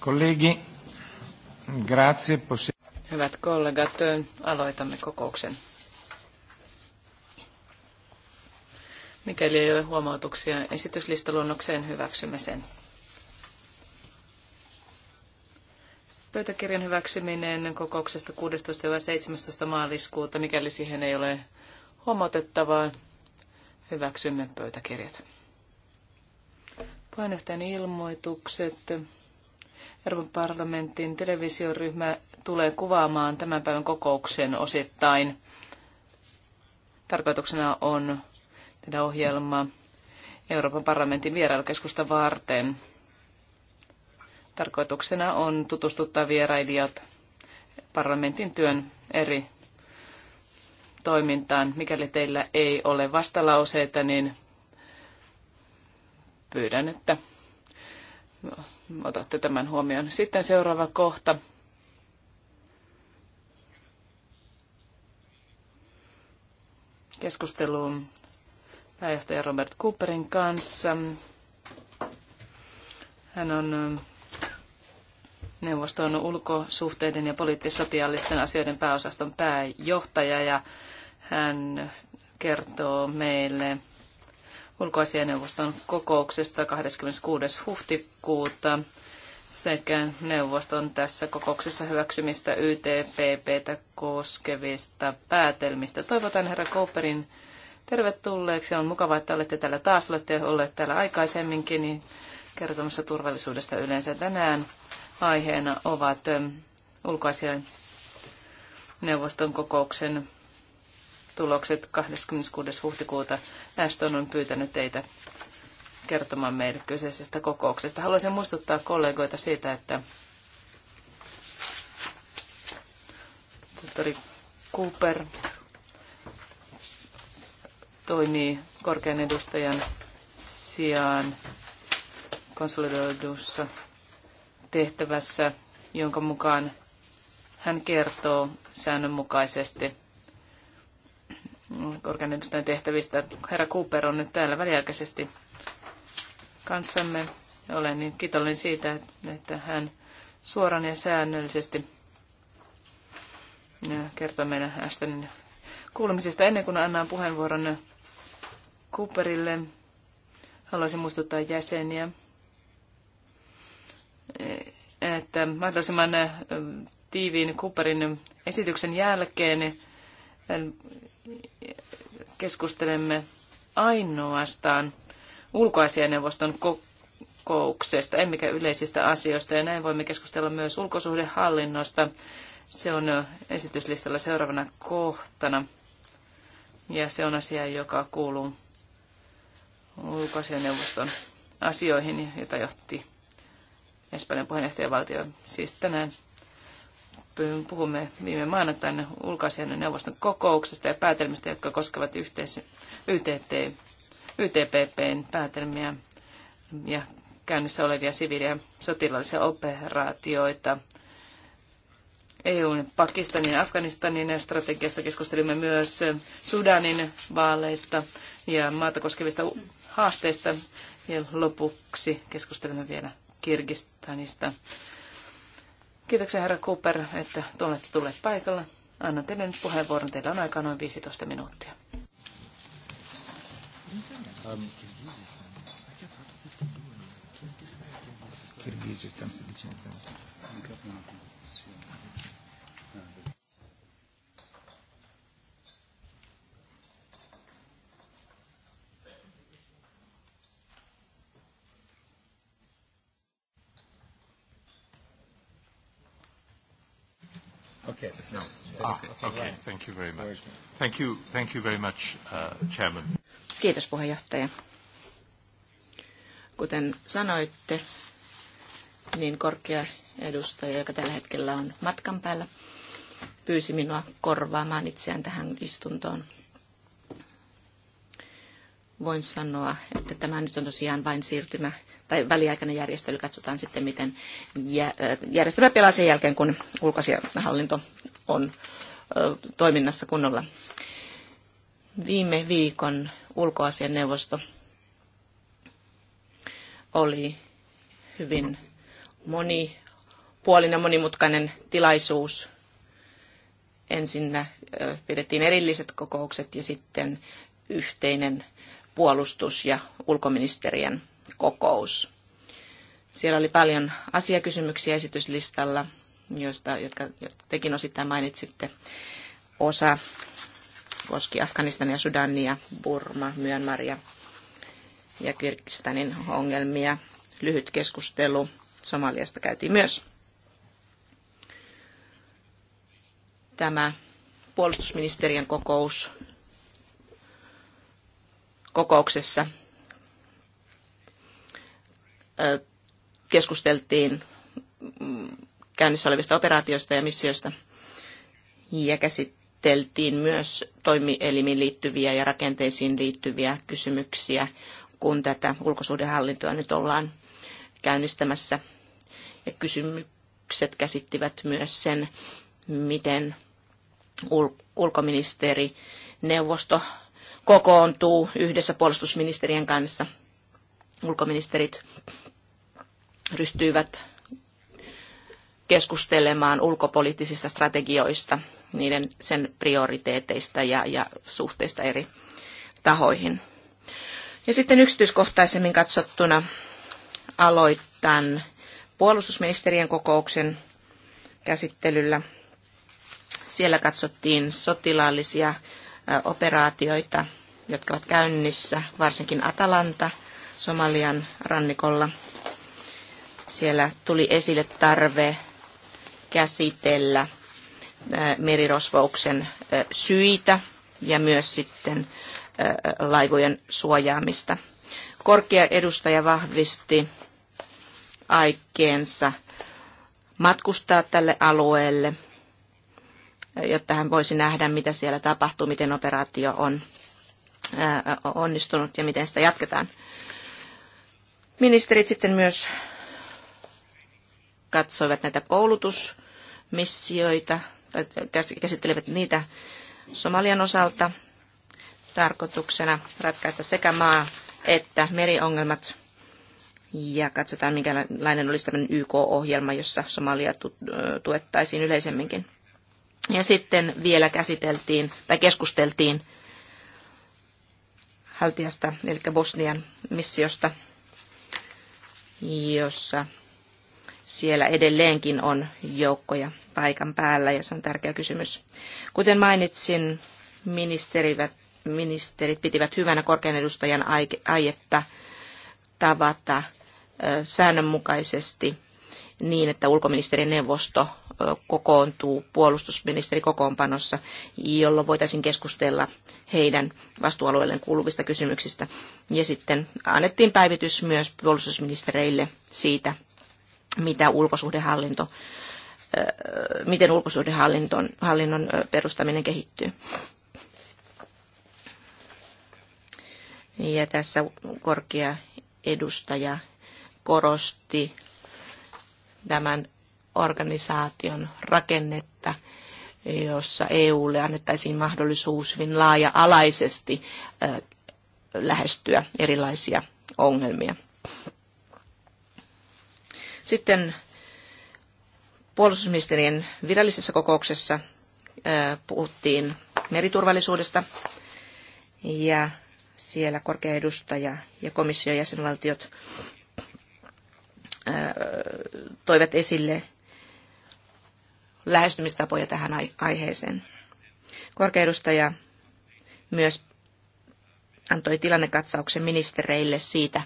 Kollegi, grazie. Hyvät kollegat, aloitamme kokouksen. Mikäli ei ole huomautuksia esityslistaluonnokseen, hyväksymme sen. Pöytäkirjan hyväksyminen kokouksesta 16. ja 17. maaliskuuta, mikäli siihen ei ole huomautettavaa, hyväksymme pöytäkirjat. Puheenjohtajan ilmoitukset. Euroopan parlamentin televisioryhmä tulee kuvaamaan tämän päivän kokouksen osittain. Tarkoituksena on tehdä ohjelma Euroopan parlamentin vierailukeskusta varten. Tarkoituksena on tutustuttaa vierailijat parlamentin työn eri toimintaan. Mikäli teillä ei ole vastalauseita, niin pyydän, että otatte tämän huomioon. Sitten seuraava kohta. Keskusteluun pääjohtaja Robert Cooperin kanssa. Hän on ähm, neuvoston ulkosuhteiden ja poliittis-sotiaalisten asioiden pääosaston pääjohtaja ja hän kertoo meille ulkoasianeuvoston kokouksesta 26. huhtikuuta sekä neuvoston tässä kokouksessa hyväksymistä YTPPtä koskevista päätelmistä. Toivotan herra Cooperin tervetulleeksi. On mukavaa, että olette täällä taas. Olette olleet täällä aikaisemminkin niin kertomassa turvallisuudesta yleensä tänään. Aiheena ovat ulkoasian neuvoston kokouksen tulokset 26. huhtikuuta. Ashton on pyytänyt teitä kertomaan meille kyseisestä kokouksesta. Haluaisin muistuttaa kollegoita siitä, että tohtori Cooper toimii korkean edustajan sijaan konsolidoidussa tehtävässä, jonka mukaan hän kertoo säännönmukaisesti korkean edustajan tehtävistä. Herra Cooper on nyt täällä väliaikaisesti kanssamme. Olen niin kiitollinen siitä, että hän suoran ja säännöllisesti kertoo meidän Ashtonin kuulemisesta. Ennen kuin annan puheenvuoron Cooperille, haluaisin muistuttaa jäseniä, että mahdollisimman tiiviin Cooperin esityksen jälkeen keskustelemme ainoastaan ulkoasianeuvoston kokouksesta, emmekä yleisistä asioista, ja näin voimme keskustella myös ulkosuhdehallinnosta. Se on esityslistalla seuraavana kohtana, ja se on asia, joka kuuluu ulkoasianeuvoston asioihin, jota johti Espanjan puheenjohtajavaltio siis tänään Puhumme viime maanantaina ulkoasian neuvoston kokouksesta ja päätelmistä, jotka koskevat yhteis- YTT, YTPPn päätelmiä ja käynnissä olevia siviili- ja sotilaallisia operaatioita. EUn, Pakistanin ja Afganistanin strategiasta keskustelimme myös Sudanin vaaleista ja maata koskevista haasteista. Ja lopuksi keskustelemme vielä Kirgistanista. Kiitoksia herra Cooper, että olette tulleet paikalla. Annan teille nyt puheenvuoron. Teillä on aikaa noin 15 minuuttia. Um. Okay. No. Ah, okay. Thank you very much. Thank you, thank you very much, uh, Chairman. Kiitos puheenjohtaja. Kuten sanoitte, niin korkea edustaja, joka tällä hetkellä on matkan päällä, pyysi minua korvaamaan itseään tähän istuntoon. Voin sanoa, että tämä nyt on tosiaan vain siirtymä tai väliaikainen järjestely. Katsotaan sitten, miten järjestelmä pelaa sen jälkeen, kun ulkoasiahallinto on toiminnassa kunnolla. Viime viikon ulkoasianneuvosto neuvosto oli hyvin monipuolinen, monimutkainen tilaisuus. Ensin pidettiin erilliset kokoukset ja sitten yhteinen puolustus- ja ulkoministerien kokous. Siellä oli paljon asiakysymyksiä esityslistalla, joista, jotka, jotka tekin osittain mainitsitte. Osa koski Afganistania, Sudania, Burma, Myanmaria ja Kyrkistanin ongelmia. Lyhyt keskustelu Somaliasta käytiin myös. Tämä puolustusministeriön kokous kokouksessa keskusteltiin käynnissä olevista operaatioista ja missioista ja käsiteltiin myös toimielimiin liittyviä ja rakenteisiin liittyviä kysymyksiä, kun tätä ulkosuhdehallintoa nyt ollaan käynnistämässä. Ja kysymykset käsittivät myös sen, miten ul- ulkoministeri neuvosto kokoontuu yhdessä puolustusministerien kanssa. Ulkoministerit ryhtyivät keskustelemaan ulkopoliittisista strategioista, niiden sen prioriteeteista ja, ja suhteista eri tahoihin. Ja sitten yksityiskohtaisemmin katsottuna aloitan puolustusministerien kokouksen käsittelyllä. Siellä katsottiin sotilaallisia operaatioita, jotka ovat käynnissä, varsinkin Atalanta Somalian rannikolla – siellä tuli esille tarve käsitellä merirosvouksen syitä ja myös sitten laivojen suojaamista. Korkea edustaja vahvisti aikeensa matkustaa tälle alueelle, jotta hän voisi nähdä, mitä siellä tapahtuu, miten operaatio on onnistunut ja miten sitä jatketaan. Ministerit sitten myös katsoivat näitä koulutusmissioita, tai käsittelevät niitä Somalian osalta tarkoituksena ratkaista sekä maa että meriongelmat. Ja katsotaan, minkälainen olisi tämmöinen YK-ohjelma, jossa Somalia tuettaisiin yleisemminkin. Ja sitten vielä käsiteltiin tai keskusteltiin Haltiasta, eli Bosnian missiosta, jossa siellä edelleenkin on joukkoja paikan päällä ja se on tärkeä kysymys. Kuten mainitsin, ministerit, ministerit pitivät hyvänä korkean edustajan aietta tavata säännönmukaisesti niin, että neuvosto kokoontuu kokoonpanossa, jolloin voitaisiin keskustella heidän vastuualueelleen kuuluvista kysymyksistä. Ja sitten annettiin päivitys myös puolustusministereille siitä, mitä ulkosuhdehallinto, miten ulkosuhdehallinnon hallinnon perustaminen kehittyy. Ja tässä korkea edustaja korosti tämän organisaation rakennetta, jossa EUlle annettaisiin mahdollisuus hyvin laaja-alaisesti lähestyä erilaisia ongelmia. Sitten puolustusministerien virallisessa kokouksessa puhuttiin meriturvallisuudesta ja siellä korkea edustaja ja komission jäsenvaltiot toivat esille lähestymistapoja tähän aiheeseen. Korkea edustaja myös antoi tilannekatsauksen ministereille siitä,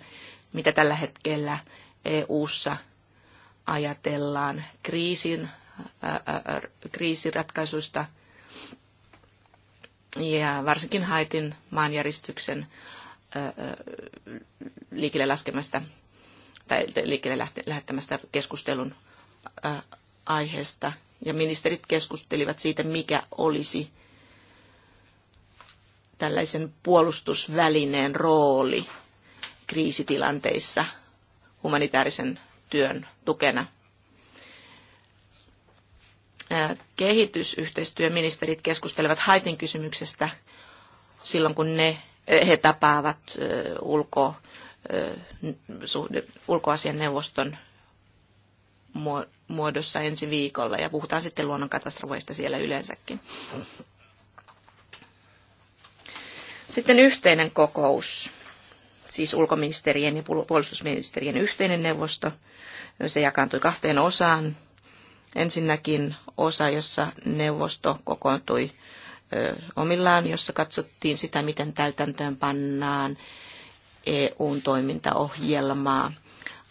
mitä tällä hetkellä EU-ssa ajatellaan kriisin, kriisiratkaisuista ja varsinkin Haitin maanjäristyksen liikkeelle laskemasta tai liikkeelle lähettämästä keskustelun aiheesta. Ja ministerit keskustelivat siitä, mikä olisi tällaisen puolustusvälineen rooli kriisitilanteissa humanitaarisen työn tukena. Kehitysyhteistyöministerit keskustelevat Haitin kysymyksestä silloin, kun ne, he tapaavat ulko, ulkoasian neuvoston muodossa ensi viikolla ja puhutaan sitten luonnonkatastrofeista siellä yleensäkin. Sitten yhteinen kokous siis ulkoministerien ja puolustusministerien yhteinen neuvosto. Se jakaantui kahteen osaan. Ensinnäkin osa, jossa neuvosto kokoontui omillaan, jossa katsottiin sitä, miten täytäntöön pannaan EUn toimintaohjelmaa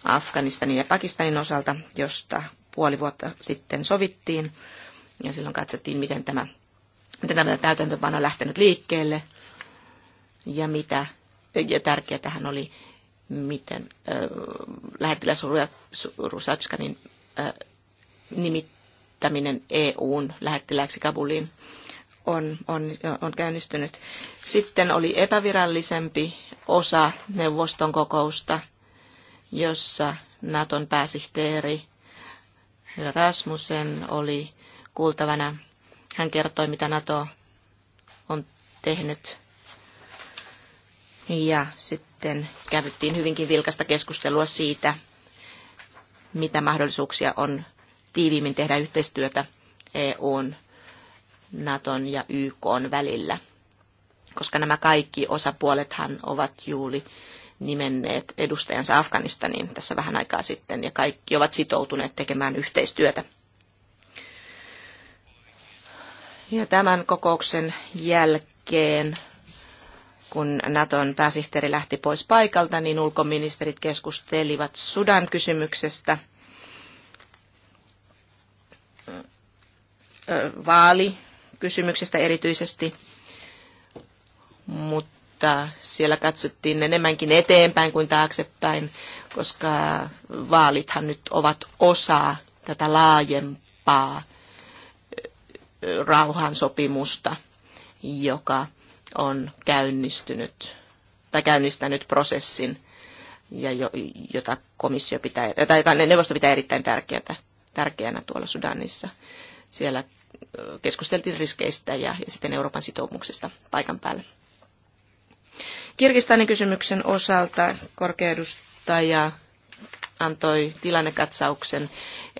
Afganistanin ja Pakistanin osalta, josta puoli vuotta sitten sovittiin. Ja silloin katsottiin, miten tämä, miten tämä täytäntöpano on lähtenyt liikkeelle ja mitä ja tärkeä tähän oli, miten äh, lähettiläs Rusatskanin äh, nimittäminen EUn lähettiläksi Kabuliin on, on, on käynnistynyt. Sitten oli epävirallisempi osa neuvoston kokousta, jossa Naton pääsihteeri Rasmussen oli kuultavana. Hän kertoi, mitä Nato on tehnyt ja sitten kävyttiin hyvinkin vilkasta keskustelua siitä, mitä mahdollisuuksia on tiiviimmin tehdä yhteistyötä EUn, Naton ja YKn välillä. Koska nämä kaikki osapuolethan ovat juuri nimenneet edustajansa Afganistaniin tässä vähän aikaa sitten, ja kaikki ovat sitoutuneet tekemään yhteistyötä. Ja tämän kokouksen jälkeen kun Naton pääsihteeri lähti pois paikalta, niin ulkoministerit keskustelivat Sudan kysymyksestä. vaalikysymyksestä erityisesti, mutta siellä katsottiin enemmänkin eteenpäin kuin taaksepäin, koska vaalithan nyt ovat osa tätä laajempaa rauhansopimusta, joka – on käynnistynyt tai käynnistänyt prosessin, ja jo, jota komissio pitää, tai neuvosto pitää erittäin tärkeänä, tärkeänä tuolla Sudanissa. Siellä keskusteltiin riskeistä ja, ja sitten Euroopan sitoumuksista paikan päällä. Kirgistanin kysymyksen osalta korkeudustaja antoi tilannekatsauksen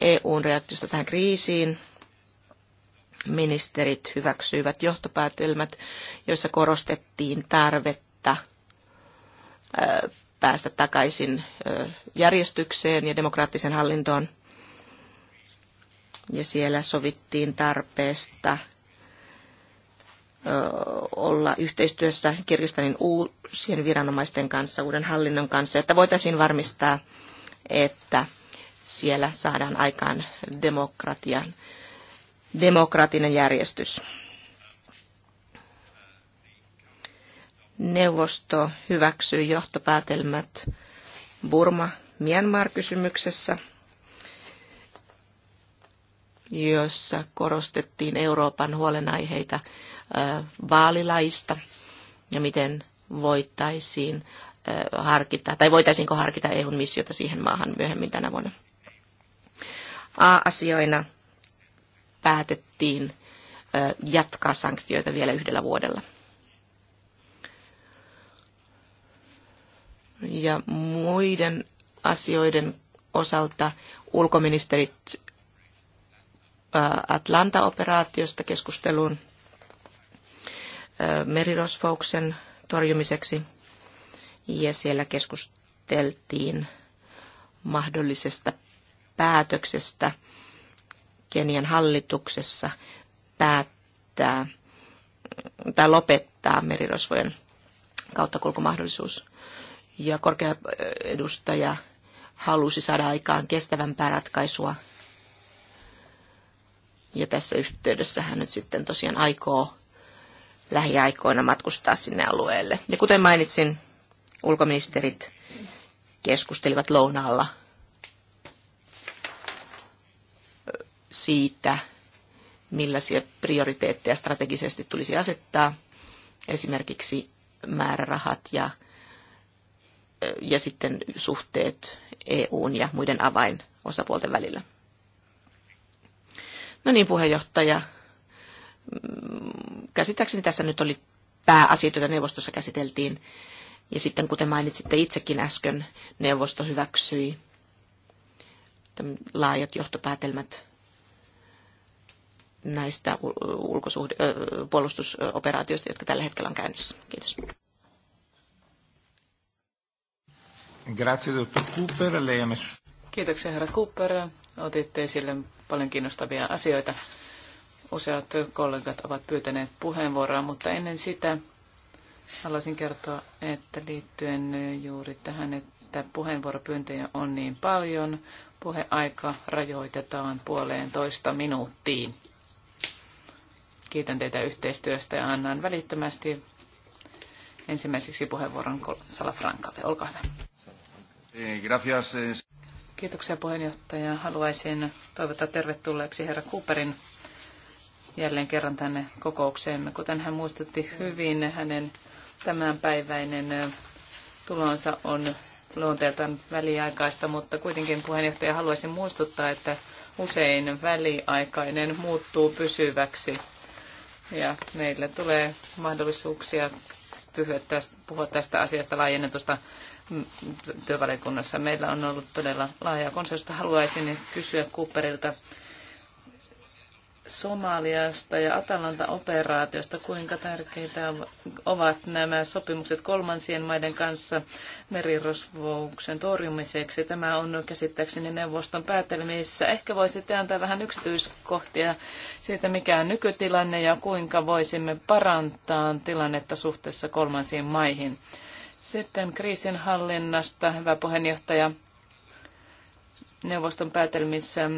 EUn reaktiosta tähän kriisiin ministerit hyväksyivät johtopäätelmät, joissa korostettiin tarvetta päästä takaisin järjestykseen ja demokraattiseen hallintoon. Ja siellä sovittiin tarpeesta olla yhteistyössä Kirgistanin uusien viranomaisten kanssa, uuden hallinnon kanssa, että voitaisiin varmistaa, että siellä saadaan aikaan demokratian demokraattinen järjestys. Neuvosto hyväksyy johtopäätelmät Burma-Myanmar-kysymyksessä, jossa korostettiin Euroopan huolenaiheita vaalilaista ja miten voitaisiin harkita, tai voitaisiinko harkita EUn missiota siihen maahan myöhemmin tänä vuonna. A-asioina päätettiin jatkaa sanktioita vielä yhdellä vuodella. Ja muiden asioiden osalta ulkoministerit Atlanta-operaatiosta keskusteluun merirosvouksen torjumiseksi. Ja siellä keskusteltiin mahdollisesta päätöksestä – Kenian hallituksessa päättää tai lopettaa merirosvojen kauttakulkumahdollisuus. Ja korkea edustaja halusi saada aikaan kestävämpää ratkaisua. Ja tässä yhteydessä hän nyt sitten tosiaan aikoo lähiaikoina matkustaa sinne alueelle. Ja kuten mainitsin, ulkoministerit keskustelivat lounaalla siitä, millaisia prioriteetteja strategisesti tulisi asettaa, esimerkiksi määrärahat ja, ja sitten suhteet EUn ja muiden avainosapuolten välillä. No niin, puheenjohtaja. Käsittääkseni tässä nyt oli pääasiat, joita neuvostossa käsiteltiin. Ja sitten, kuten mainitsitte itsekin äsken, neuvosto hyväksyi laajat johtopäätelmät näistä ulkosuhde- puolustusoperaatioista, jotka tällä hetkellä on käynnissä. Kiitos. Cooper. Kiitoksia, herra Cooper. Otitte esille paljon kiinnostavia asioita. Useat kollegat ovat pyytäneet puheenvuoroa, mutta ennen sitä haluaisin kertoa, että liittyen juuri tähän, että puheenvuoropyyntöjä on niin paljon, puheaika rajoitetaan puoleen toista minuuttiin. Kiitän teitä yhteistyöstä ja annan välittömästi ensimmäiseksi puheenvuoron Salafrankalle. Olkaa hyvä. Eh, eh. Kiitoksia puheenjohtaja. Haluaisin toivottaa tervetulleeksi herra Cooperin jälleen kerran tänne kokoukseemme. Kuten hän muistutti hyvin, hänen tämänpäiväinen eh, tulonsa on luonteeltaan väliaikaista, mutta kuitenkin puheenjohtaja haluaisin muistuttaa, että usein väliaikainen muuttuu pysyväksi. Ja meillä tulee mahdollisuuksia tästä, puhua tästä asiasta laajennetusta työvaliokunnassa. Meillä on ollut todella laaja konsensusta. Haluaisin kysyä Cooperilta Somaliasta ja Atalanta-operaatiosta, kuinka tärkeitä ovat nämä sopimukset kolmansien maiden kanssa merirosvouksen torjumiseksi. Tämä on käsittääkseni neuvoston päätelmissä. Ehkä voisitte antaa vähän yksityiskohtia siitä, mikä on nykytilanne ja kuinka voisimme parantaa tilannetta suhteessa kolmansiin maihin. Sitten kriisinhallinnasta, hyvä puheenjohtaja. Neuvoston päätelmissä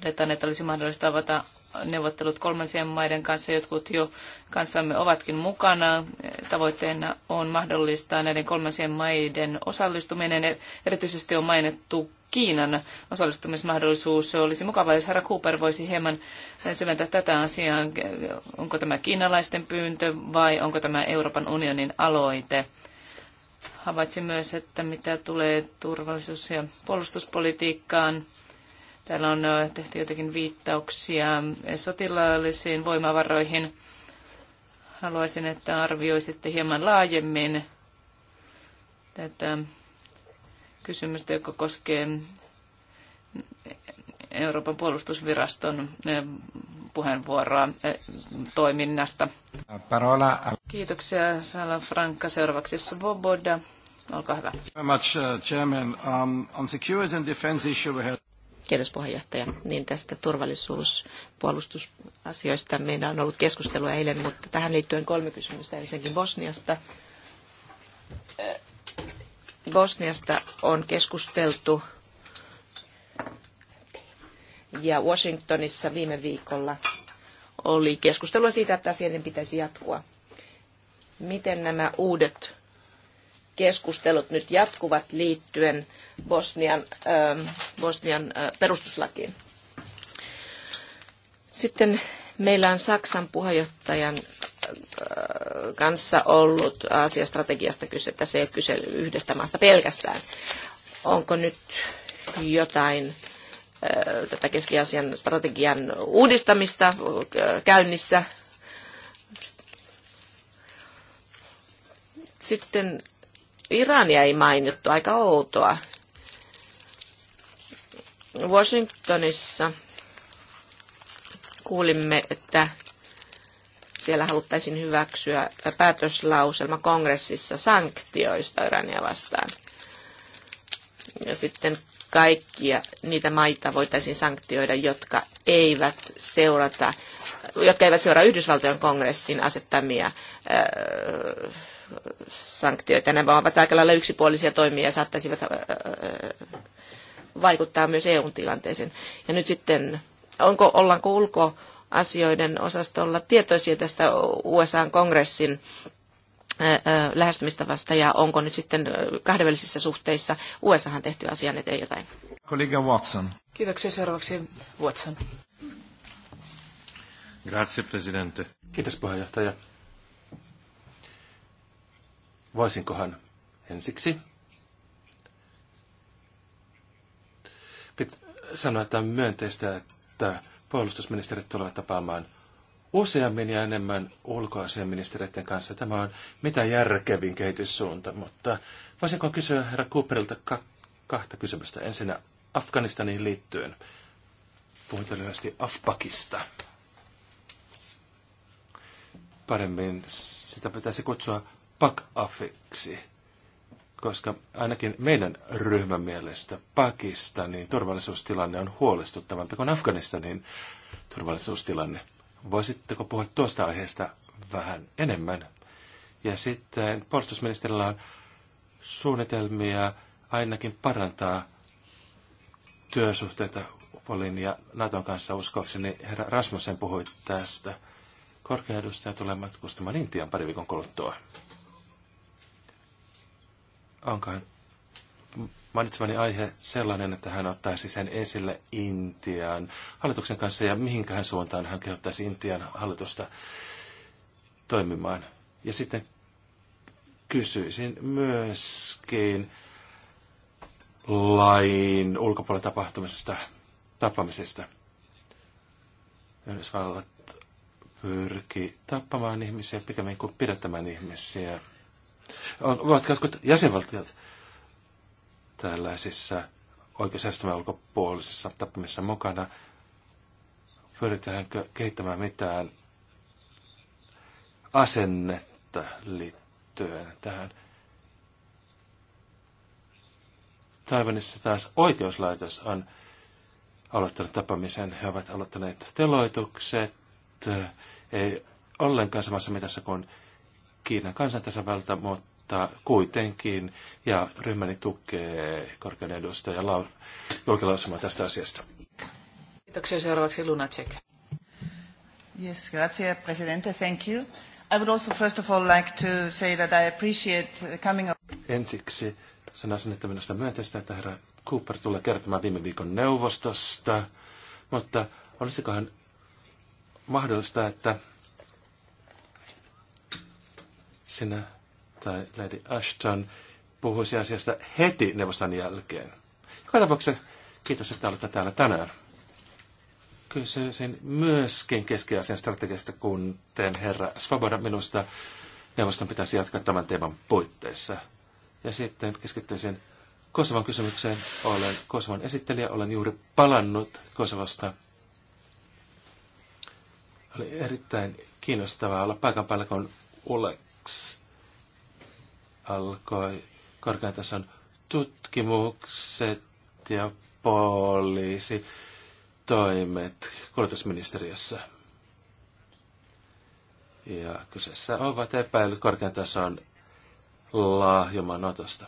Todetaan, että olisi mahdollista avata neuvottelut kolmansien maiden kanssa. Jotkut jo kanssamme ovatkin mukana. Tavoitteena on mahdollistaa näiden kolmansien maiden osallistuminen. Erityisesti on mainittu Kiinan osallistumismahdollisuus. Se olisi mukava, jos herra Cooper voisi hieman syventää tätä asiaa. Onko tämä kiinalaisten pyyntö vai onko tämä Euroopan unionin aloite? Havaitsin myös, että mitä tulee turvallisuus- ja puolustuspolitiikkaan, Täällä on äh, tehty jotakin viittauksia sotilaallisiin voimavaroihin. Haluaisin, että arvioisitte hieman laajemmin tätä kysymystä, joka koskee Euroopan puolustusviraston äh, puheenvuoroa äh, toiminnasta. Parola. Kiitoksia Sala Franka. Seuraavaksi Svoboda. Olkaa hyvä. Much, uh, chairman. Um, on security and defense issue we Kiitos puheenjohtaja. Niin tästä turvallisuuspuolustusasioista meillä on ollut keskustelua eilen, mutta tähän liittyen kolme kysymystä ensinnäkin Bosniasta. Bosniasta on keskusteltu ja Washingtonissa viime viikolla oli keskustelua siitä, että asioiden pitäisi jatkua. Miten nämä uudet keskustelut nyt jatkuvat liittyen Bosnian, ähm, Bosnian äh, perustuslakiin. Sitten meillä on Saksan puheenjohtajan äh, kanssa ollut asiastrategiasta kyse. että se ei kyse yhdestä maasta pelkästään. Onko nyt jotain äh, tätä keskiasian strategian uudistamista käynnissä? Sitten Irania ei mainittu, aika outoa. Washingtonissa kuulimme, että siellä haluttaisiin hyväksyä päätöslauselma kongressissa sanktioista Irania vastaan. Ja sitten kaikkia niitä maita voitaisiin sanktioida, jotka eivät seurata, jotka eivät seuraa Yhdysvaltojen kongressin asettamia öö, sanktioita. Nämä ovat aika lailla yksipuolisia toimia ja saattaisivat vaikuttaa myös eu tilanteeseen. Ja nyt sitten, onko, ollaanko ulkoasioiden osastolla tietoisia tästä USA-kongressin lähestymistavasta ja onko nyt sitten kahdenvälisissä suhteissa USAhan tehty asian niin eteen jotain? Kollega Watson. Kiitoksia seuraavaksi Watson. Grazie, presidente. Kiitos puheenjohtaja. Voisinkohan ensiksi Pit- sanoa, että on myönteistä, että puolustusministerit tulevat tapaamaan useammin ja enemmän ulkoasiaministeriöiden kanssa. Tämä on mitä järkevin kehityssuunta, mutta voisinko kysyä herra Cooperilta ka- kahta kysymystä. Ensinnä Afganistaniin liittyen. Puhuta lyhyesti Afpakista. Paremmin sitä pitäisi kutsua pak koska ainakin meidän ryhmän mielestä Pakistanin turvallisuustilanne on huolestuttavampi kuin Afganistanin turvallisuustilanne. Voisitteko puhua tuosta aiheesta vähän enemmän? Ja sitten puolustusministerillä on suunnitelmia ainakin parantaa työsuhteita upolin ja Naton kanssa uskoakseni. Herra Rasmussen puhui tästä. Korkea edustaja tulee matkustamaan Intian pari viikon kuluttua onkohan mainitsemani aihe sellainen, että hän ottaisi sen esille Intian hallituksen kanssa ja mihinkään suuntaan hän kehottaisi Intian hallitusta toimimaan. Ja sitten kysyisin myöskin lain ulkopuolella tapahtumisesta, tapaamisesta. Yhdysvallat pyrki tappamaan ihmisiä pikemmin kuin pidättämään ihmisiä. On, ovatko jotkut jäsenvaltiot tällaisissa oikeusjärjestelmän ulkopuolisissa tappamissa mukana? Pyritäänkö kehittämään mitään asennetta liittyen tähän? Taivanissa taas oikeuslaitos on aloittanut tapamisen. He ovat aloittaneet teloitukset. Ei ollenkaan samassa mitassa kuin Kiinan kansantasavalta, mutta kuitenkin, ja ryhmäni tukee korkean edustaja Laura julkilausumaa tästä asiasta. Kiitoksia. Seuraavaksi Lunacek. Yes, grazie, Presidente. Thank you. I would also first of all like to say that I appreciate the coming of... Ensiksi sanoisin, että minusta myönteistä, että herra Cooper tulee kertomaan viime viikon neuvostosta, mutta olisikohan mahdollista, että sinä tai Lady Ashton puhuisi asiasta heti neuvoston jälkeen. Joka tapauksessa kiitos, että olette täällä tänään. Kysyisin myöskin keskiasian strategiasta, kun teen herra Svoboda minusta neuvoston pitäisi jatkaa tämän teeman puitteissa. Ja sitten keskittyisin Kosovan kysymykseen. Olen Kosovan esittelijä, olen juuri palannut Kosovasta. Oli erittäin kiinnostavaa olla paikan päällä, kun Ulle alkoi korkean tason tutkimukset ja poliisi toimet kuljetusministeriössä. Ja kyseessä ovat epäilyt korkean tason lahjoman otosta.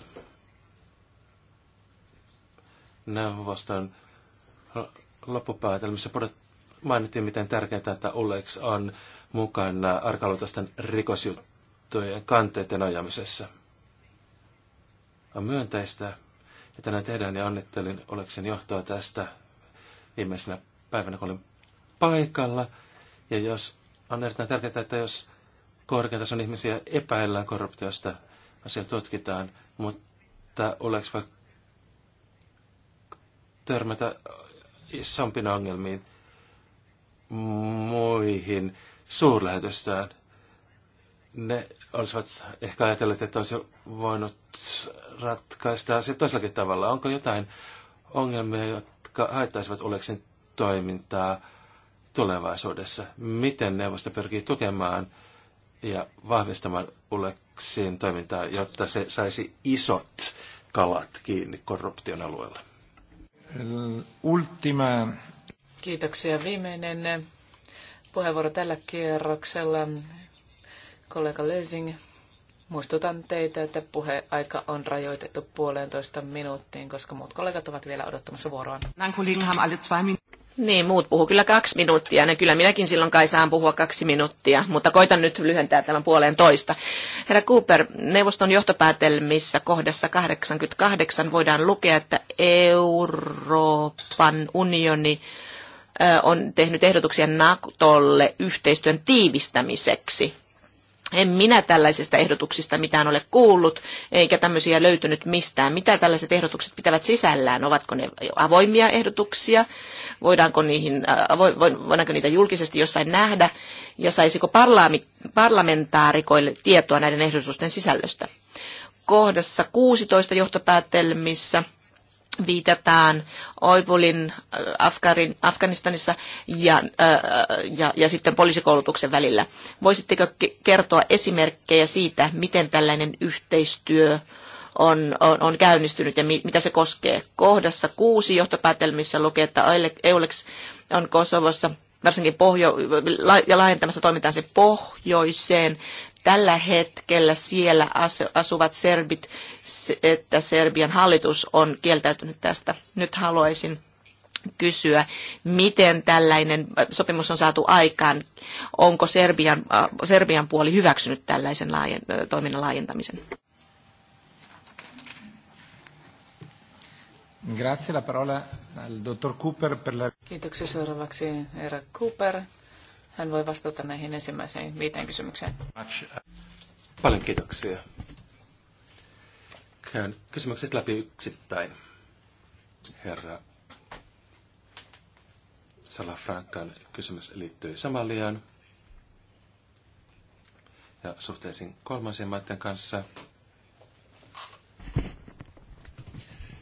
Neuvoston loppupäätelmissä mainittiin, miten tärkeintä, että Ulex on mukana arkaluutosten rikosjuttu valittujen kanteiden ajamisessa. On myönteistä, että näin tehdään ja onnittelin oleksen johtoa tästä viimeisenä päivänä, kun olin paikalla. Ja jos on erittäin tärkeää, että jos korkeatason ihmisiä epäillään korruptiosta, asia tutkitaan, mutta oleks vaikka törmätä isompina ongelmiin muihin suurlähetystään. Ne olisivat ehkä ajatelleet, että olisi voinut ratkaista asia toisellakin tavalla. Onko jotain ongelmia, jotka haittaisivat Oleksin toimintaa tulevaisuudessa? Miten neuvosto pyrkii tukemaan ja vahvistamaan Oleksin toimintaa, jotta se saisi isot kalat kiinni korruption alueella? Ultima. Kiitoksia. Viimeinen puheenvuoro tällä kierroksella. Kollega Lösing, muistutan teitä, että puheaika on rajoitettu puolentoista minuuttiin, koska muut kollegat ovat vielä odottamassa vuoroaan. Niin, muut puhuu kyllä kaksi minuuttia. ne kyllä minäkin silloin kai saan puhua kaksi minuuttia, mutta koitan nyt lyhentää tämän puoleen toista. Herra Cooper, neuvoston johtopäätelmissä kohdassa 88 voidaan lukea, että Euroopan unioni on tehnyt ehdotuksia NATOlle yhteistyön tiivistämiseksi en minä tällaisista ehdotuksista mitään ole kuullut, eikä tämmöisiä löytynyt mistään. Mitä tällaiset ehdotukset pitävät sisällään? Ovatko ne avoimia ehdotuksia? Voidaanko, niihin, äh, voidaanko niitä julkisesti jossain nähdä? Ja saisiko parlamentaarikoille tietoa näiden ehdotusten sisällöstä? Kohdassa 16 johtopäätelmissä – viitataan Oivulin äh, Afgarin, Afganistanissa ja, ää, äh, ja, ja sitten poliisikoulutuksen välillä. Voisitteko kertoa esimerkkejä siitä, miten tällainen yhteistyö on, on, on käynnistynyt ja mi, mitä se koskee? Kohdassa kuusi johtopäätelmissä lukee, että EULEX on Kosovossa varsinkin pohjo- ja laajentamassa toimintaan se pohjoiseen tällä hetkellä siellä asuvat serbit, että Serbian hallitus on kieltäytynyt tästä. Nyt haluaisin kysyä, miten tällainen sopimus on saatu aikaan. Onko Serbian, äh, Serbian puoli hyväksynyt tällaisen laajen, äh, toiminnan laajentamisen? Grazie, la parola al dottor Cooper per la... Kiitoksia seuraavaksi herra Cooper hän voi vastata näihin ensimmäiseen viiteen kysymykseen. Paljon kiitoksia. Käyn kysymykset läpi yksittäin. Herra Salafrankan kysymys liittyy Somaliaan ja suhteisiin kolmansien maiden kanssa.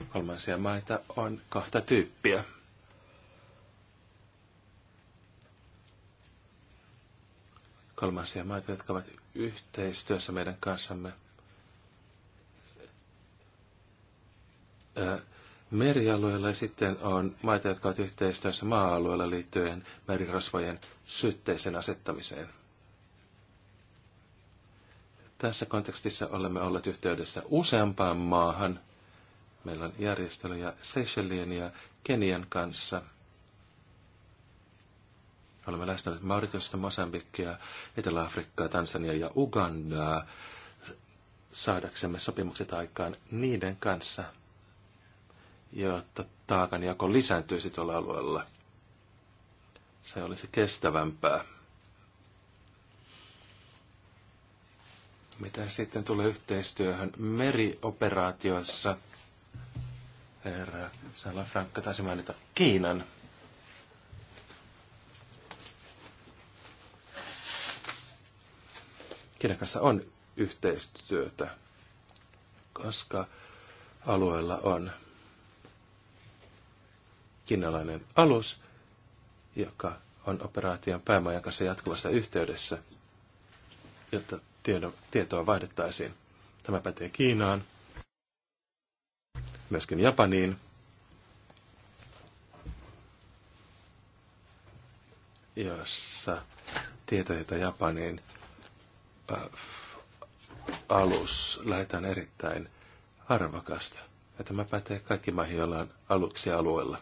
Kolmansia maita on kahta tyyppiä. kolmansia maita, jotka ovat yhteistyössä meidän kanssamme. Merialueella ja sitten on maita, jotka ovat yhteistyössä maa-alueella liittyen merirosvojen syytteisen asettamiseen. Tässä kontekstissa olemme olleet yhteydessä useampaan maahan. Meillä on järjestelyjä Seychellien ja Kenian kanssa – me olemme lähestyneet Mauritiosta, Mosambikkia, Etelä-Afrikkaa, Tansania ja Ugandaa saadaksemme sopimukset aikaan niiden kanssa, jotta taakanjako lisääntyisi tuolla alueella. Se olisi kestävämpää. Mitä sitten tulee yhteistyöhön merioperaatioissa? Herra Salafrankka taisi mainita Kiinan. Kenen kanssa on yhteistyötä, koska alueella on kiinalainen alus, joka on operaation päämajan kanssa jatkuvassa yhteydessä, jotta tiedon, tietoa vaihdettaisiin. Tämä pätee Kiinaan, myöskin Japaniin. jossa tietoja Japaniin alus lähetään erittäin arvokasta. Ja tämä pätee kaikki maihin, joilla on aluksi alueella.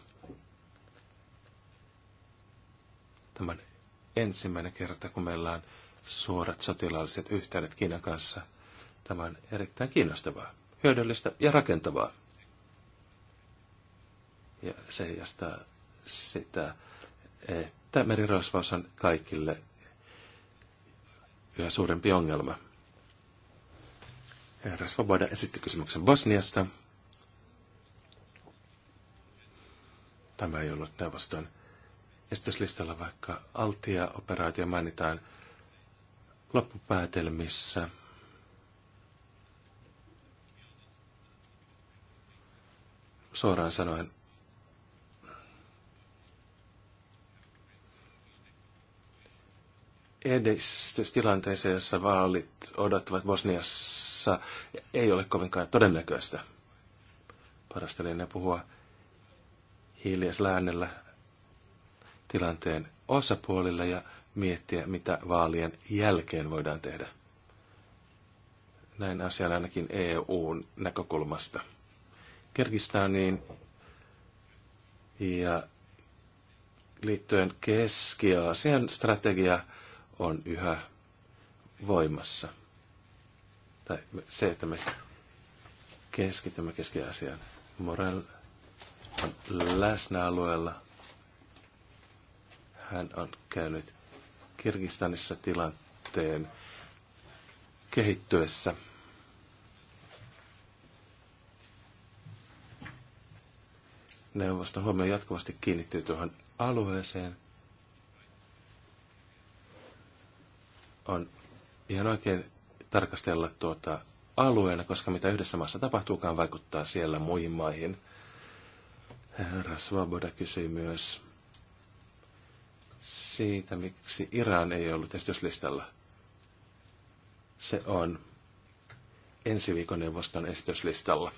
Tämä on ensimmäinen kerta, kun meillä on suorat sotilaalliset yhteydet Kiinan kanssa. Tämä on erittäin kiinnostavaa, hyödyllistä ja rakentavaa. Ja se sitä, että merirosvaus on kaikille yhä suurempi ongelma. Herra Svoboda esitti kysymyksen Bosniasta. Tämä ei ollut neuvoston esityslistalla, vaikka Altia-operaatio mainitaan loppupäätelmissä. Suoraan sanoen edistystilanteeseen, jossa vaalit odottavat Bosniassa, ei ole kovinkaan todennäköistä. Parastelin puhua hiljaisella äänellä tilanteen osapuolilla ja miettiä, mitä vaalien jälkeen voidaan tehdä. Näin asian ainakin EUn näkökulmasta. niin ja liittyen Keski-Aasian strategia on yhä voimassa. Tai se, että me keskitymme keskiasiaan. Morel on läsnä alueella. Hän on käynyt Kirgistanissa tilanteen kehittyessä. Neuvoston huomio jatkuvasti kiinnittyy tuohon alueeseen – on ihan oikein tarkastella tuota alueena, koska mitä yhdessä maassa tapahtuukaan, vaikuttaa siellä muihin maihin. Herra Svoboda kysyi myös siitä, miksi Iran ei ollut esityslistalla. Se on ensi viikon neuvoston esityslistalla.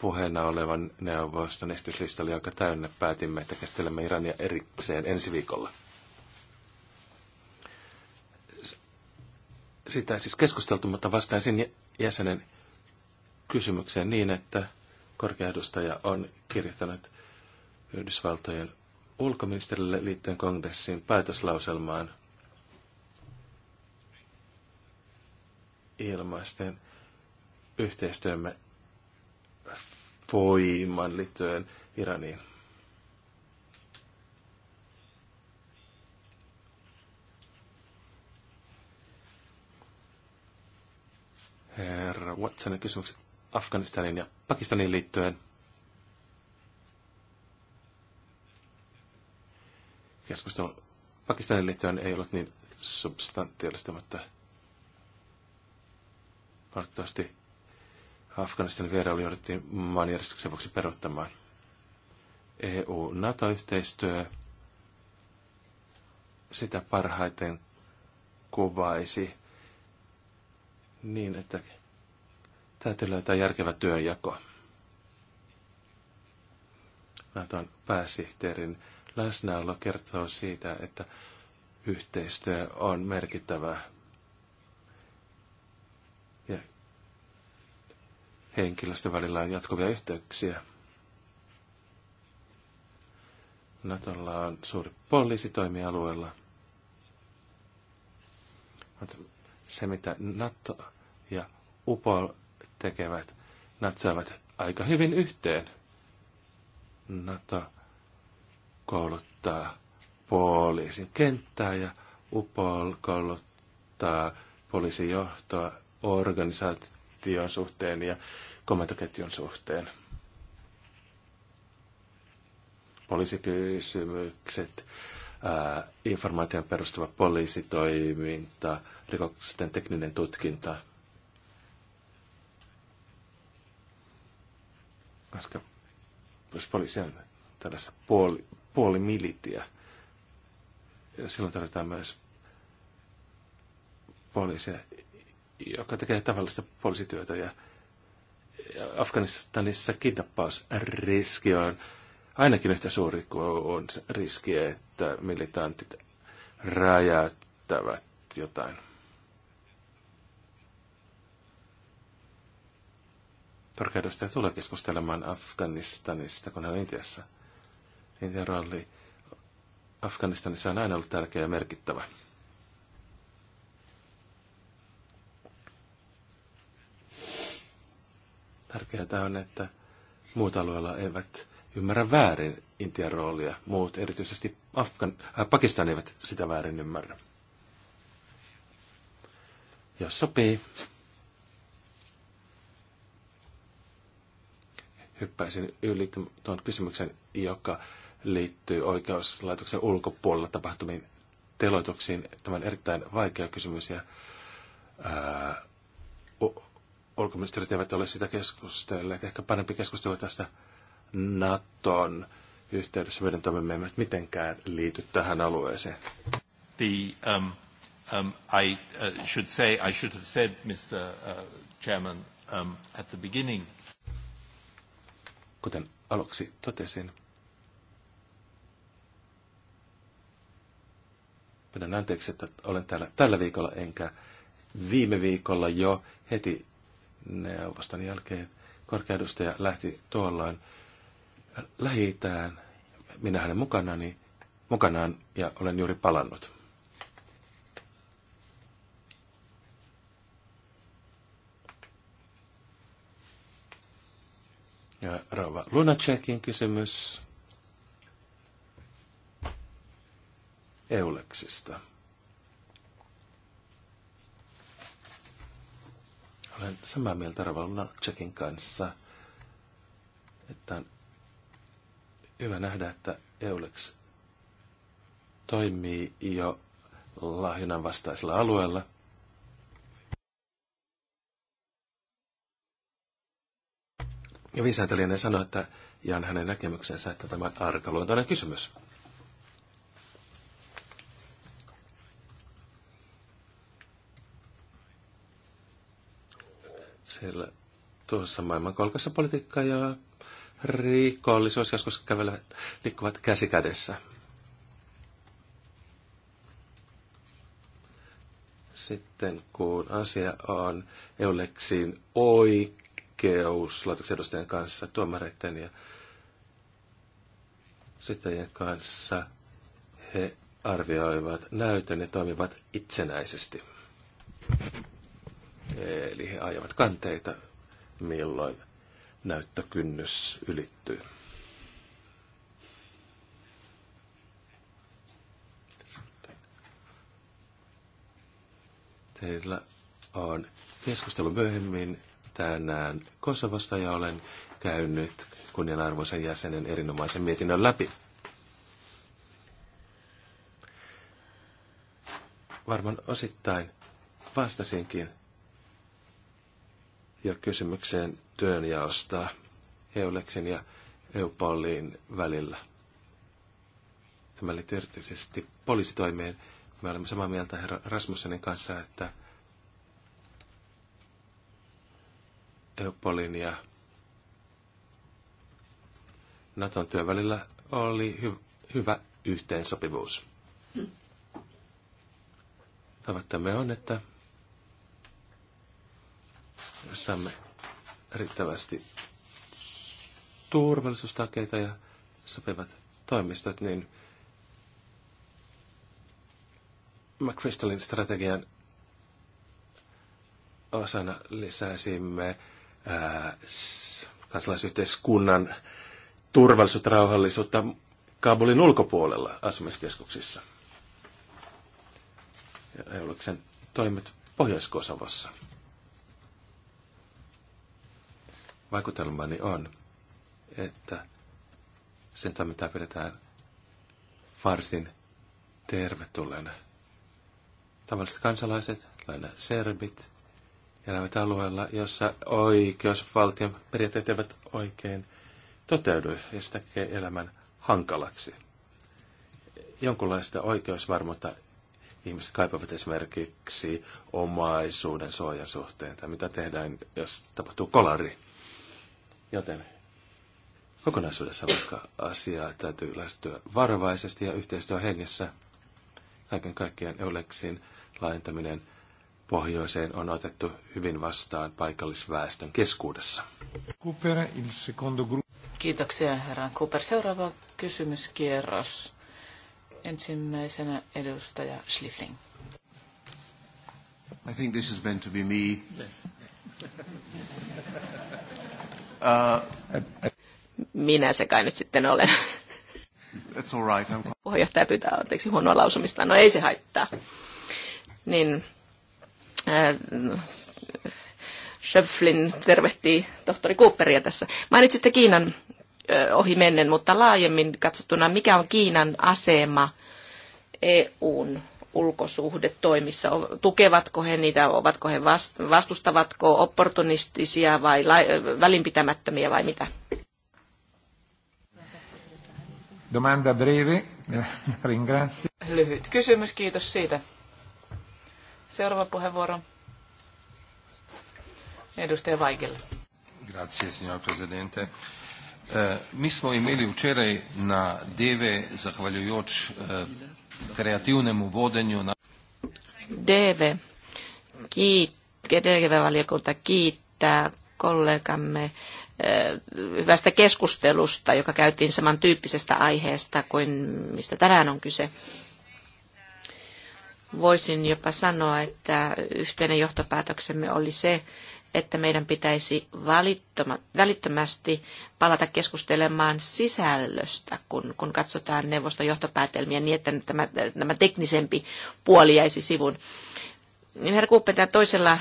Puheena olevan neuvoston esityslistalla, joka täynnä päätimme, että käsittelemme Irania erikseen ensi viikolla. sitä siis keskusteltu, mutta vastaisin jäsenen kysymykseen niin, että korkeaedustaja on kirjoittanut Yhdysvaltojen ulkoministerille liittyen kongressin päätöslauselmaan ilmaisten yhteistyömme voiman liittyen Iraniin. herra Watsonin kysymykset Afganistanin ja Pakistanin liittyen. Keskustelu Pakistanin liittyen ei ollut niin substantiaalista, mutta valitettavasti Afganistanin vierailu jouduttiin maanjärjestyksen vuoksi peruuttamaan. EU-NATO-yhteistyö sitä parhaiten kuvaisi niin, että täytyy löytää järkevä työnjako. Naton pääsihteerin läsnäolo kertoo siitä, että yhteistyö on merkittävää. Ja henkilöstön välillä on jatkuvia yhteyksiä. Natolla on suuri poliisitoimialueella. Mutta se, mitä NATO ja Upol tekevät, natsaavat aika hyvin yhteen. NATO kouluttaa poliisin kenttää ja Upol kouluttaa poliisin johtoa organisaation suhteen ja komentoketjun suhteen. Poliisikysymykset, ää, informaation perustuva poliisitoiminta, rikosten tekninen tutkinta – koska jos poliisi on tällaisessa puoli, puoli militia, ja silloin tarvitaan myös poliisia, joka tekee tavallista poliisityötä. Ja Afganistanissa kidnappausriski on ainakin yhtä suuri kuin on riski, että militantit räjäyttävät jotain. ja tulee keskustelemaan Afganistanista, kun hän on Intiassa. Intian rooli Afganistanissa on aina ollut tärkeä ja merkittävä. Tärkeää on, että muut alueella eivät ymmärrä väärin Intian roolia. Muut, erityisesti Afgan, äh, Pakistan, eivät sitä väärin ymmärrä. Jos sopii, hyppäisin yli tuon kysymyksen, joka liittyy oikeuslaitoksen ulkopuolella tapahtumiin teloituksiin. Tämä on erittäin vaikea kysymys ja ää, ulkoministerit eivät ole sitä keskustelleet. Ehkä parempi keskustelu tästä Naton yhteydessä. Meidän toimimme eivät mitenkään liity tähän alueeseen. The, um, um, I uh, should say, I should have said, Mr. Uh, Chairman, um, at the beginning – Kuten aluksi totesin, Pidän anteeksi, että olen täällä tällä viikolla enkä viime viikolla jo heti neuvoston jälkeen korkeudustaja lähti tuolloin lähi Minä hänen mukanaan ja olen juuri palannut. Ja Rova Lunacekin kysymys Euleksista. Olen samaa mieltä Rova Lunacekin kanssa, että on hyvä nähdä, että Eulex toimii jo lahjonnan vastaisella alueella – Ja viisaintelinen sanoi, että jaan hänen näkemyksensä, että tämä arkaluontoinen kysymys. Siellä tuossa maailmankolkassa politiikka ja rikollisuus joskus kävelevät, liikkuvat käsi kädessä. Sitten kun asia on euleksin oikein, oikeuslaitoksen edustajien kanssa, tuomareiden ja syyttäjien kanssa. He arvioivat näytön ja toimivat itsenäisesti. Eli he ajavat kanteita, milloin näyttökynnys ylittyy. Teillä on keskustelu myöhemmin tänään Kosovosta ja olen käynyt kunnianarvoisen jäsenen erinomaisen mietinnön läpi. Varmaan osittain vastasinkin jo kysymykseen työnjaosta Heuleksen ja Eupolin välillä. Tämä liittyy erityisesti poliisitoimeen. Me olemme samaa mieltä herra Rasmussenin kanssa, että Eupolin ja Naton työn välillä oli hy- hyvä yhteensopivuus. Tavoittamme on, että saamme riittävästi turvallisuustakeita ja sopivat toimistot, niin McChrystalin strategian osana lisäisimme kansalaisyhteiskunnan turvallisuutta, rauhallisuutta Kabulin ulkopuolella asumiskeskuksissa. Ja Euloksen toimet pohjois kosovossa Vaikutelmani on, että sen toimintaa pidetään varsin tervetulleena. Tavalliset kansalaiset, lähinnä serbit, elävät alueella, jossa oikeusvaltion periaatteet eivät oikein toteudu ja se tekee elämän hankalaksi. Jonkunlaista oikeusvarmuutta ihmiset kaipaavat esimerkiksi omaisuuden suojan suhteen tai mitä tehdään, jos tapahtuu kolari. Joten kokonaisuudessa vaikka asiaa täytyy lähestyä varovaisesti ja hengessä. Kaiken kaikkiaan Euleksin laajentaminen – pohjoiseen on otettu hyvin vastaan paikallisväestön keskuudessa. Cooper, il secondo Kiitoksia, herra Cooper. Seuraava kysymyskierros. Ensimmäisenä edustaja Schlifling. I think this is meant to be me. Uh, Minä se kai nyt sitten olen. That's all right. I'm... Puheenjohtaja pyytää anteeksi huonoa lausumista. No ei se haittaa. Niin Äh, Schöpflin tervehti tohtori Cooperia tässä. Mainitsitte Kiinan ohi mennen, mutta laajemmin katsottuna, mikä on Kiinan asema EUn ulkosuhdetoimissa? Tukevatko he niitä, ovatko he vastustavatko, opportunistisia vai välinpitämättömiä vai mitä? Domanda breve, ringrazio. Lyhyt kysymys, kiitos siitä. Seuraava puheenvuoro. Edustaja Vaikelle. Grazie, signor Presidente. Eh, mi smo imeli včeraj na DEVE, zahvaljujoč eh, kreativnemu vodenju na... DEVE, kiit, DEVE-valiokunta kiittää kollegamme eh, hyvästä keskustelusta, joka käytiin samantyyppisestä aiheesta kuin mistä tänään on kyse. Voisin jopa sanoa, että yhteinen johtopäätöksemme oli se, että meidän pitäisi välittömästi palata keskustelemaan sisällöstä, kun, kun katsotaan neuvoston johtopäätelmiä niin, että tämä, tämä teknisempi puoli jäisi sivun. Niin herra Kuuppe, toisella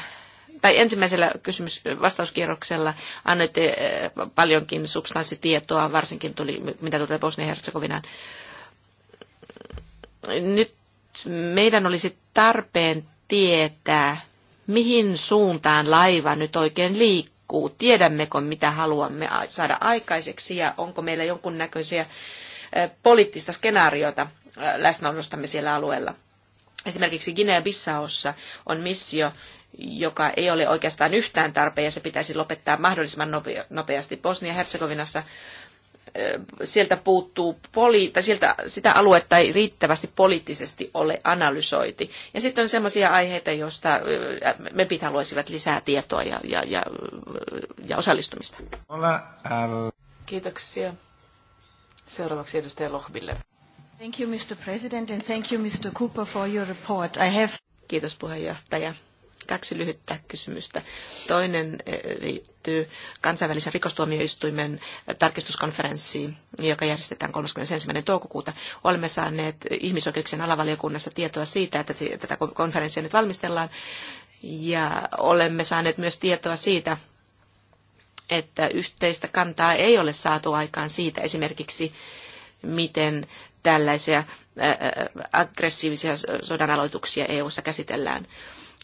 tai ensimmäisellä kysymys, vastauskierroksella annoitte eh, paljonkin substanssitietoa, varsinkin tuli, mitä tulee Bosnia-Herzegovinaan. Nyt meidän olisi tarpeen tietää, mihin suuntaan laiva nyt oikein liikkuu, tiedämmekö mitä haluamme saada aikaiseksi ja onko meillä jonkunnäköisiä poliittista skenaariota läsnäolostamme siellä alueella. Esimerkiksi Guinea-Bissaossa on missio, joka ei ole oikeastaan yhtään tarpeen ja se pitäisi lopettaa mahdollisimman nopeasti. Bosnia-Herzegovinassa sieltä puuttuu, poli, tai sieltä, sitä aluetta ei riittävästi poliittisesti ole analysoiti. Ja sitten on sellaisia aiheita, joista MEPit haluaisivat lisää tietoa ja, ja, ja, ja osallistumista. Kiitoksia. Seuraavaksi edustaja Lohbiller. Thank you, Mr. President, and thank you, Mr. Cooper, for your report. I have... Kiitos puheenjohtaja kaksi lyhyttä kysymystä. Toinen eh, liittyy kansainvälisen rikostuomioistuimen tarkistuskonferenssiin, joka järjestetään 31. toukokuuta. Olemme saaneet ihmisoikeuksien alavaliokunnassa tietoa siitä, että tätä konferenssia nyt valmistellaan. Ja olemme saaneet myös tietoa siitä, että yhteistä kantaa ei ole saatu aikaan siitä esimerkiksi, miten tällaisia eh, eh, aggressiivisia sodan aloituksia EU-ssa käsitellään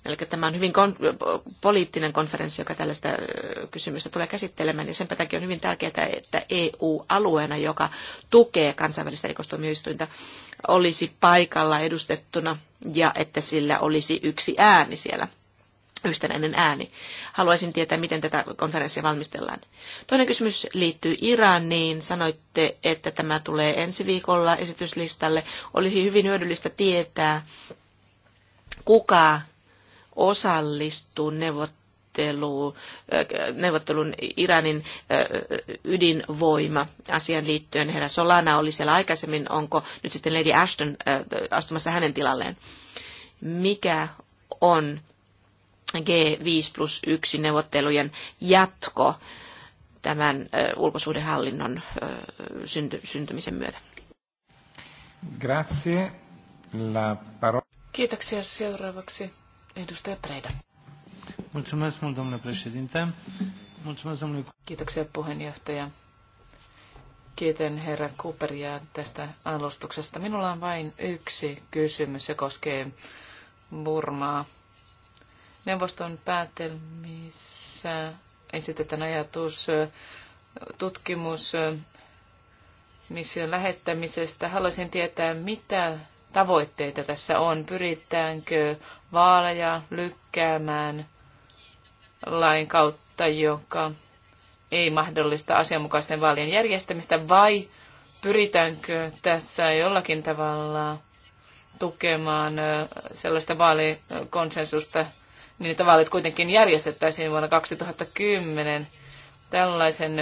Eli tämä on hyvin kon- poliittinen konferenssi, joka tällaista kysymystä tulee käsittelemään, ja sen takia on hyvin tärkeää, että EU-alueena, e joka tukee kansainvälistä rikostuomioistuinta, olisi paikalla edustettuna ja että sillä olisi yksi ääni siellä yhtenäinen ääni. Haluaisin tietää, miten tätä konferenssia valmistellaan. Toinen kysymys liittyy Iraniin. Sanoitte, että tämä tulee ensi viikolla esityslistalle. Olisi hyvin hyödyllistä tietää, kuka osallistuu neuvotteluun, äh, neuvottelun Iranin äh, ydinvoima asian liittyen. Herra Solana oli siellä aikaisemmin, onko nyt sitten Lady Ashton äh, astumassa hänen tilalleen. Mikä on G5 plus 1 neuvottelujen jatko tämän ulkosuhdehallinnon syntymisen myötä? Grazie. La parola. Kiitoksia seuraavaksi Edustaja Preda. Mulțumesc mult, domnule președinte. Mulțumesc, domnule... Kiitoksia puheenjohtaja. Kiitän herra Cooperia tästä alustuksesta. Minulla on vain yksi kysymys, se koskee Burmaa. Neuvoston päätelmissä esitetään ajatus tutkimus mission lähettämisestä. Haluaisin tietää, mitä tavoitteita tässä on? Pyritäänkö vaaleja lykkäämään lain kautta, joka ei mahdollista asianmukaisten vaalien järjestämistä, vai pyritäänkö tässä jollakin tavalla tukemaan sellaista vaalikonsensusta, niin että vaalit kuitenkin järjestettäisiin vuonna 2010. Tällaisen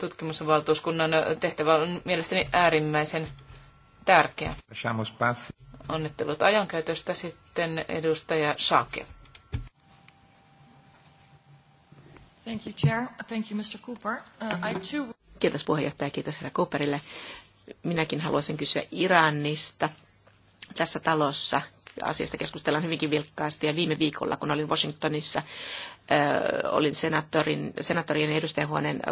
tutkimusvaltuuskunnan tehtävä on mielestäni äärimmäisen tärkeä. Onnittelut ajankäytöstä sitten edustaja Sake. Thank you, Chair. Thank you, Mr. Cooper. Uh, I too... Kiitos puheenjohtaja, kiitos herra Cooperille. Minäkin haluaisin kysyä Iranista tässä talossa asiasta keskustellaan hyvinkin vilkkaasti. Ja viime viikolla, kun olin Washingtonissa, olin senaattorin, senaattorien edustajahuoneen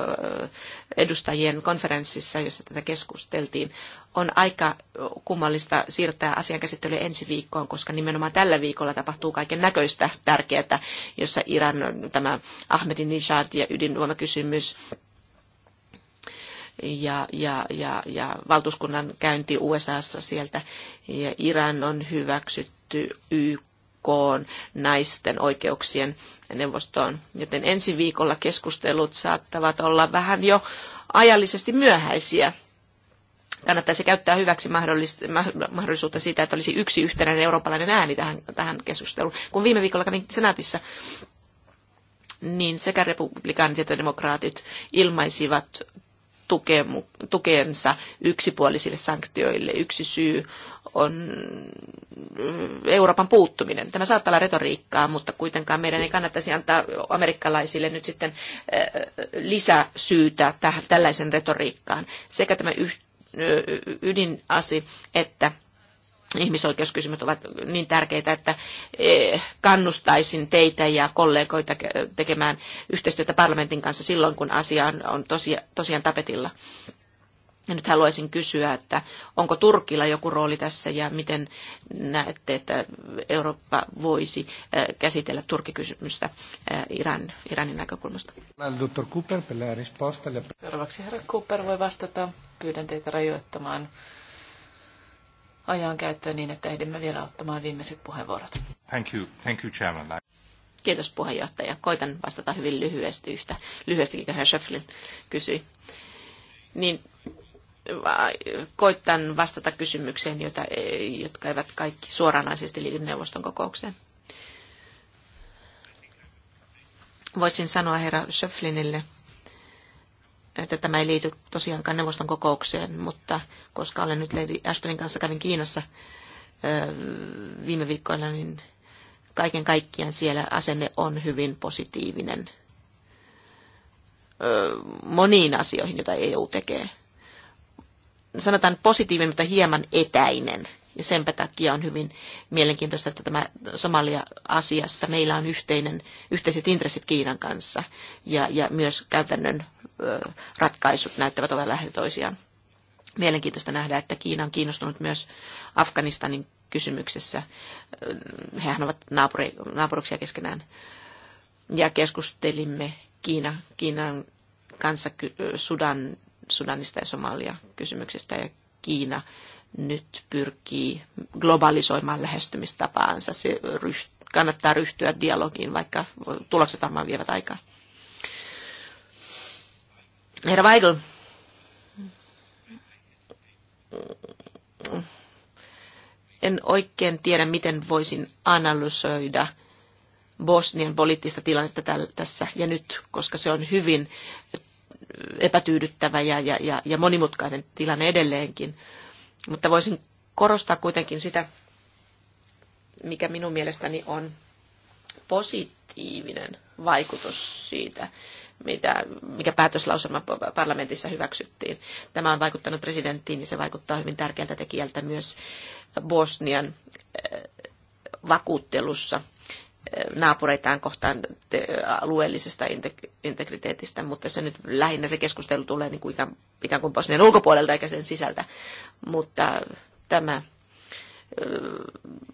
edustajien konferenssissa, jossa tätä keskusteltiin. On aika kummallista siirtää asian käsittely ensi viikkoon, koska nimenomaan tällä viikolla tapahtuu kaiken näköistä tärkeää, jossa Iran, tämä Ahmedinejad ja ydinvoimakysymys, ja, ja, ja, ja valtuuskunnan käynti USAssa sieltä. Ja Iran on hyväksytty YK naisten oikeuksien neuvostoon, joten ensi viikolla keskustelut saattavat olla vähän jo ajallisesti myöhäisiä. Kannattaisi käyttää hyväksi mahdollisuutta siitä, että olisi yksi yhtenäinen eurooppalainen ääni tähän, tähän keskusteluun. Kun viime viikolla kävin senaatissa, niin sekä republikaanit että demokraatit ilmaisivat tukensa yksipuolisille sanktioille. Yksi syy on Euroopan puuttuminen. Tämä saattaa olla retoriikkaa, mutta kuitenkaan meidän ei kannattaisi antaa amerikkalaisille nyt sitten lisäsyytä tähän, tällaisen retoriikkaan. Sekä tämä ydinasi että ihmisoikeuskysymykset ovat niin tärkeitä, että eh, kannustaisin teitä ja kollegoita tekemään yhteistyötä parlamentin kanssa silloin, kun asia on tosiaan tapetilla. Ja nyt haluaisin kysyä, että onko Turkilla joku rooli tässä ja miten näette, että Eurooppa voisi eh, käsitellä Turkikysymystä eh, Iran, Iranin näkökulmasta? Dr. Seuraavaksi herra Cooper voi vastata. Pyydän teitä rajoittamaan ajan käyttöön niin, että ehdimme vielä ottamaan viimeiset puheenvuorot. Thank you. Thank you, Chairman. Kiitos puheenjohtaja. Koitan vastata hyvin lyhyesti yhtä. Lyhyesti, kun herra Schöfflin kysyi. Niin, äh, koitan vastata kysymykseen, jota, e, jotka eivät kaikki suoranaisesti liity neuvoston kokoukseen. Voisin sanoa herra Schöfflinille, että tämä ei liity tosiaankaan neuvoston kokoukseen, mutta koska olen nyt Lady Ashtonin kanssa kävin Kiinassa viime viikkoina, niin kaiken kaikkiaan siellä asenne on hyvin positiivinen moniin asioihin, joita EU tekee. Sanotaan positiivinen, mutta hieman etäinen ja senpä takia on hyvin mielenkiintoista, että tämä Somalia-asiassa meillä on yhteinen, yhteiset intressit Kiinan kanssa. Ja, ja myös käytännön ö, ratkaisut näyttävät olevan lähellä toisiaan. Mielenkiintoista nähdä, että Kiina on kiinnostunut myös Afganistanin kysymyksessä. Hehän ovat naapuri, naapuruksia keskenään. Ja keskustelimme Kiina, Kiinan kanssa Sudan, Sudanista ja Somalia kysymyksestä ja Kiina nyt pyrkii globalisoimaan lähestymistapaansa. Se ryht, kannattaa ryhtyä dialogiin, vaikka tulokset varmaan vievät aikaa. Herra Weigl, en oikein tiedä, miten voisin analysoida Bosnian poliittista tilannetta tässä ja nyt, koska se on hyvin äh, epätyydyttävä ja, ja, ja monimutkainen tilanne edelleenkin mutta voisin korostaa kuitenkin sitä, mikä minun mielestäni on positiivinen vaikutus siitä, mitä, mikä päätöslauselma parlamentissa hyväksyttiin. Tämä on vaikuttanut presidenttiin, ja niin se vaikuttaa hyvin tärkeältä tekijältä myös Bosnian eh, vakuuttelussa naapureitaan kohtaan alueellisesta integriteetistä, mutta se nyt lähinnä se keskustelu tulee niin kuin ikään, ikään kuin Bosnian ulkopuolelta eikä sen sisältä. Mutta tämä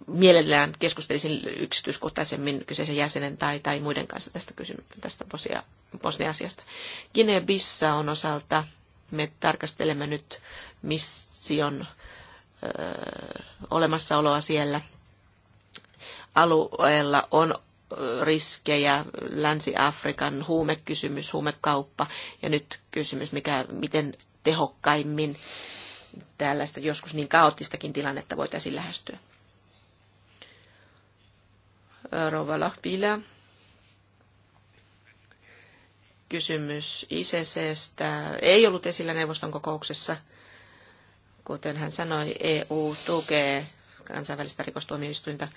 mielellään keskustelisin yksityiskohtaisemmin kyseisen jäsenen tai, tai muiden kanssa tästä, kysymys, tästä Bosnia, Bosnia-asiasta. Guinea-Bissa on osalta, me tarkastelemme nyt mission ö, olemassaoloa siellä – alueella on riskejä, Länsi-Afrikan huumekysymys, huumekauppa ja nyt kysymys, mikä, miten tehokkaimmin tällaista joskus niin kaoottistakin tilannetta voitaisiin lähestyä. Rova Lahpila. Kysymys ICCstä ei ollut esillä neuvoston kokouksessa. Kuten hän sanoi, EU tukee kansainvälistä rikostuomioistuinta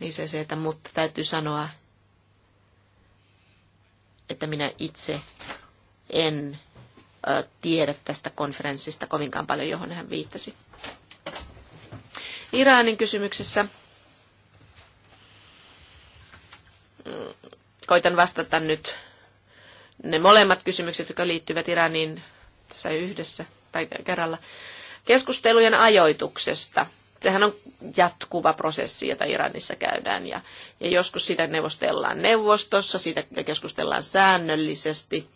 niin se, että mutta täytyy sanoa, että minä itse en tiedä tästä konferenssista kovinkaan paljon, johon hän viittasi. Iranin kysymyksessä koitan vastata nyt ne molemmat kysymykset, jotka liittyvät Iraniin tässä yhdessä tai kerralla. Keskustelujen ajoituksesta – sehän on jatkuva prosessi, jota Iranissa käydään. Ja, ja joskus sitä neuvostellaan neuvostossa, sitä keskustellaan säännöllisesti.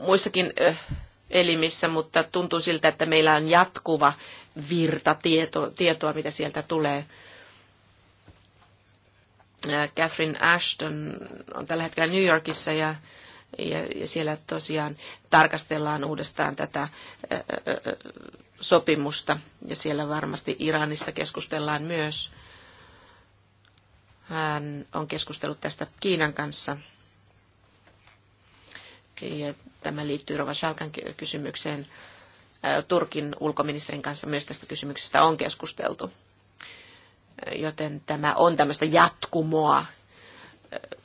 muissakin elimissä, mutta tuntuu siltä, että meillä on jatkuva virta tietoa, mitä sieltä tulee. Catherine Ashton on tällä hetkellä New Yorkissa ja, ja, ja siellä tosiaan tarkastellaan uudestaan tätä ä, ä, sopimusta ja siellä varmasti Iranista keskustellaan myös. Hän on keskustellut tästä Kiinan kanssa. Ja tämä liittyy Rova Shalkan kysymykseen. Turkin ulkoministerin kanssa myös tästä kysymyksestä on keskusteltu. Joten tämä on tämmöistä jatkumoa,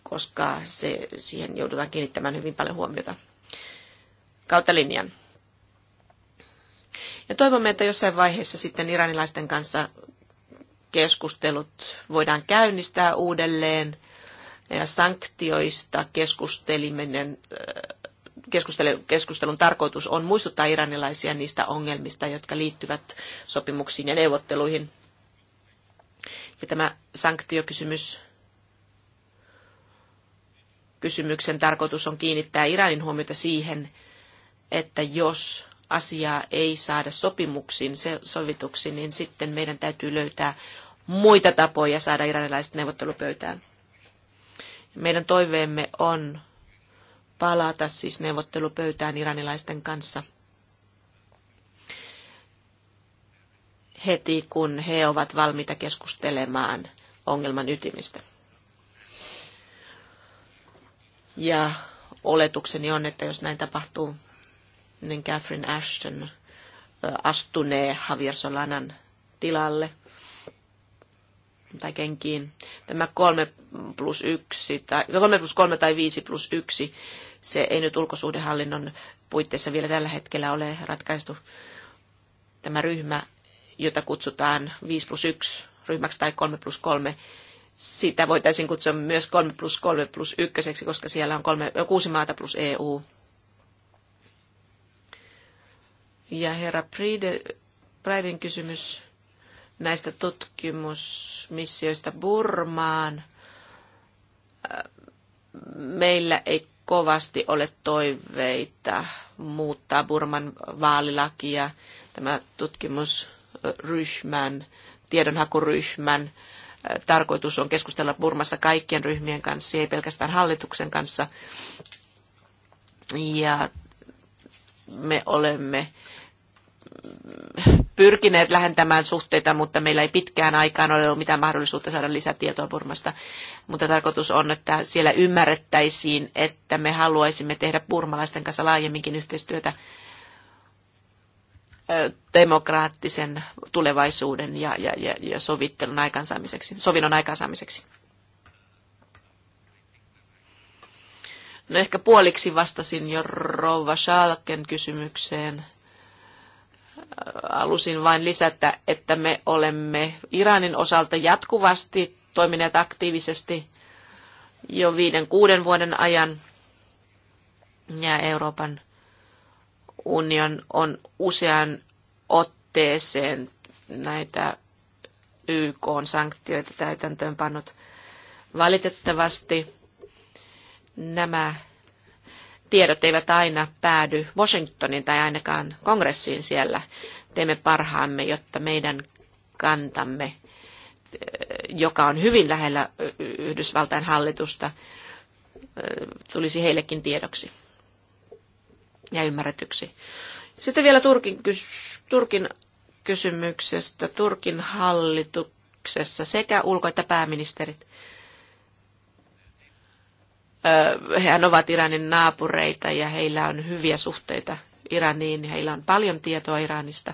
koska se, siihen joudutaan kiinnittämään hyvin paljon huomiota kautta linjan. Ja toivomme, että jossain vaiheessa sitten iranilaisten kanssa keskustelut voidaan käynnistää uudelleen ja sanktioista äh, keskusteleminen, keskustelun tarkoitus on muistuttaa iranilaisia niistä ongelmista, jotka liittyvät sopimuksiin ja neuvotteluihin tämä sanktiokysymys kysymyksen tarkoitus on kiinnittää Iranin huomiota siihen, että jos asiaa ei saada sopimuksiin, sovituksi, niin sitten meidän täytyy löytää muita tapoja saada iranilaiset neuvottelupöytään. Meidän toiveemme on palata siis neuvottelupöytään iranilaisten kanssa – heti, kun he ovat valmiita keskustelemaan ongelman ytimistä. Ja oletukseni on, että jos näin tapahtuu, niin Catherine Ashton astunee Javier Solanan tilalle tai kenkiin. Tämä 3 plus 1, tai 3 plus 3 tai 5 plus 1, se ei nyt ulkosuhdehallinnon puitteissa vielä tällä hetkellä ole ratkaistu. Tämä ryhmä jota kutsutaan 5 plus 1 ryhmäksi tai 3 plus 3. Sitä voitaisiin kutsua myös 3 plus 3 plus 1, koska siellä on kolme, kuusi maata plus EU. Ja herra Pride, Priden kysymys näistä tutkimusmissioista Burmaan. Meillä ei kovasti ole toiveita muuttaa Burman vaalilakia. Tämä tutkimus ryhmän, tiedonhakuryhmän äh, tarkoitus on keskustella Burmassa kaikkien ryhmien kanssa, ei pelkästään hallituksen kanssa. Ja me olemme pyrkineet lähentämään suhteita, mutta meillä ei pitkään aikaan ole ollut mitään mahdollisuutta saada lisätietoa Burmasta. Mutta tarkoitus on, että siellä ymmärrettäisiin, että me haluaisimme tehdä burmalaisten kanssa laajemminkin yhteistyötä demokraattisen tulevaisuuden ja, ja, ja, ja sovittelun aikaansaamiseksi, sovinnon aikaansaamiseksi. No ehkä puoliksi vastasin jo Rova Schalken kysymykseen. Alusin vain lisätä, että me olemme Iranin osalta jatkuvasti toimineet aktiivisesti jo viiden, kuuden vuoden ajan ja Euroopan union on usean otteeseen näitä YK-sanktioita täytäntöönpannut. Valitettavasti nämä tiedot eivät aina päädy Washingtonin tai ainakaan kongressiin siellä. Teemme parhaamme, jotta meidän kantamme, joka on hyvin lähellä Yhdysvaltain hallitusta, tulisi heillekin tiedoksi ja ymmärretyksi. Sitten vielä Turkin, kys- Turkin kysymyksestä. Turkin hallituksessa sekä ulko- että pääministerit. Öö, hehän ovat Iranin naapureita ja heillä on hyviä suhteita Iraniin. Heillä on paljon tietoa Iranista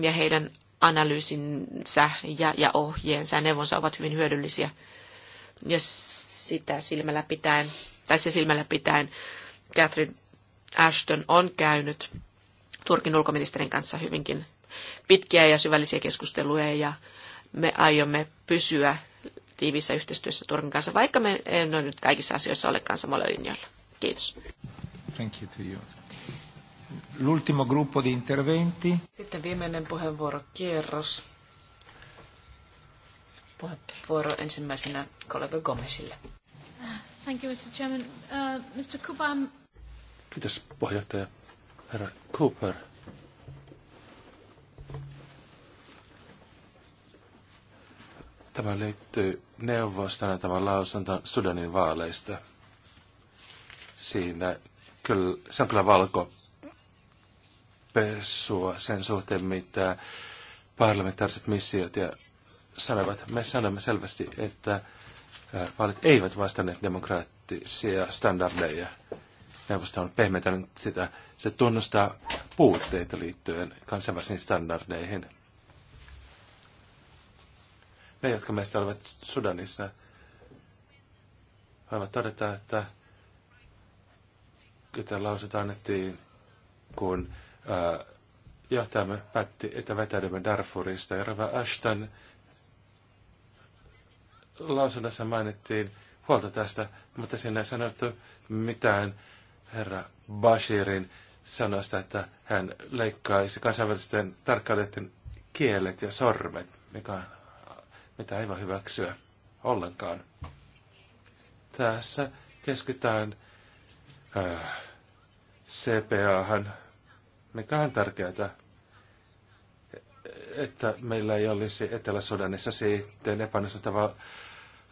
ja heidän analyysinsä ja, ja ohjeensa ja neuvonsa ovat hyvin hyödyllisiä. Ja sitä silmällä pitäen, tai se silmällä pitäen Catherine Ashton on käynyt Turkin ulkoministerin kanssa hyvinkin pitkiä ja syvällisiä keskusteluja ja me aiomme pysyä tiiviissä yhteistyössä Turkin kanssa, vaikka me ole nyt kaikissa asioissa olekaan samalla linjoilla. Kiitos. Thank you to you. L'ultimo gruppo di interventi. Sitten viimeinen puheenvuorokierros. Puheenvuoro ensimmäisenä kollega Gomesille. Thank you, Mr. Chairman. Uh, Mr. Kuban, Kiitos puheenjohtaja herra Cooper. Tämä liittyy neuvoston tämä lausunto Sudanin vaaleista. Siinä kyllä, se on kyllä valko pesua sen suhteen, mitä parlamentaariset missiot ja sanovat. Me sanomme selvästi, että vaalit eivät vastanneet demokraattisia standardeja neuvosto on pehmentänyt sitä. Se tunnustaa puutteita liittyen kansainvälisiin standardeihin. Ne, jotka meistä olivat Sudanissa, voivat todeta, että tämä lausut annettiin, kun ää, johtajamme päätti, että vetäydymme Darfurista. Ja Rava Ashton lausunnassa mainittiin huolta tästä, mutta siinä ei sanottu mitään herra Bashirin sanasta, että hän leikkaisi kansainvälisten tarkkailijoiden kielet ja sormet, mikä on, mitä ei voi hyväksyä ollenkaan. Tässä keskitytään äh, CPAhan, mikä on tärkeää, että meillä ei olisi Etelä-Sudanissa sitten epäonnistuttavaa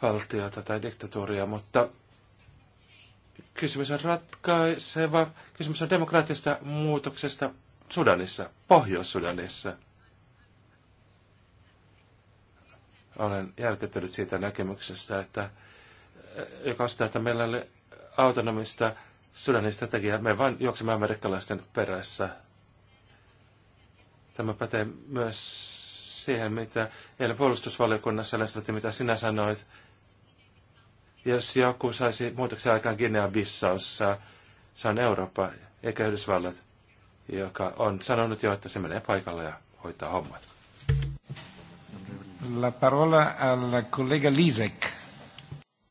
valtiota tai diktatuuria, mutta Kysymys on ratkaiseva. Kysymys on demokraattisesta muutoksesta Sudanissa, Pohjois-Sudanissa. Olen järkyttynyt siitä näkemyksestä, että eh, joka on sitä, että meillä oli autonomista Sudanin strategiaa. Me vain juoksemme amerikkalaisten perässä. Tämä pätee myös siihen, mitä eilen puolustusvaliokunnassa mitä sinä sanoit jos joku saisi muutoksen aikaan Guinea-Bissaussa, se on Eurooppa eikä Yhdysvallat, joka on sanonut jo, että se menee paikalle ja hoitaa hommat. La parola al collega Lisek.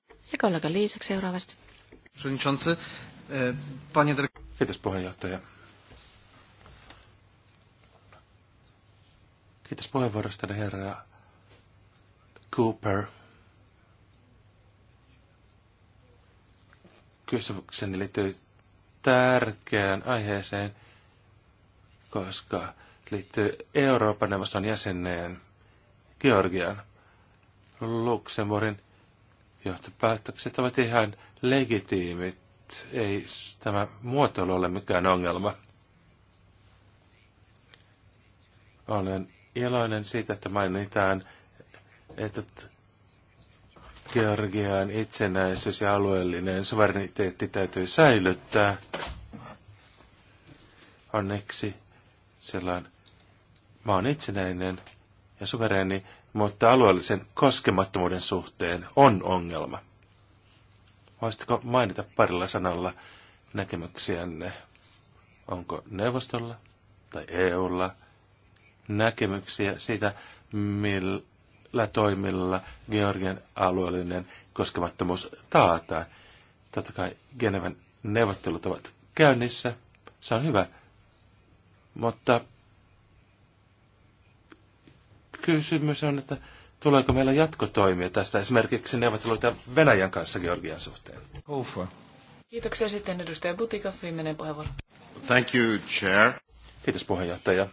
Ja kollega Lisek seuraavasti. E, Kiitos puheenjohtaja. Kiitos puheenvuorosta, herra Cooper. kysymykseni liittyy tärkeään aiheeseen, koska liittyy Euroopan neuvoston jäsenneen Georgian. Luxemburgin johtopäätökset ovat ihan legitiimit. Ei tämä muotoilu ole mikään ongelma. Olen iloinen siitä, että mainitaan, että Georgian itsenäisyys ja alueellinen suvereniteetti täytyy säilyttää. Onneksi sellainen maa on itsenäinen ja suvereeni, mutta alueellisen koskemattomuuden suhteen on ongelma. Voisitko mainita parilla sanalla näkemyksiänne? Onko neuvostolla tai EUlla näkemyksiä siitä, millä toimilla Georgian alueellinen koskemattomuus taataan. Totta kai Geneven neuvottelut ovat käynnissä, se on hyvä, mutta kysymys on, että tuleeko meillä jatkotoimia tästä esimerkiksi neuvotteluita Venäjän kanssa Georgian suhteen? Ufa. Kiitoksia sitten edustaja Butikoff, viimeinen puheenvuoro. Thank you, Chair. Kiitos puheenjohtaja.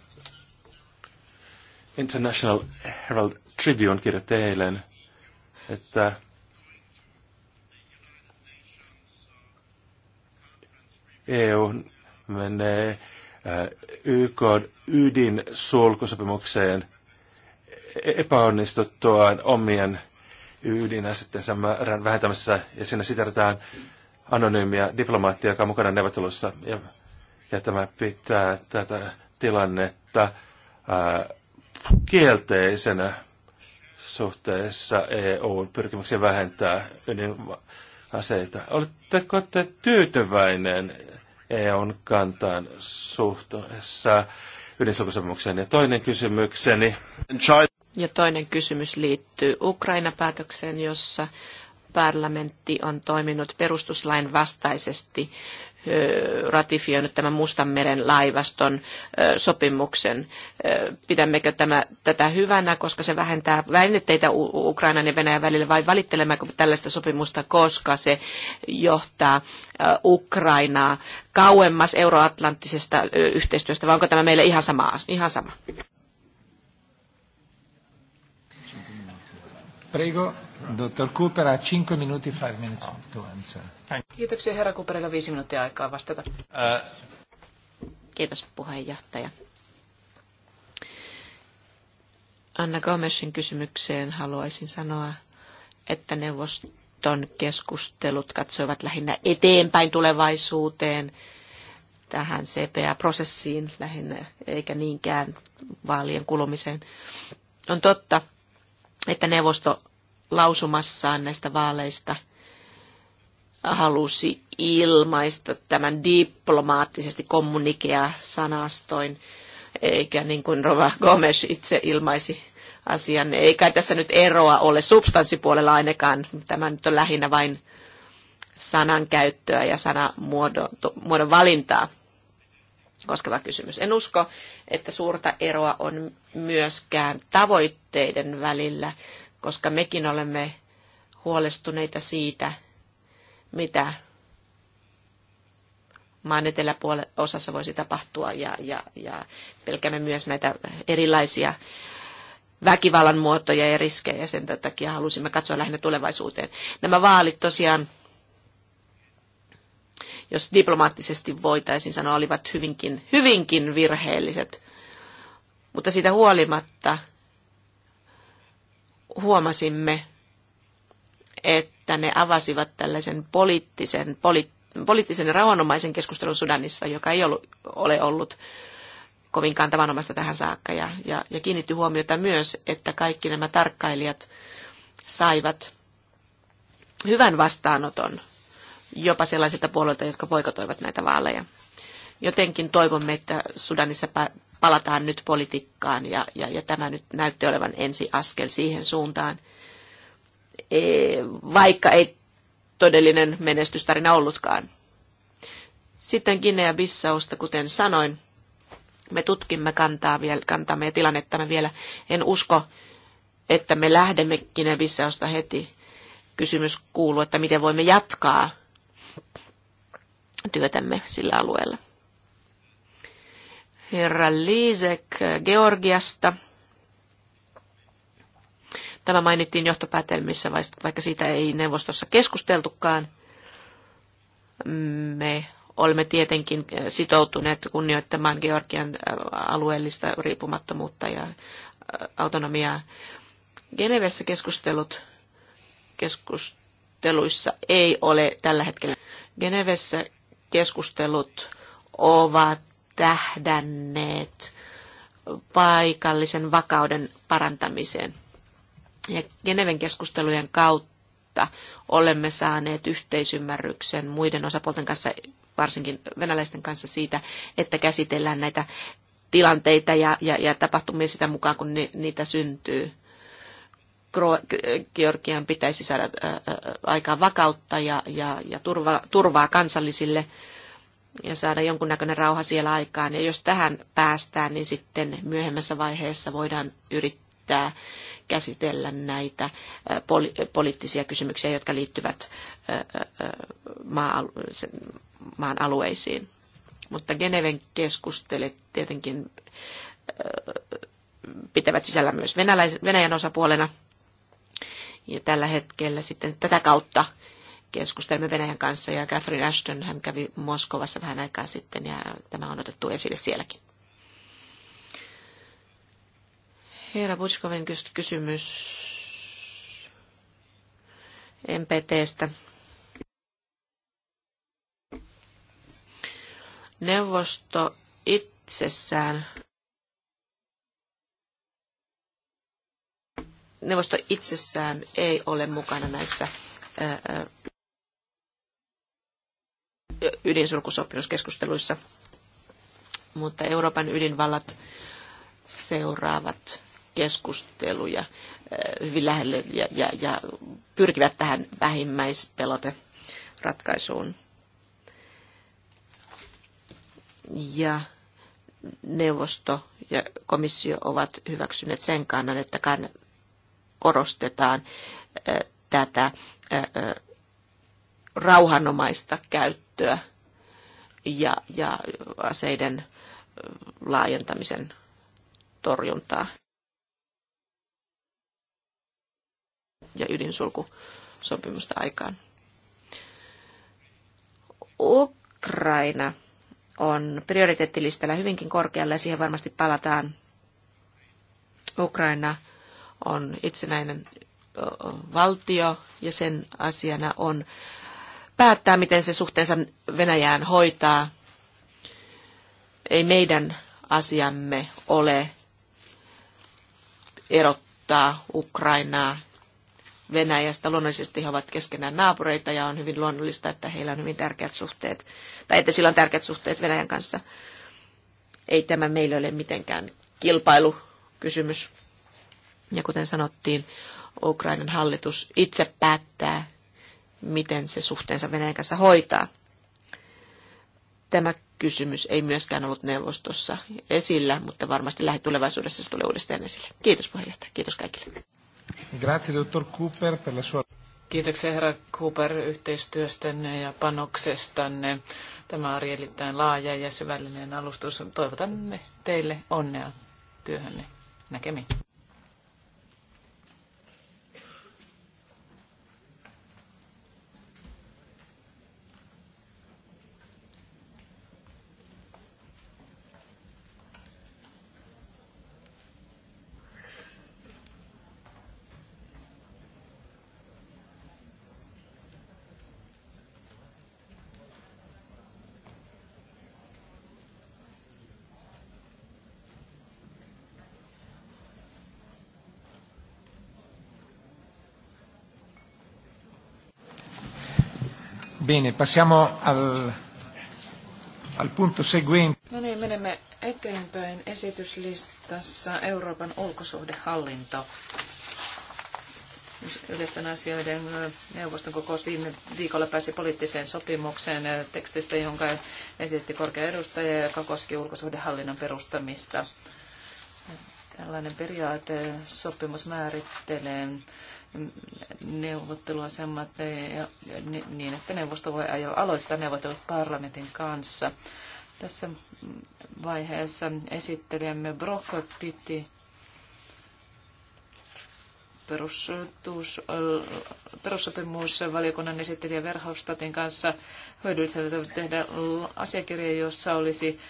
International Herald Tribune kirjoitti eilen, että EU menee äh, YK ydinsulkusopimukseen epäonnistuttuaan omien ydinasetteensa määrän vähentämässä ja siinä siterataan anonyymiä diplomaattia, joka on mukana neuvottelussa, ja, ja tämä pitää tätä tilannetta ää, äh, kielteisenä suhteessa EUn pyrkimyksiä vähentää ydinaseita. Oletteko te tyytyväinen EUn kantaan suhteessa ydinsopimukseen? Ja toinen kysymykseni. Ja toinen kysymys liittyy Ukraina-päätökseen, jossa parlamentti on toiminut perustuslain vastaisesti ratifioinut tämän Mustanmeren laivaston sopimuksen. Pidämmekö tämä, tätä hyvänä, koska se vähentää väinnetteitä Ukrainan ja Venäjän välillä vai valittelemmeko tällaista sopimusta, koska se johtaa Ukrainaa kauemmas euroatlanttisesta yhteistyöstä vai onko tämä meille ihan sama? Ihan sama? Prego, dottor Cooper, 5 minuutti, 5 minutes to answer. Kiitoksia herra Cooperilla, 5 minuuttia aikaa vastata. Uh. Kiitos puheenjohtaja. Anna Gomesin kysymykseen haluaisin sanoa, että neuvoston keskustelut katsoivat lähinnä eteenpäin tulevaisuuteen tähän CPA-prosessiin lähinnä, eikä niinkään vaalien kulumiseen. On totta, että neuvosto lausumassaan näistä vaaleista halusi ilmaista tämän diplomaattisesti kommunikea sanastoin, eikä niin kuin Rova Gomes itse ilmaisi asian. Eikä tässä nyt eroa ole substanssipuolella ainakaan. Tämä nyt on lähinnä vain sanan käyttöä ja sanamuodon valintaa koskeva kysymys. En usko, että suurta eroa on myöskään tavoitteiden välillä, koska mekin olemme huolestuneita siitä, mitä maan eteläosassa voisi tapahtua ja, ja, ja pelkäämme myös näitä erilaisia väkivallan muotoja ja riskejä ja sen takia halusimme katsoa lähinnä tulevaisuuteen. Nämä vaalit tosiaan jos diplomaattisesti voitaisiin sanoa, olivat hyvinkin, hyvinkin virheelliset. Mutta siitä huolimatta huomasimme, että ne avasivat tällaisen poliittisen, poli, poliittisen ja rauhanomaisen keskustelun Sudanissa, joka ei ollut, ole ollut kovinkaan tavanomaista tähän saakka. Ja, ja, ja kiinnitti huomiota myös, että kaikki nämä tarkkailijat saivat hyvän vastaanoton jopa sellaisilta puolueilta, jotka poikotoivat näitä vaaleja. Jotenkin toivomme, että Sudanissa palataan nyt politiikkaan ja, ja, ja tämä nyt näytti olevan ensi askel siihen suuntaan, e, vaikka ei todellinen menestystarina ollutkaan. Sitten Guinea-Bissausta, kuten sanoin, me tutkimme kantaa vielä, kantamme ja tilannettamme vielä. En usko, että me lähdemme Guinea-Bissausta heti. Kysymys kuuluu, että miten voimme jatkaa työtämme sillä alueella. Herra Liisek Georgiasta. Tämä mainittiin johtopäätelmissä, vaikka siitä ei neuvostossa keskusteltukaan. Me olemme tietenkin sitoutuneet kunnioittamaan Georgian äh, alueellista riippumattomuutta ja äh, autonomiaa. Genevessä keskustelut, keskust, neuvotteluissa ei ole tällä hetkellä. Genevessä keskustelut ovat tähdänneet paikallisen vakauden parantamiseen. Ja Geneven keskustelujen kautta olemme saaneet yhteisymmärryksen muiden osapuolten kanssa, varsinkin venäläisten kanssa siitä, että käsitellään näitä tilanteita ja, ja, ja tapahtumia sitä mukaan, kun ni, niitä syntyy. Georgian pitäisi saada aikaan vakautta ja, ja, ja turva, turvaa kansallisille ja saada jonkunnäköinen rauha siellä aikaan. Ja jos tähän päästään, niin sitten myöhemmässä vaiheessa voidaan yrittää käsitellä näitä poli- poliittisia kysymyksiä, jotka liittyvät maan alueisiin. Mutta Geneven keskustelet tietenkin pitävät sisällä myös venäläis- Venäjän osapuolena – ja tällä hetkellä sitten tätä kautta keskustelimme Venäjän kanssa ja Catherine Ashton hän kävi Moskovassa vähän aikaa sitten ja tämä on otettu esille sielläkin. Herra Butchkovin kysymys MPTstä. Neuvosto itsessään neuvosto itsessään ei ole mukana näissä ydinsulkusopimuskeskusteluissa, mutta Euroopan ydinvallat seuraavat keskusteluja hyvin lähelle ja, ja, ja pyrkivät tähän vähimmäispeloteratkaisuun. Ja neuvosto ja komissio ovat hyväksyneet sen kannan, että korostetaan tätä rauhanomaista käyttöä ja, ja aseiden laajentamisen torjuntaa ja ydinsulkusopimusta aikaan. Ukraina on prioriteettilistalla hyvinkin korkealla ja siihen varmasti palataan. Ukraina on itsenäinen valtio ja sen asiana on päättää, miten se suhteensa Venäjään hoitaa. Ei meidän asiamme ole erottaa Ukrainaa Venäjästä. Luonnollisesti he ovat keskenään naapureita ja on hyvin luonnollista, että heillä on hyvin tärkeät suhteet, tai että sillä on tärkeät suhteet Venäjän kanssa. Ei tämä meille ole mitenkään kilpailukysymys. Ja kuten sanottiin, Ukrainan hallitus itse päättää, miten se suhteensa Venäjän kanssa hoitaa. Tämä kysymys ei myöskään ollut neuvostossa esillä, mutta varmasti lähitulevaisuudessa se tulee uudestaan esille. Kiitos puheenjohtaja. Kiitos kaikille. Grazie, dottor Cooper, per la sua... Kiitoksia herra Cooper yhteistyöstänne ja panoksestanne. Tämä oli erittäin laaja ja syvällinen alustus. Toivotan teille onnea työhönne. Näkemiin. Bene, passiamo al, al punto seguente. No niin, menemme eteenpäin esityslistassa Euroopan ulkosuhdehallinto. Yleisten asioiden neuvoston kokous viime viikolla pääsi poliittiseen sopimukseen tekstistä, jonka esitti korkea edustaja, joka koski ulkosuhdehallinnon perustamista. Tällainen sopimus määrittelee neuvottelua ja niin, että neuvosto voi aloittaa neuvottelut parlamentin kanssa. Tässä vaiheessa esittelemme Brokko piti perussopimusvaliokunnan esittelijä Verhofstadtin kanssa hyödylliseltä tehdä asiakirja, jossa olisi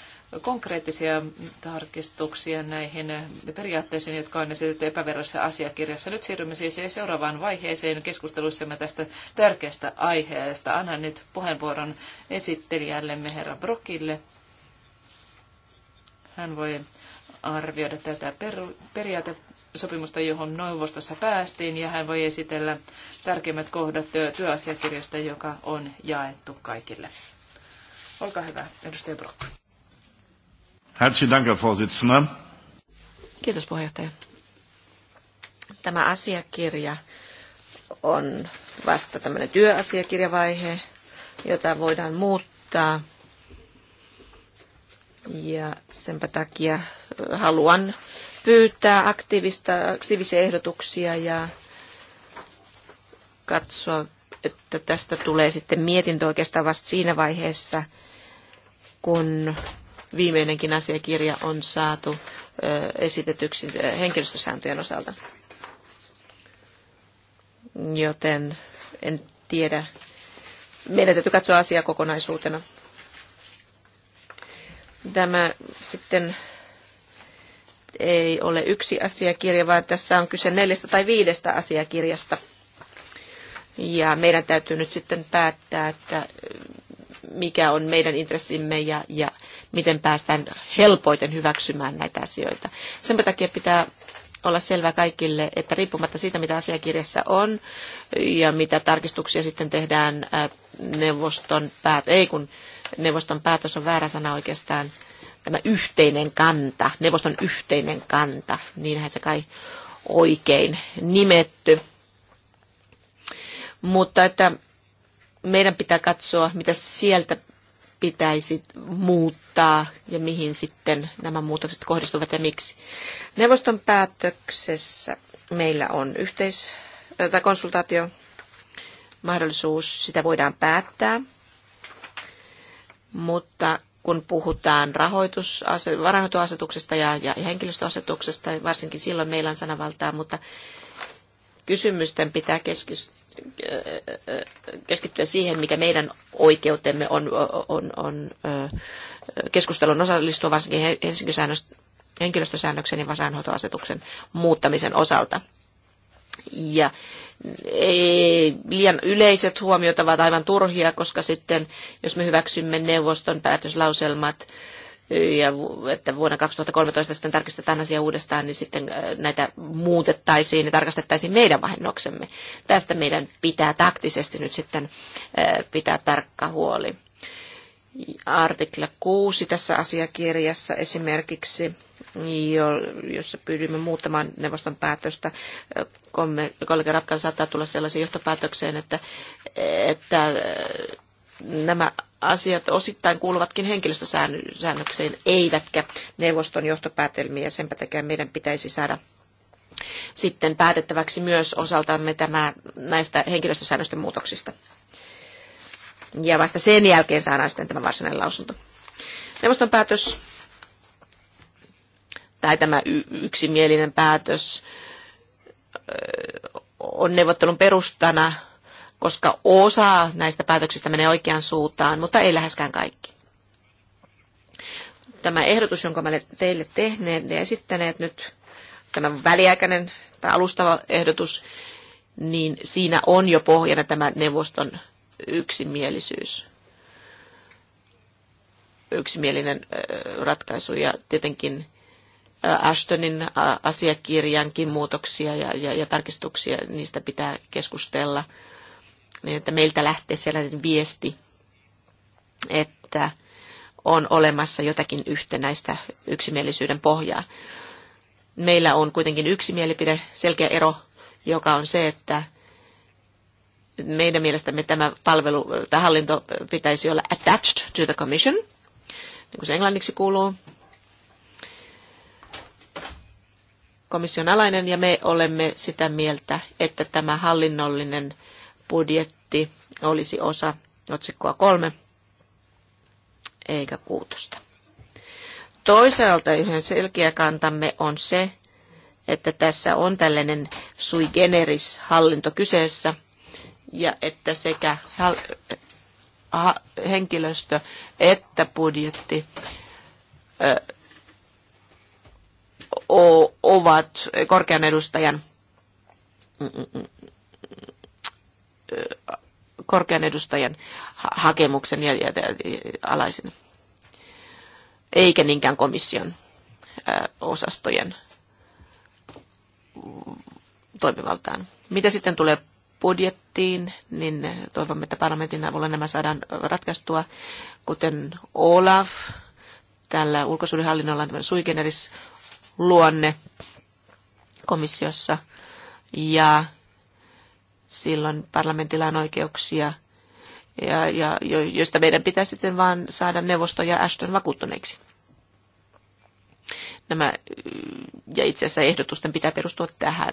konkreettisia tarkistuksia näihin periaatteisiin, jotka on esitetty epävirallisessa asiakirjassa. Nyt siirrymme siis seuraavaan vaiheeseen keskusteluissamme tästä tärkeästä aiheesta. Annan nyt puheenvuoron esittelijällemme herra Brokille. Hän voi arvioida tätä periaate sopimusta, johon neuvostossa päästiin, ja hän voi esitellä tärkeimmät kohdat työasiakirjasta, joka on jaettu kaikille. Olkaa hyvä, edustaja Brock. Herzlichen Dank, Herr Vorsitzender. Kiitos puheenjohtaja. Tämä asiakirja on vasta tämmöinen työasiakirjavaihe, jota voidaan muuttaa. Ja senpä takia haluan pyytää aktiivista, aktiivisia ehdotuksia ja katsoa, että tästä tulee sitten mietintö oikeastaan vasta siinä vaiheessa, kun viimeinenkin asiakirja on saatu esitetyksi henkilöstösääntöjen osalta. Joten en tiedä. Meidän täytyy katsoa asiaa kokonaisuutena. Tämä sitten ei ole yksi asiakirja, vaan tässä on kyse neljästä tai viidestä asiakirjasta. Ja meidän täytyy nyt sitten päättää, että mikä on meidän intressimme ja, ja miten päästään helpoiten hyväksymään näitä asioita. Sen takia pitää olla selvä kaikille, että riippumatta siitä, mitä asiakirjassa on ja mitä tarkistuksia sitten tehdään neuvoston päät, ei kun neuvoston päätös on väärä sana oikeastaan, tämä yhteinen kanta, neuvoston yhteinen kanta, niinhän se kai oikein nimetty. Mutta että meidän pitää katsoa, mitä sieltä pitäisi muuttaa ja mihin sitten nämä muutokset kohdistuvat ja miksi. Neuvoston päätöksessä meillä on yhteis- tai konsultaatio mahdollisuus, sitä voidaan päättää, mutta kun puhutaan rahoitus, ja, ja henkilöstöasetuksesta, varsinkin silloin meillä on sanavaltaa, mutta kysymysten pitää keskittyä siihen, mikä meidän oikeutemme on, on, on keskustelun osallistua, varsinkin henkilöstösäännöksen ja vasaanhoitoasetuksen muuttamisen osalta. Ja ei, liian yleiset huomiot ovat aivan turhia, koska sitten jos me hyväksymme neuvoston päätöslauselmat, ja että vuonna 2013 sitten tarkistetaan asia uudestaan, niin sitten äh, näitä muutettaisiin ja tarkastettaisiin meidän vahinnoksemme. Tästä meidän pitää taktisesti nyt sitten äh, pitää tarkka huoli. Artikla 6 tässä asiakirjassa esimerkiksi, jossa pyydimme muuttamaan neuvoston päätöstä. Kollega Rapkan saattaa tulla sellaisen johtopäätökseen, että, että äh, nämä asiat osittain kuuluvatkin henkilöstösäännökseen, eivätkä neuvoston johtopäätelmiä. Senpä takia meidän pitäisi saada sitten päätettäväksi myös osaltamme tämä, näistä henkilöstösäännösten muutoksista. Ja vasta sen jälkeen saadaan sitten tämä varsinainen lausunto. Neuvoston päätös tai tämä yksimielinen päätös on neuvottelun perustana – koska osa näistä päätöksistä menee oikeaan suuntaan, mutta ei läheskään kaikki. Tämä ehdotus, jonka olen teille tehneet ja esittäneet nyt, tämä väliaikainen tai alustava ehdotus, niin siinä on jo pohjana tämä neuvoston yksimielisyys yksimielinen ratkaisu ja tietenkin Ashtonin asiakirjankin muutoksia ja, ja, ja tarkistuksia, niistä pitää keskustella niin että meiltä lähtee sellainen viesti, että on olemassa jotakin yhtenäistä yksimielisyyden pohjaa. Meillä on kuitenkin yksi mielipide, selkeä ero, joka on se, että meidän mielestämme tämä palvelu tai hallinto pitäisi olla attached to the commission, niin kuin se englanniksi kuuluu, komission alainen ja me olemme sitä mieltä, että tämä hallinnollinen budjetti olisi osa otsikkoa kolme eikä kuutosta. Toisaalta yhden selkeä kantamme on se, että tässä on tällainen sui generis hallinto kyseessä ja että sekä henkilöstö että budjetti ovat korkean edustajan mm, mm, mm, korkean edustajan hakemuksen ja, ja, ja alaisen, eikä niinkään komission osastojen toimivaltaan. Mitä sitten tulee budjettiin, niin toivomme, että parlamentin avulla nämä saadaan ratkaistua, kuten Olaf, tällä ulkosuudenhallinnolla on tämmöinen suikeneris luonne komissiossa, ja silloin parlamentilla on oikeuksia, ja, ja, joista meidän pitää sitten vaan saada neuvosto ja Ashton vakuuttuneiksi. Nämä, ja itse asiassa ehdotusten pitää perustua tähän.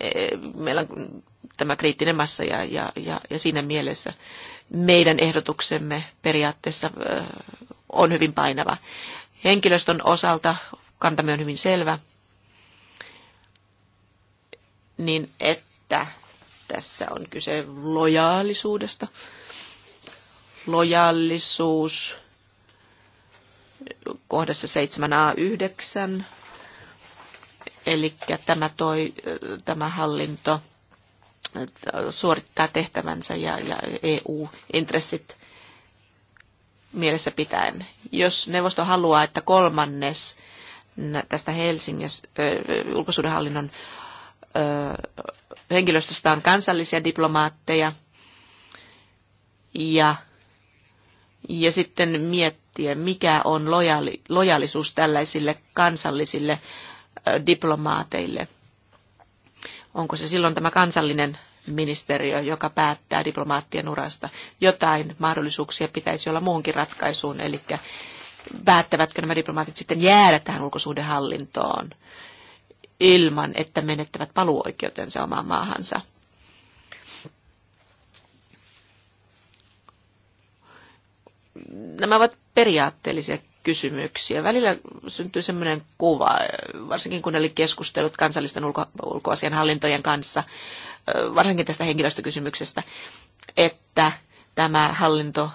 E, meillä on tämä kriittinen massa ja, ja, ja, ja siinä mielessä meidän ehdotuksemme periaatteessa on hyvin painava. Henkilöstön osalta kantamme on hyvin selvä, niin että tässä on kyse lojaalisuudesta. Lojaalisuus kohdassa 7a9. Eli tämä, toi, tämä hallinto suorittaa tehtävänsä ja, ja EU-intressit mielessä pitäen. Jos neuvosto haluaa, että kolmannes tästä Helsingin äh, ulkosuudenhallinnon henkilöstöstä on kansallisia diplomaatteja ja, ja sitten miettiä, mikä on lojaali, lojalisuus tällaisille kansallisille diplomaateille. Onko se silloin tämä kansallinen ministeriö, joka päättää diplomaattien urasta. Jotain mahdollisuuksia pitäisi olla muunkin ratkaisuun, eli päättävätkö nämä diplomaatit sitten jäädä tähän ulkosuhdehallintoon ilman, että menettävät paluoikeutensa omaan maahansa. Nämä ovat periaatteellisia kysymyksiä. Välillä syntyy sellainen kuva, varsinkin kun oli keskustelut kansallisten ulko- ulkoasianhallintojen kanssa, varsinkin tästä henkilöstökysymyksestä, että tämä hallinto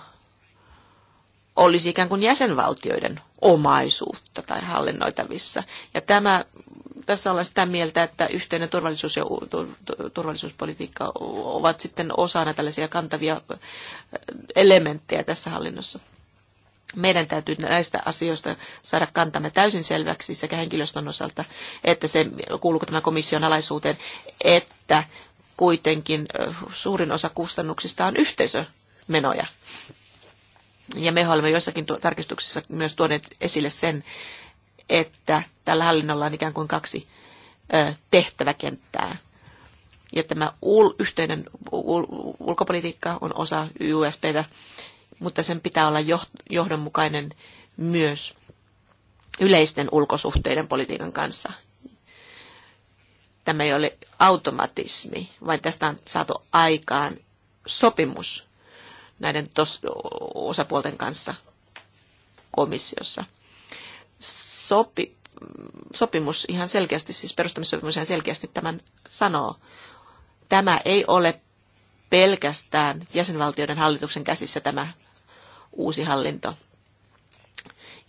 olisi ikään kuin jäsenvaltioiden omaisuutta tai hallinnoitavissa. Ja tämä tässä olla sitä mieltä, että yhteinen turvallisuus ja turvallisuuspolitiikka ovat sitten osana tällaisia kantavia elementtejä tässä hallinnossa. Meidän täytyy näistä asioista saada kantamme täysin selväksi sekä henkilöstön osalta, että se kuuluuko tämä komission alaisuuteen, että kuitenkin suurin osa kustannuksista on yhteisömenoja. Ja me olemme joissakin tarkistuksissa myös tuoneet esille sen, että tällä hallinnolla on ikään kuin kaksi tehtäväkenttää. Ja tämä ul, yhteinen ul, ulkopolitiikka on osa USPtä, mutta sen pitää olla johdonmukainen myös yleisten ulkosuhteiden politiikan kanssa. Tämä ei ole automatismi, vaan tästä on saatu aikaan sopimus näiden tos, osapuolten kanssa komissiossa sopi, sopimus ihan selkeästi, siis perustamissopimus ihan selkeästi tämän sanoo. Tämä ei ole pelkästään jäsenvaltioiden hallituksen käsissä tämä uusi hallinto.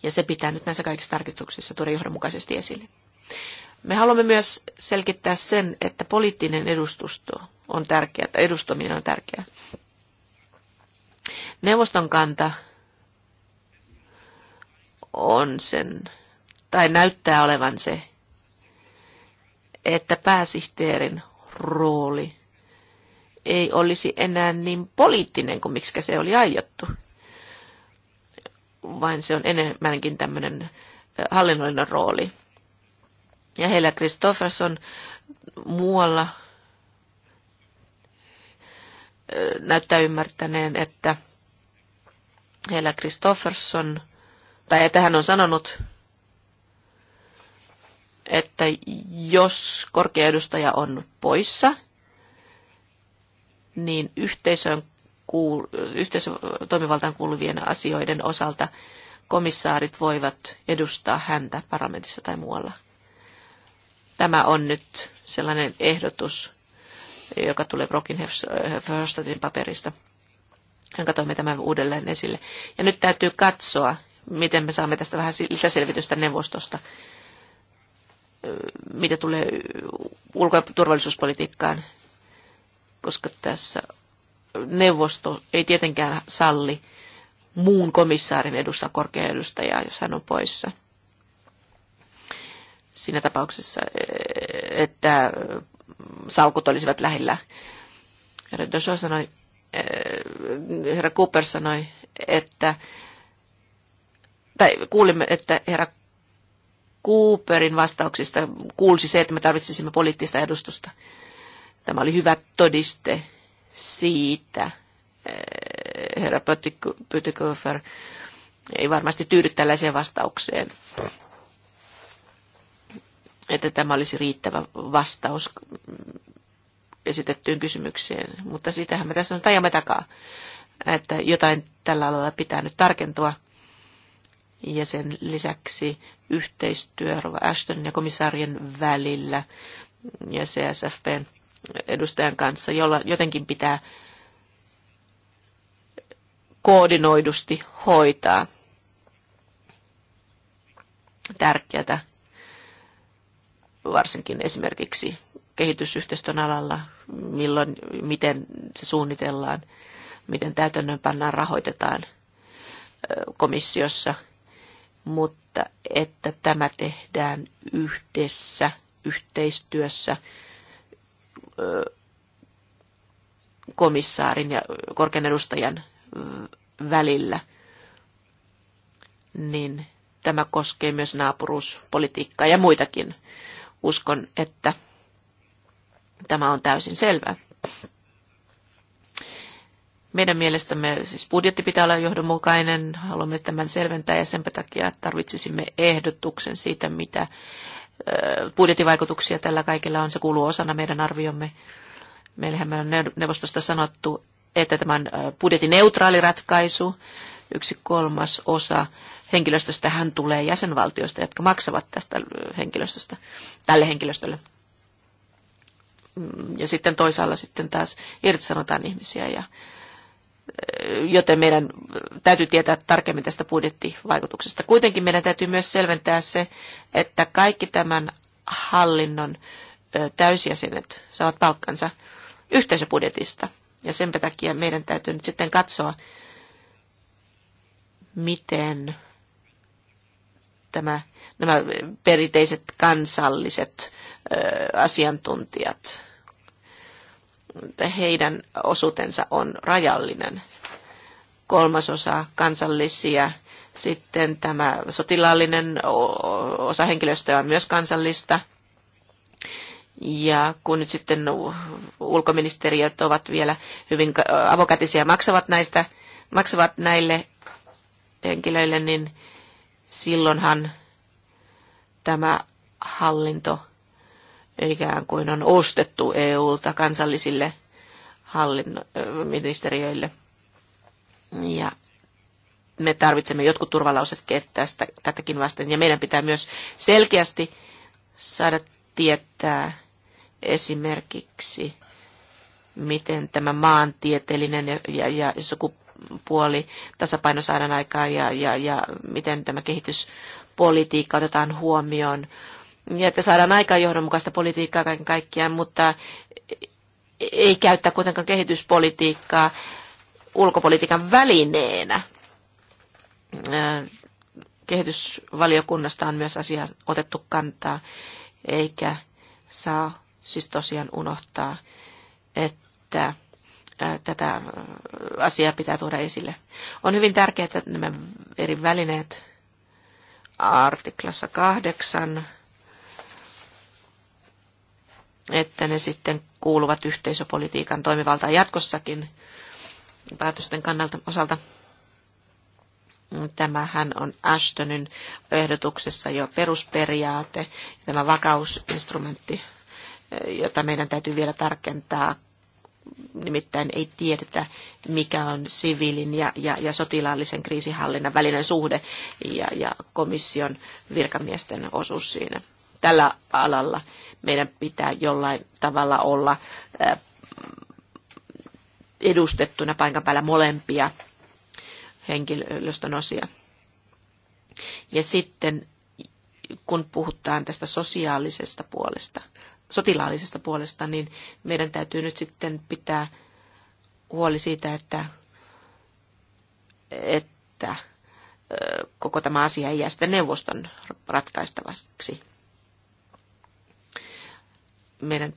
Ja se pitää nyt näissä kaikissa tarkistuksissa tuoda johdonmukaisesti esille. Me haluamme myös selkittää sen, että poliittinen edustusto on tärkeää, edustaminen on tärkeää. Neuvoston kanta on sen, tai näyttää olevan se, että pääsihteerin rooli ei olisi enää niin poliittinen kuin miksi se oli aiottu, vaan se on enemmänkin tämmöinen hallinnollinen rooli. Ja heillä Kristofferson muualla näyttää ymmärtäneen, että heillä Kristofferson – tai että hän on sanonut, että jos korkea edustaja on poissa, niin yhteisön kuul- yhteisötoimivaltaan kuuluvien asioiden osalta komissaarit voivat edustaa häntä parlamentissa tai muualla. Tämä on nyt sellainen ehdotus, joka tulee Brokin Verstatin paperista, jonka toimme tämän uudelleen esille. Ja nyt täytyy katsoa, miten me saamme tästä vähän lisäselvitystä neuvostosta, mitä tulee ulko- ja turvallisuuspolitiikkaan, koska tässä neuvosto ei tietenkään salli muun komissaarin edustaa korkea edustajaa, jos hän on poissa. Siinä tapauksessa, e, että salkut olisivat lähellä. Herra Dosho sanoi, e, herra Cooper sanoi, että tai kuulimme, että herra Cooperin vastauksista kuulsi se, että me tarvitsisimme poliittista edustusta. Tämä oli hyvä todiste siitä. Eh, herra Pötikofer ei varmasti tyydy tällaiseen vastaukseen, että tämä olisi riittävä vastaus esitettyyn kysymykseen. Mutta sitähän me tässä on tajamme takaa, että jotain tällä alalla pitää nyt tarkentua – ja sen lisäksi yhteistyö Rova Ashton ja komissaarien välillä ja CSFPn edustajan kanssa, jolla jotenkin pitää koordinoidusti hoitaa tärkeätä, varsinkin esimerkiksi kehitysyhteistyön alalla, milloin, miten se suunnitellaan, miten täytännön pannaan, rahoitetaan komissiossa – mutta että tämä tehdään yhdessä, yhteistyössä komissaarin ja korkean edustajan välillä, niin tämä koskee myös naapuruuspolitiikkaa ja muitakin. Uskon, että tämä on täysin selvää. Meidän mielestämme siis budjetti pitää olla johdonmukainen, haluamme tämän selventää ja sen takia tarvitsisimme ehdotuksen siitä, mitä budjettivaikutuksia tällä kaikella on. Se kuuluu osana meidän arviomme. Meillähän me on neuvostosta sanottu, että tämä on budjetineutraali ratkaisu. Yksi kolmas osa henkilöstöstä hän tulee jäsenvaltioista, jotka maksavat tästä henkilöstöstä, tälle henkilöstölle. Mm, ja sitten toisaalla sitten taas irtisanotaan ihmisiä ja joten meidän täytyy tietää tarkemmin tästä budjettivaikutuksesta. Kuitenkin meidän täytyy myös selventää se, että kaikki tämän hallinnon täysjäsenet saavat palkkansa yhteisöbudjetista. Ja sen takia meidän täytyy nyt sitten katsoa, miten tämä, nämä perinteiset kansalliset ö, asiantuntijat heidän osuutensa on rajallinen. Kolmasosa kansallisia, sitten tämä sotilaallinen osa henkilöstöä on myös kansallista. Ja kun nyt sitten ulkoministeriöt ovat vielä hyvin avokätisiä maksavat näistä, maksavat näille henkilöille, niin silloinhan tämä hallinto ikään kuin on ostettu EUlta kansallisille hallinno- ministeriöille. Ja me tarvitsemme jotkut turvalausekkeet tästä, tätäkin vasten. Ja meidän pitää myös selkeästi saada tietää esimerkiksi, miten tämä maantieteellinen ja, ja, ja sukupuoli tasapaino saadaan aikaan ja, ja, ja miten tämä kehityspolitiikka otetaan huomioon ja että saadaan aikaan johdonmukaista politiikkaa kaiken kaikkiaan, mutta ei käyttää kuitenkaan kehityspolitiikkaa ulkopolitiikan välineenä. Kehitysvaliokunnasta on myös asia otettu kantaa, eikä saa siis tosiaan unohtaa, että tätä asiaa pitää tuoda esille. On hyvin tärkeää, että nämä eri välineet artiklassa kahdeksan että ne sitten kuuluvat yhteisöpolitiikan toimivaltaan jatkossakin päätösten kannalta osalta. Tämähän on Ashtonin ehdotuksessa jo perusperiaate, tämä vakausinstrumentti, jota meidän täytyy vielä tarkentaa. Nimittäin ei tiedetä, mikä on siviilin ja, ja, ja sotilaallisen kriisihallinnan välinen suhde ja, ja komission virkamiesten osuus siinä tällä alalla meidän pitää jollain tavalla olla edustettuna paikan päällä molempia henkilöstön osia. Ja sitten kun puhutaan tästä sosiaalisesta puolesta, sotilaallisesta puolesta, niin meidän täytyy nyt sitten pitää huoli siitä, että, että koko tämä asia ei jää sitten neuvoston ratkaistavaksi meidän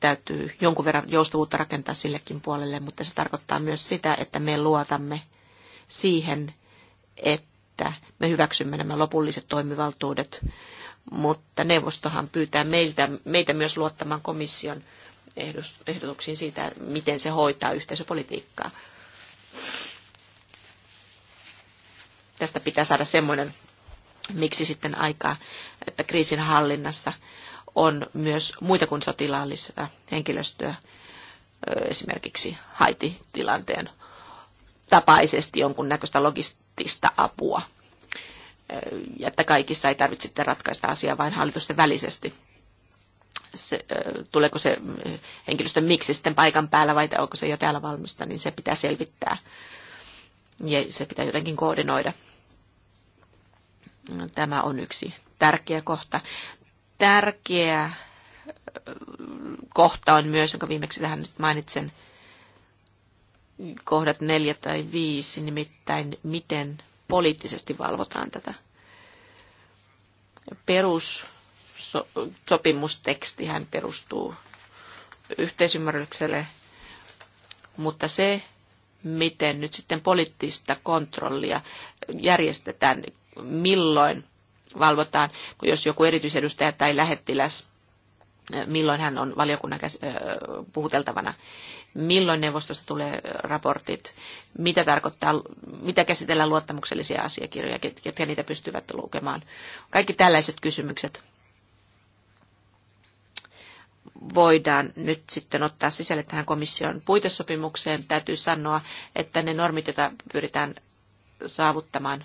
täytyy jonkun verran joustavuutta rakentaa sillekin puolelle, mutta se tarkoittaa myös sitä, että me luotamme siihen, että me hyväksymme nämä lopulliset toimivaltuudet, mutta neuvostohan pyytää meiltä, meitä myös luottamaan komission ehdotuksiin siitä, miten se hoitaa yhteisöpolitiikkaa. Tästä pitää saada semmoinen miksi sitten aikaa, että kriisin hallinnassa – on myös muita kuin sotilaallista henkilöstöä, esimerkiksi Haiti-tilanteen tapaisesti jonkunnäköistä logistista apua. Ja että kaikissa ei tarvitse ratkaista asiaa vain hallitusten välisesti. Se, tuleeko se henkilöstön miksi sitten paikan päällä vai onko se jo täällä valmista, niin se pitää selvittää. Ja se pitää jotenkin koordinoida. Tämä on yksi tärkeä kohta tärkeä kohta on myös, jonka viimeksi tähän nyt mainitsen, kohdat neljä tai viisi, nimittäin miten poliittisesti valvotaan tätä. Perussopimustekstihän perustuu yhteisymmärrykselle, mutta se, miten nyt sitten poliittista kontrollia järjestetään, milloin – valvotaan, kun jos joku erityisedustaja tai lähettiläs, milloin hän on valiokunnan puhuteltavana, milloin neuvostosta tulee raportit, mitä, tarkoittaa, mitä käsitellään luottamuksellisia asiakirjoja, ketkä niitä pystyvät lukemaan. Kaikki tällaiset kysymykset voidaan nyt sitten ottaa sisälle tähän komission puitesopimukseen. Täytyy sanoa, että ne normit, joita pyritään saavuttamaan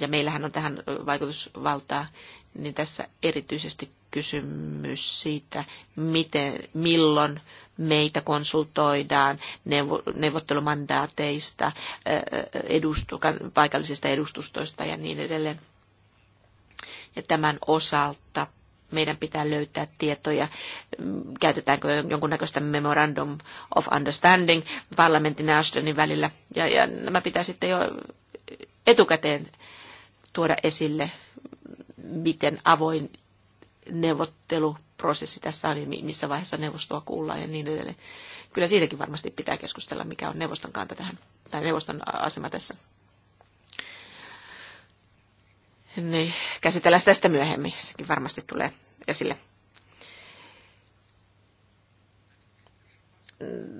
ja meillähän on tähän vaikutusvaltaa, niin tässä erityisesti kysymys siitä, miten, milloin meitä konsultoidaan neuvottelumandaateista, eh, edustu, paikallisista edustustoista ja niin edelleen. Ja tämän osalta meidän pitää löytää tietoja, käytetäänkö jonkunnäköistä memorandum of understanding parlamentin ja Ashtonin välillä. Ja, ja nämä pitää sitten jo etukäteen tuoda esille, miten avoin neuvotteluprosessi tässä on, missä vaiheessa neuvostoa kuullaan ja niin edelleen. Kyllä siitäkin varmasti pitää keskustella, mikä on neuvoston kanta tähän, tai neuvoston asema tässä. Niin, käsitellään sitä sitten myöhemmin. Sekin varmasti tulee esille.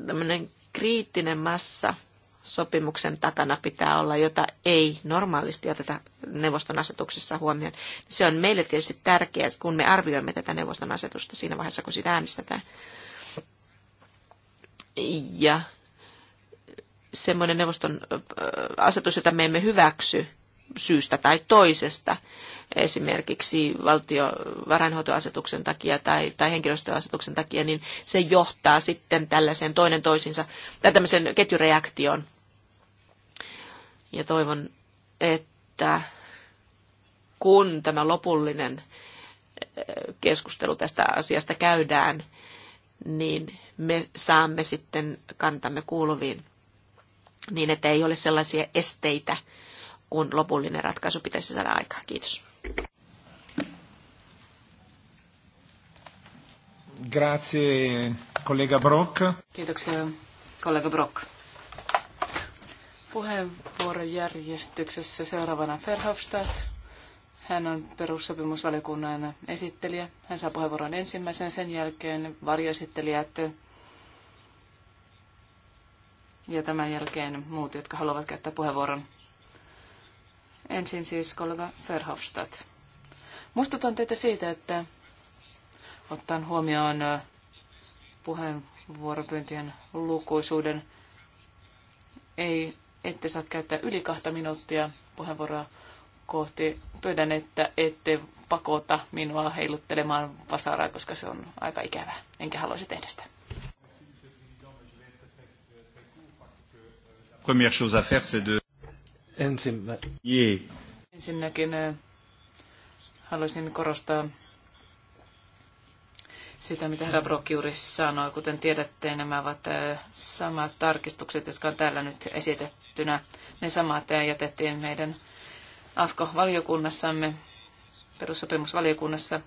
Tämmöinen kriittinen massa sopimuksen takana pitää olla, jota ei normaalisti oteta neuvoston asetuksessa huomioon. Se on meille tietysti tärkeää, kun me arvioimme tätä neuvoston asetusta siinä vaiheessa, kun sitä äänestetään. Ja semmoinen neuvoston asetus, jota me emme hyväksy, syystä tai toisesta, esimerkiksi valtiovarainhoitoasetuksen takia tai, tai henkilöstöasetuksen takia, niin se johtaa sitten tällaiseen toinen toisinsa, tai tämmöiseen ketjureaktioon. Ja toivon, että kun tämä lopullinen eh, keskustelu tästä asiasta käydään, niin me saamme sitten kantamme kuuluviin niin, että ei ole sellaisia esteitä, kun lopullinen ratkaisu pitäisi saada aikaa. Kiitos. Grazie, kollega Brock. Kiitoksia, kollega Brock. Puheenvuorojärjestyksessä seuraavana Verhofstadt. Hän on perussopimusvaliokunnan esittelijä. Hän saa puheenvuoron ensimmäisen, sen jälkeen varjoesittelijät ja tämän jälkeen muut, jotka haluavat käyttää puheenvuoron. Ensin siis kollega Verhofstadt. Muistutan teitä siitä, että ottaen huomioon puheenvuoropyyntien lukuisuuden, ei, ette saa käyttää yli kahta minuuttia puheenvuoroa kohti. Pyydän, että ette pakota minua heiluttelemaan vasaraa, koska se on aika ikävää. Enkä haluaisi tehdä sitä. Première chose à faire, c'est de Ensimmä... Yeah. Ensinnäkin eh, haluaisin korostaa sitä, mitä herra Brock juuri sanoi. Kuten tiedätte, nämä ovat eh, samat tarkistukset, jotka on täällä nyt esitettynä. Ne samat eh, jätettiin meidän AFKO-valiokunnassamme, perussopimusvaliokunnassa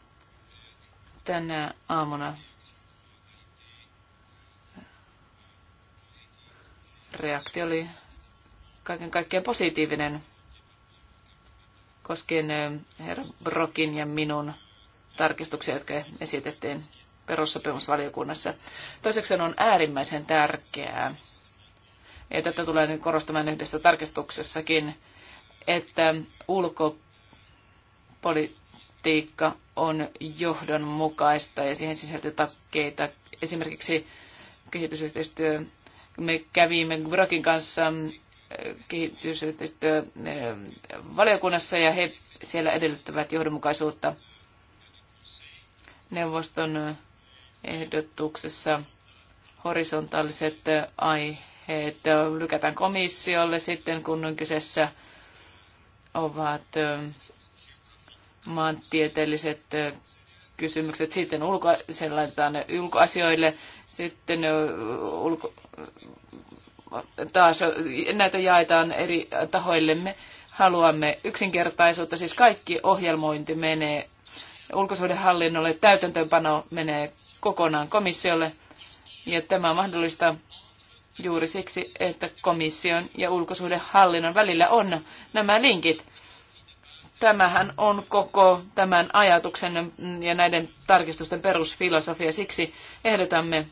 tänä aamuna. Reaktio oli kaiken kaikkiaan positiivinen koskien herra Brokin ja minun tarkistuksia, jotka esitettiin perussopimusvaliokunnassa. Toiseksi on äärimmäisen tärkeää, ja tätä tulee nyt korostamaan yhdessä tarkistuksessakin, että ulkopolitiikka on johdonmukaista ja siihen sisältyy takkeita. Esimerkiksi kehitysyhteistyö. Me kävimme Brokin kanssa kehitysyhteistyö valiokunnassa ja he siellä edellyttävät johdonmukaisuutta neuvoston ehdotuksessa horisontaaliset aiheet lykätään komissiolle sitten, kun on kyseessä ovat maantieteelliset kysymykset. Sitten ulko, se laitetaan ulkoasioille, sitten ulko, taas näitä jaetaan eri tahoillemme. Haluamme yksinkertaisuutta, siis kaikki ohjelmointi menee ulkosuhdehallinnolle, täytäntöönpano menee kokonaan komissiolle. Ja tämä on mahdollista juuri siksi, että komission ja ulkosuhdehallinnon välillä on nämä linkit. Tämähän on koko tämän ajatuksen ja näiden tarkistusten perusfilosofia. Siksi ehdotamme,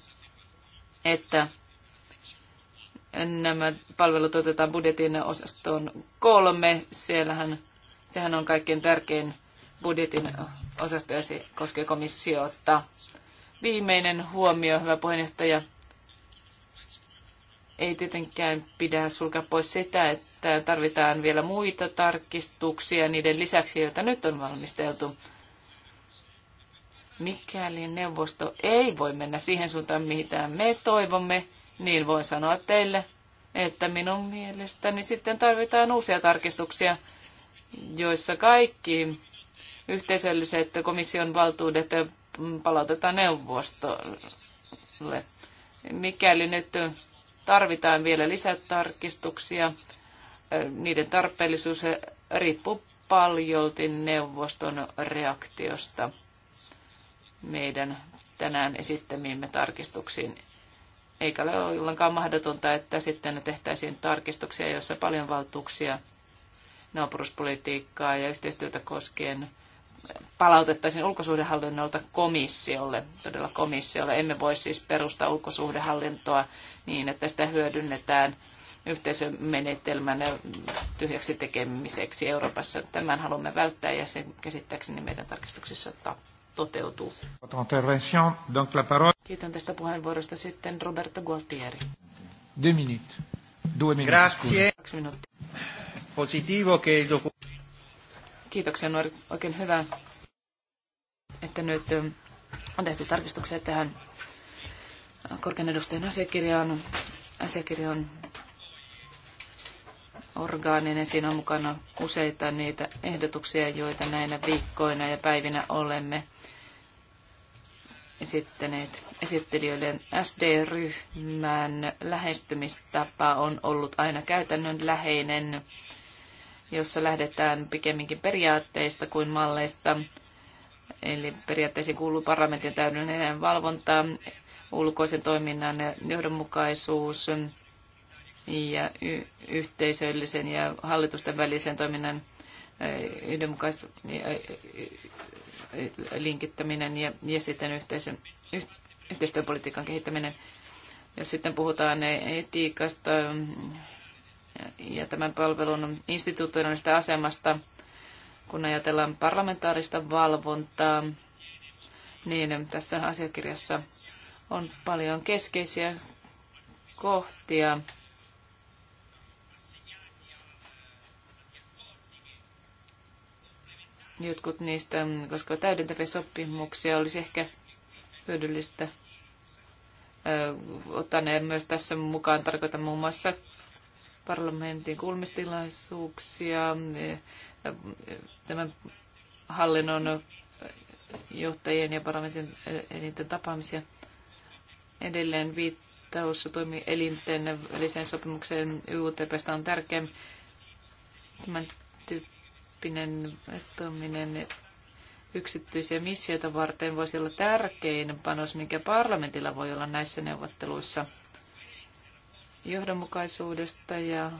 että nämä palvelut otetaan budjetin osastoon kolme. Siellähän, sehän on kaikkein tärkein budjetin osasto ja se koskee komissiota. Viimeinen huomio, hyvä puheenjohtaja. Ei tietenkään pidä sulkea pois sitä, että tarvitaan vielä muita tarkistuksia niiden lisäksi, joita nyt on valmisteltu. Mikäli neuvosto ei voi mennä siihen suuntaan, mitä me toivomme, niin voin sanoa teille, että minun mielestäni sitten tarvitaan uusia tarkistuksia, joissa kaikki yhteisölliset komission valtuudet palautetaan neuvostolle. Mikäli nyt tarvitaan vielä lisätarkistuksia, niiden tarpeellisuus riippuu paljolti neuvoston reaktiosta meidän tänään esittämiimme tarkistuksiin eikä ole ollenkaan mahdotonta, että sitten tehtäisiin tarkistuksia, joissa paljon valtuuksia naapuruspolitiikkaa ja yhteistyötä koskien palautettaisiin ulkosuhdehallinnolta komissiolle, todella komissiolle. Emme voi siis perustaa ulkosuhdehallintoa niin, että sitä hyödynnetään yhteisömenetelmän tyhjäksi tekemiseksi Euroopassa. Tämän haluamme välttää ja sen käsittääkseni meidän tarkistuksissa toteutuu. Kiitän tästä puheenvuorosta sitten Roberto Gualtieri. Due minuti. Due minuti, Grazie. Kaksi minuuttia. Positivo che il Kiitoksia nuori. Oikein hyvä, että nyt on tehty tarkistuksia tähän korkean edustajan asiakirjaan. Asiakirja on orgaaninen. Siinä on mukana useita niitä ehdotuksia, joita näinä viikkoina ja päivinä olemme esittäneet esittelijöille. SD-ryhmän lähestymistapa on ollut aina käytännönläheinen, jossa lähdetään pikemminkin periaatteista kuin malleista. Eli periaatteisiin kuuluu parlamentin täydellinen valvonta, ulkoisen toiminnan johdonmukaisuus ja y- yhteisöllisen ja hallitusten välisen toiminnan yhdenmukais- linkittäminen ja, ja sitten yhteisön, yh, yhteistyöpolitiikan kehittäminen. Jos sitten puhutaan etiikasta ja, ja tämän palvelun instituutioista asemasta, kun ajatellaan parlamentaarista valvontaa, niin tässä asiakirjassa on paljon keskeisiä kohtia jotkut niistä, mm, koska täydentäviä sopimuksia olisi ehkä hyödyllistä ottaa ne myös tässä mukaan. Tarkoitan muun muassa parlamentin kulmistilaisuuksia, mm, e, tämän hallinnon johtajien ja parlamentin elinten tapaamisia. Edelleen viittaus elinten väliseen sopimukseen YUTPstä on tärkeä. Tämän tyyppinen vetominen yksityisiä missioita varten voisi olla tärkein panos, mikä parlamentilla voi olla näissä neuvotteluissa johdonmukaisuudesta ja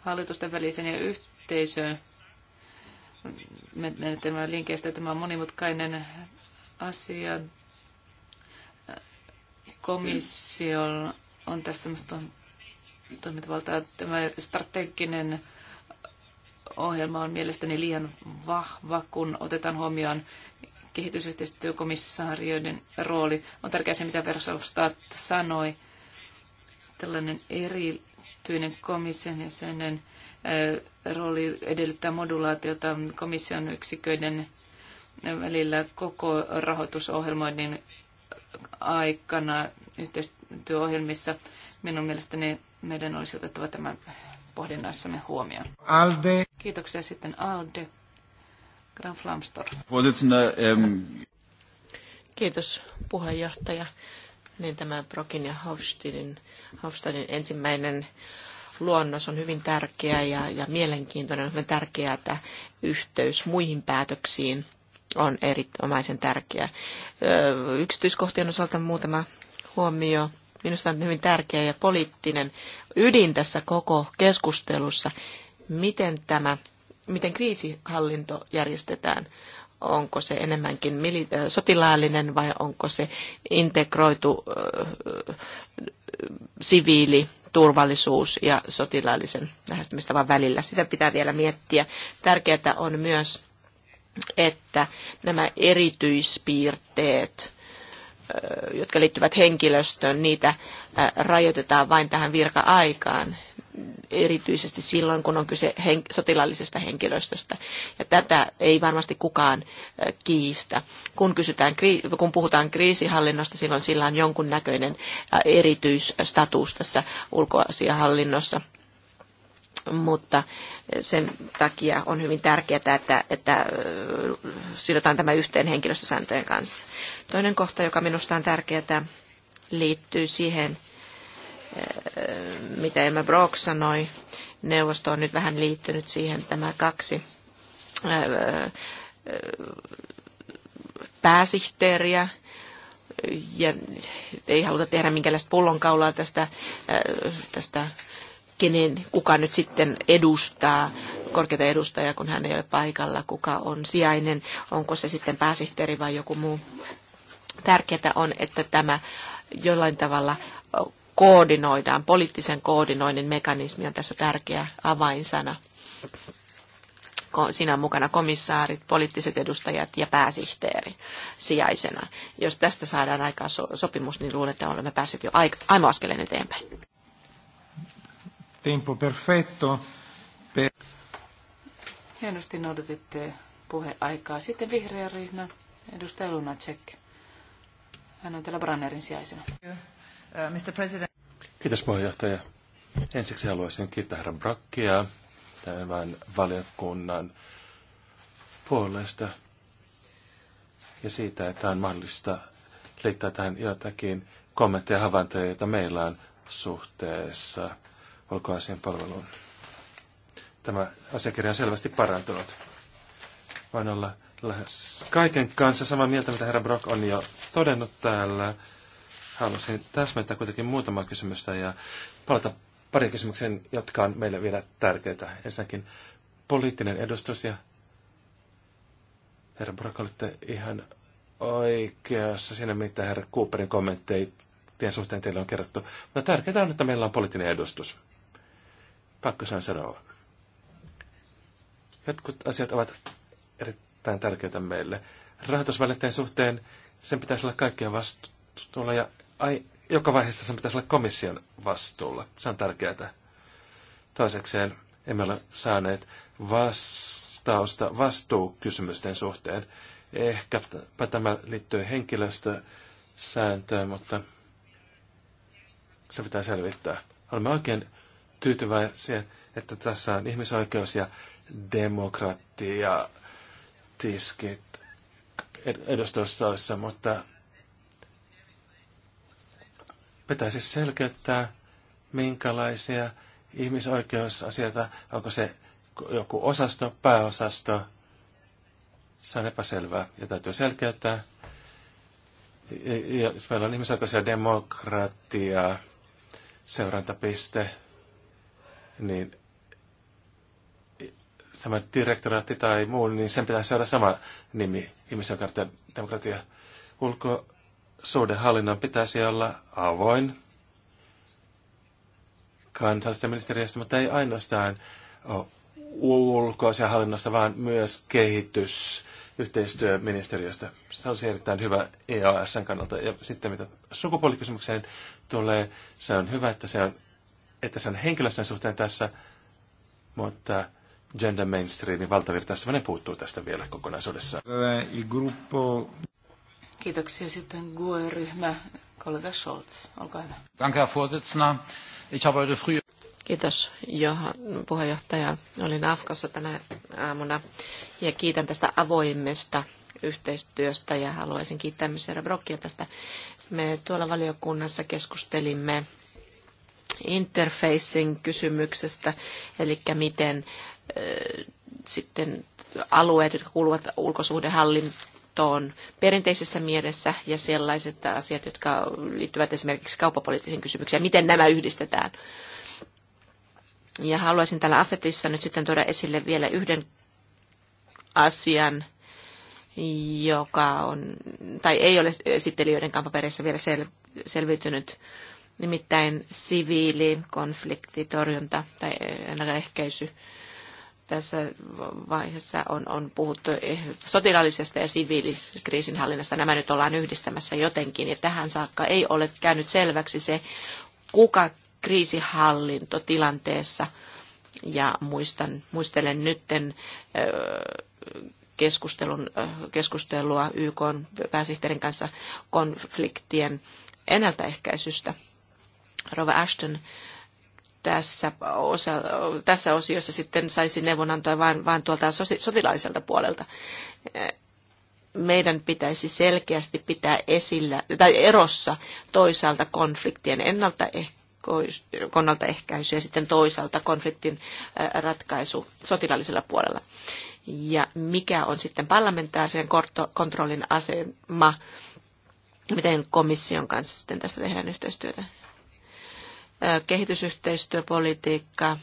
hallitusten välisen ja yhteisön menetelmän linkkeistä Tämä on monimutkainen asia. komissio on tässä toimintavaltaa tämä strateginen ohjelma on mielestäni liian vahva, kun otetaan huomioon kehitysyhteistyökomissaarioiden rooli. On tärkeää se, mitä Verhofstadt sanoi. Tällainen erityinen komission jäsenen äh, rooli edellyttää modulaatiota komission yksiköiden äh, välillä koko rahoitusohjelmoinnin aikana yhteistyöohjelmissa. Minun mielestäni meidän olisi otettava tämä pohdinnoissamme huomioon. Alde. Kiitoksia sitten Alde. Gran Ähm... Kiitos puheenjohtaja. Niin tämä Brokin ja Hofstadin, Hofstadin ensimmäinen luonnos on hyvin tärkeä ja, ja mielenkiintoinen. On hyvin tärkeää, että yhteys muihin päätöksiin on erittäin tärkeä. Yksityiskohtien osalta muutama huomio. Minusta on hyvin tärkeä ja poliittinen ydin tässä koko keskustelussa. Miten tämä, miten kriisihallinto järjestetään? Onko se enemmänkin äh, sotilaallinen vai onko se integroitu äh, siviili turvallisuus ja sotilaallisen lähestymistavan välillä. Sitä pitää vielä miettiä. Tärkeää on myös, että nämä erityispiirteet, äh, jotka liittyvät henkilöstöön, niitä rajoitetaan vain tähän virka-aikaan, erityisesti silloin, kun on kyse hen- sotilaallisesta henkilöstöstä. Ja tätä ei varmasti kukaan kiistä. Kun, kysytään, kun puhutaan kriisihallinnosta, silloin sillä on jonkunnäköinen erityisstatus tässä ulkoasiahallinnossa mutta sen takia on hyvin tärkeää, että, että sidotaan tämä yhteen henkilöstösääntöjen kanssa. Toinen kohta, joka minusta on tärkeää, liittyy siihen, mitä Emma Brock sanoi. Neuvosto on nyt vähän liittynyt siihen tämä kaksi pääsihteeriä, ja ei haluta tehdä minkäänlaista pullonkaulaa tästä, tästä kenen, kuka nyt sitten edustaa korkeita edustajaa, kun hän ei ole paikalla, kuka on sijainen, onko se sitten pääsihteeri vai joku muu. Tärkeää on, että tämä jollain tavalla koordinoidaan. Poliittisen koordinoinnin mekanismi on tässä tärkeä avainsana. Siinä on mukana komissaarit, poliittiset edustajat ja pääsihteeri sijaisena. Jos tästä saadaan aikaan sopimus, niin luulen, että olemme päässeet jo aimo askeleen eteenpäin. Tempo perfetto. Per... Hienosti noudatitte puheaikaa. Sitten vihreä ryhmä, edustaja Lunacek. Hän on täällä Brannerin sijaisena. Mr. President. Kiitos puheenjohtaja. Ensiksi haluaisin kiittää herra Brackia tämän valiokunnan puolesta ja siitä, että on mahdollista liittää tähän jotakin kommentteja ja havaintoja, joita meillä on suhteessa ulkoasian palveluun. Tämä asiakirja on selvästi parantunut. Voin olla lähes kaiken kanssa samaa mieltä, mitä herra Brock on jo todennut täällä. Haluaisin täsmentää kuitenkin muutamaa kysymystä ja palata pari kysymykseen, jotka on meille vielä tärkeitä. Ensinnäkin poliittinen edustus ja herra Brock, olette ihan oikeassa siinä, mitä herra Cooperin kommentteiden suhteen teille on kerrottu. Mutta no, tärkeää on, että meillä on poliittinen edustus. Pakko sen sanoa. Jotkut asiat ovat erittäin tärkeää meille. Rahoitusvälineiden suhteen sen pitäisi olla kaikkien vastuulla ja ai, joka vaiheessa sen pitäisi olla komission vastuulla. Se on tärkeää. Toisekseen emme ole saaneet vastausta vastuukysymysten suhteen. Ehkäpä tämä liittyy henkilöstösääntöön, mutta se pitää selvittää. Olemme oikein tyytyväisiä, että tässä on ihmisoikeus ja demokratia tiskit edustustoissa, mutta pitäisi selkeyttää, minkälaisia ihmisoikeusasioita, onko se joku osasto, pääosasto, se on epäselvää ja täytyy selkeyttää. Ja jos meillä on ja demokratia, seurantapiste, niin tämä direktoraatti tai muu, niin sen pitäisi saada sama nimi, ihmisoikeuden demokratia. Ulkosuhdehallinnon pitäisi olla avoin kansallisten ministeriöstä, mutta ei ainoastaan ulkoisen hallinnosta, vaan myös kehitys yhteistyöministeriöstä. Se on erittäin hyvä EASn kannalta. Ja sitten mitä sukupuolikysymykseen tulee, se on hyvä, että se on, että se on henkilöstön suhteen tässä, mutta gender mainstreamin ne puuttuu tästä vielä kokonaisuudessaan. Il gruppo... Kiitoksia sitten GUE-ryhmä. Kollega Scholz, olkaa hyvä. Danke, Herr Vorsitzender. Ich habe heute früh... Kiitos Johan, puheenjohtaja. Olin Afkassa tänä aamuna ja kiitän tästä avoimesta yhteistyöstä ja haluaisin kiittää myös herra Brockia tästä. Me tuolla valiokunnassa keskustelimme interfacing kysymyksestä, eli miten sitten alueet, jotka kuuluvat ulkosuhdehallintoon perinteisessä mielessä ja sellaiset asiat, jotka liittyvät esimerkiksi kauppapoliittisiin kysymyksiin, miten nämä yhdistetään. Ja haluaisin täällä Afetissa nyt sitten tuoda esille vielä yhden asian, joka on, tai ei ole esittelijöiden kampaperissä vielä sel, selviytynyt, nimittäin siviili, konfliktitorjunta tai ennaltaehkäisy. ehkäisy tässä vaiheessa on, on puhuttu eh, sotilaallisesta ja siviilikriisinhallinnasta. Nämä nyt ollaan yhdistämässä jotenkin, ja tähän saakka ei ole käynyt selväksi se, kuka tilanteessa ja muistan, muistelen nytten eh, keskustelun, eh, keskustelua YK pääsihteerin kanssa konfliktien ennaltaehkäisystä. Rova Ashton tässä, osa, tässä osiossa sitten saisi neuvonantoa vain, vain tuolta sotilaiselta puolelta. Meidän pitäisi selkeästi pitää esillä tai erossa toisaalta konfliktien ennaltaehkäisy ja sitten toisaalta konfliktin ratkaisu sotilaallisella puolella. Ja mikä on sitten parlamentaarisen kontrollin asema, miten komission kanssa sitten tässä tehdään yhteistyötä kehitysyhteistyöpolitiikka.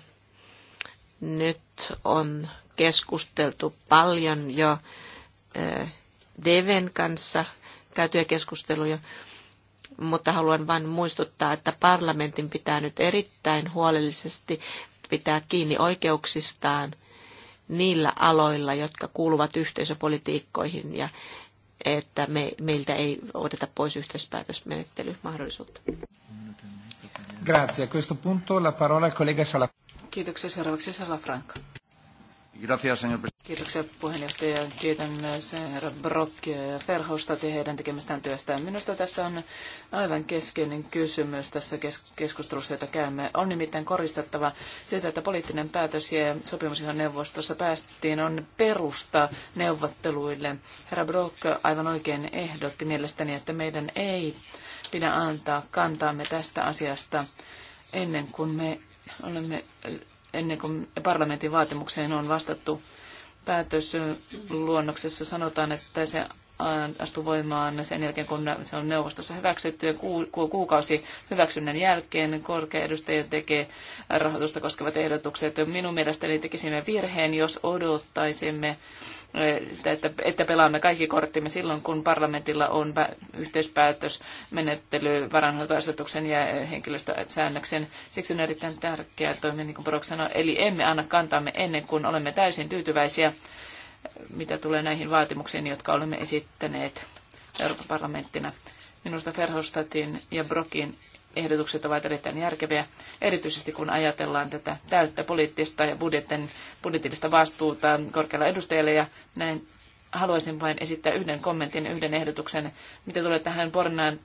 Nyt on keskusteltu paljon jo Deven kanssa käytyjä keskusteluja, mutta haluan vain muistuttaa, että parlamentin pitää nyt erittäin huolellisesti pitää kiinni oikeuksistaan niillä aloilla, jotka kuuluvat yhteisöpolitiikkoihin ja että me, meiltä ei odeta pois yhteispäätösmenettelymahdollisuutta. Grazie. A questo punto la parola al collega Sala. Kiitoksia. Seuraavaksi Sala Frank. Gracias, señor Kiitoksia puheenjohtaja. Kiitän myös herra Brock ja ja heidän tekemästään työstään. Minusta tässä on aivan keskeinen kysymys tässä keskustelussa, jota käymme. On nimittäin koristettava sitä, että poliittinen päätös ja sopimus, johon neuvostossa päästiin, on perusta neuvotteluille. Herra Brock aivan oikein ehdotti mielestäni, että meidän ei pidä antaa kantaamme tästä asiasta ennen kuin me olemme, ennen kuin parlamentin vaatimukseen on vastattu. Päätösluonnoksessa sanotaan, että se astui voimaan sen jälkeen, kun se on neuvostossa hyväksytty ja kuukausi hyväksynnän jälkeen korkea edustaja tekee rahoitusta koskevat ehdotukset. Minun mielestäni tekisimme virheen, jos odottaisimme että, että pelaamme kaikki korttimme silloin, kun parlamentilla on yhteispäätös menettely varanhoitoasetuksen ja henkilöstösäännöksen. Siksi on erittäin tärkeää toimia, niin kuin sanoi, eli emme anna kantaamme ennen kuin olemme täysin tyytyväisiä mitä tulee näihin vaatimuksiin, jotka olemme esittäneet Euroopan parlamenttina. Minusta Verhofstadtin ja Brokin ehdotukset ovat erittäin järkeviä, erityisesti kun ajatellaan tätä täyttä poliittista ja budjetin, budjetillista vastuuta korkealla edustajalle ja näin haluaisin vain esittää yhden kommentin, yhden ehdotuksen, mitä tulee tähän pornaan,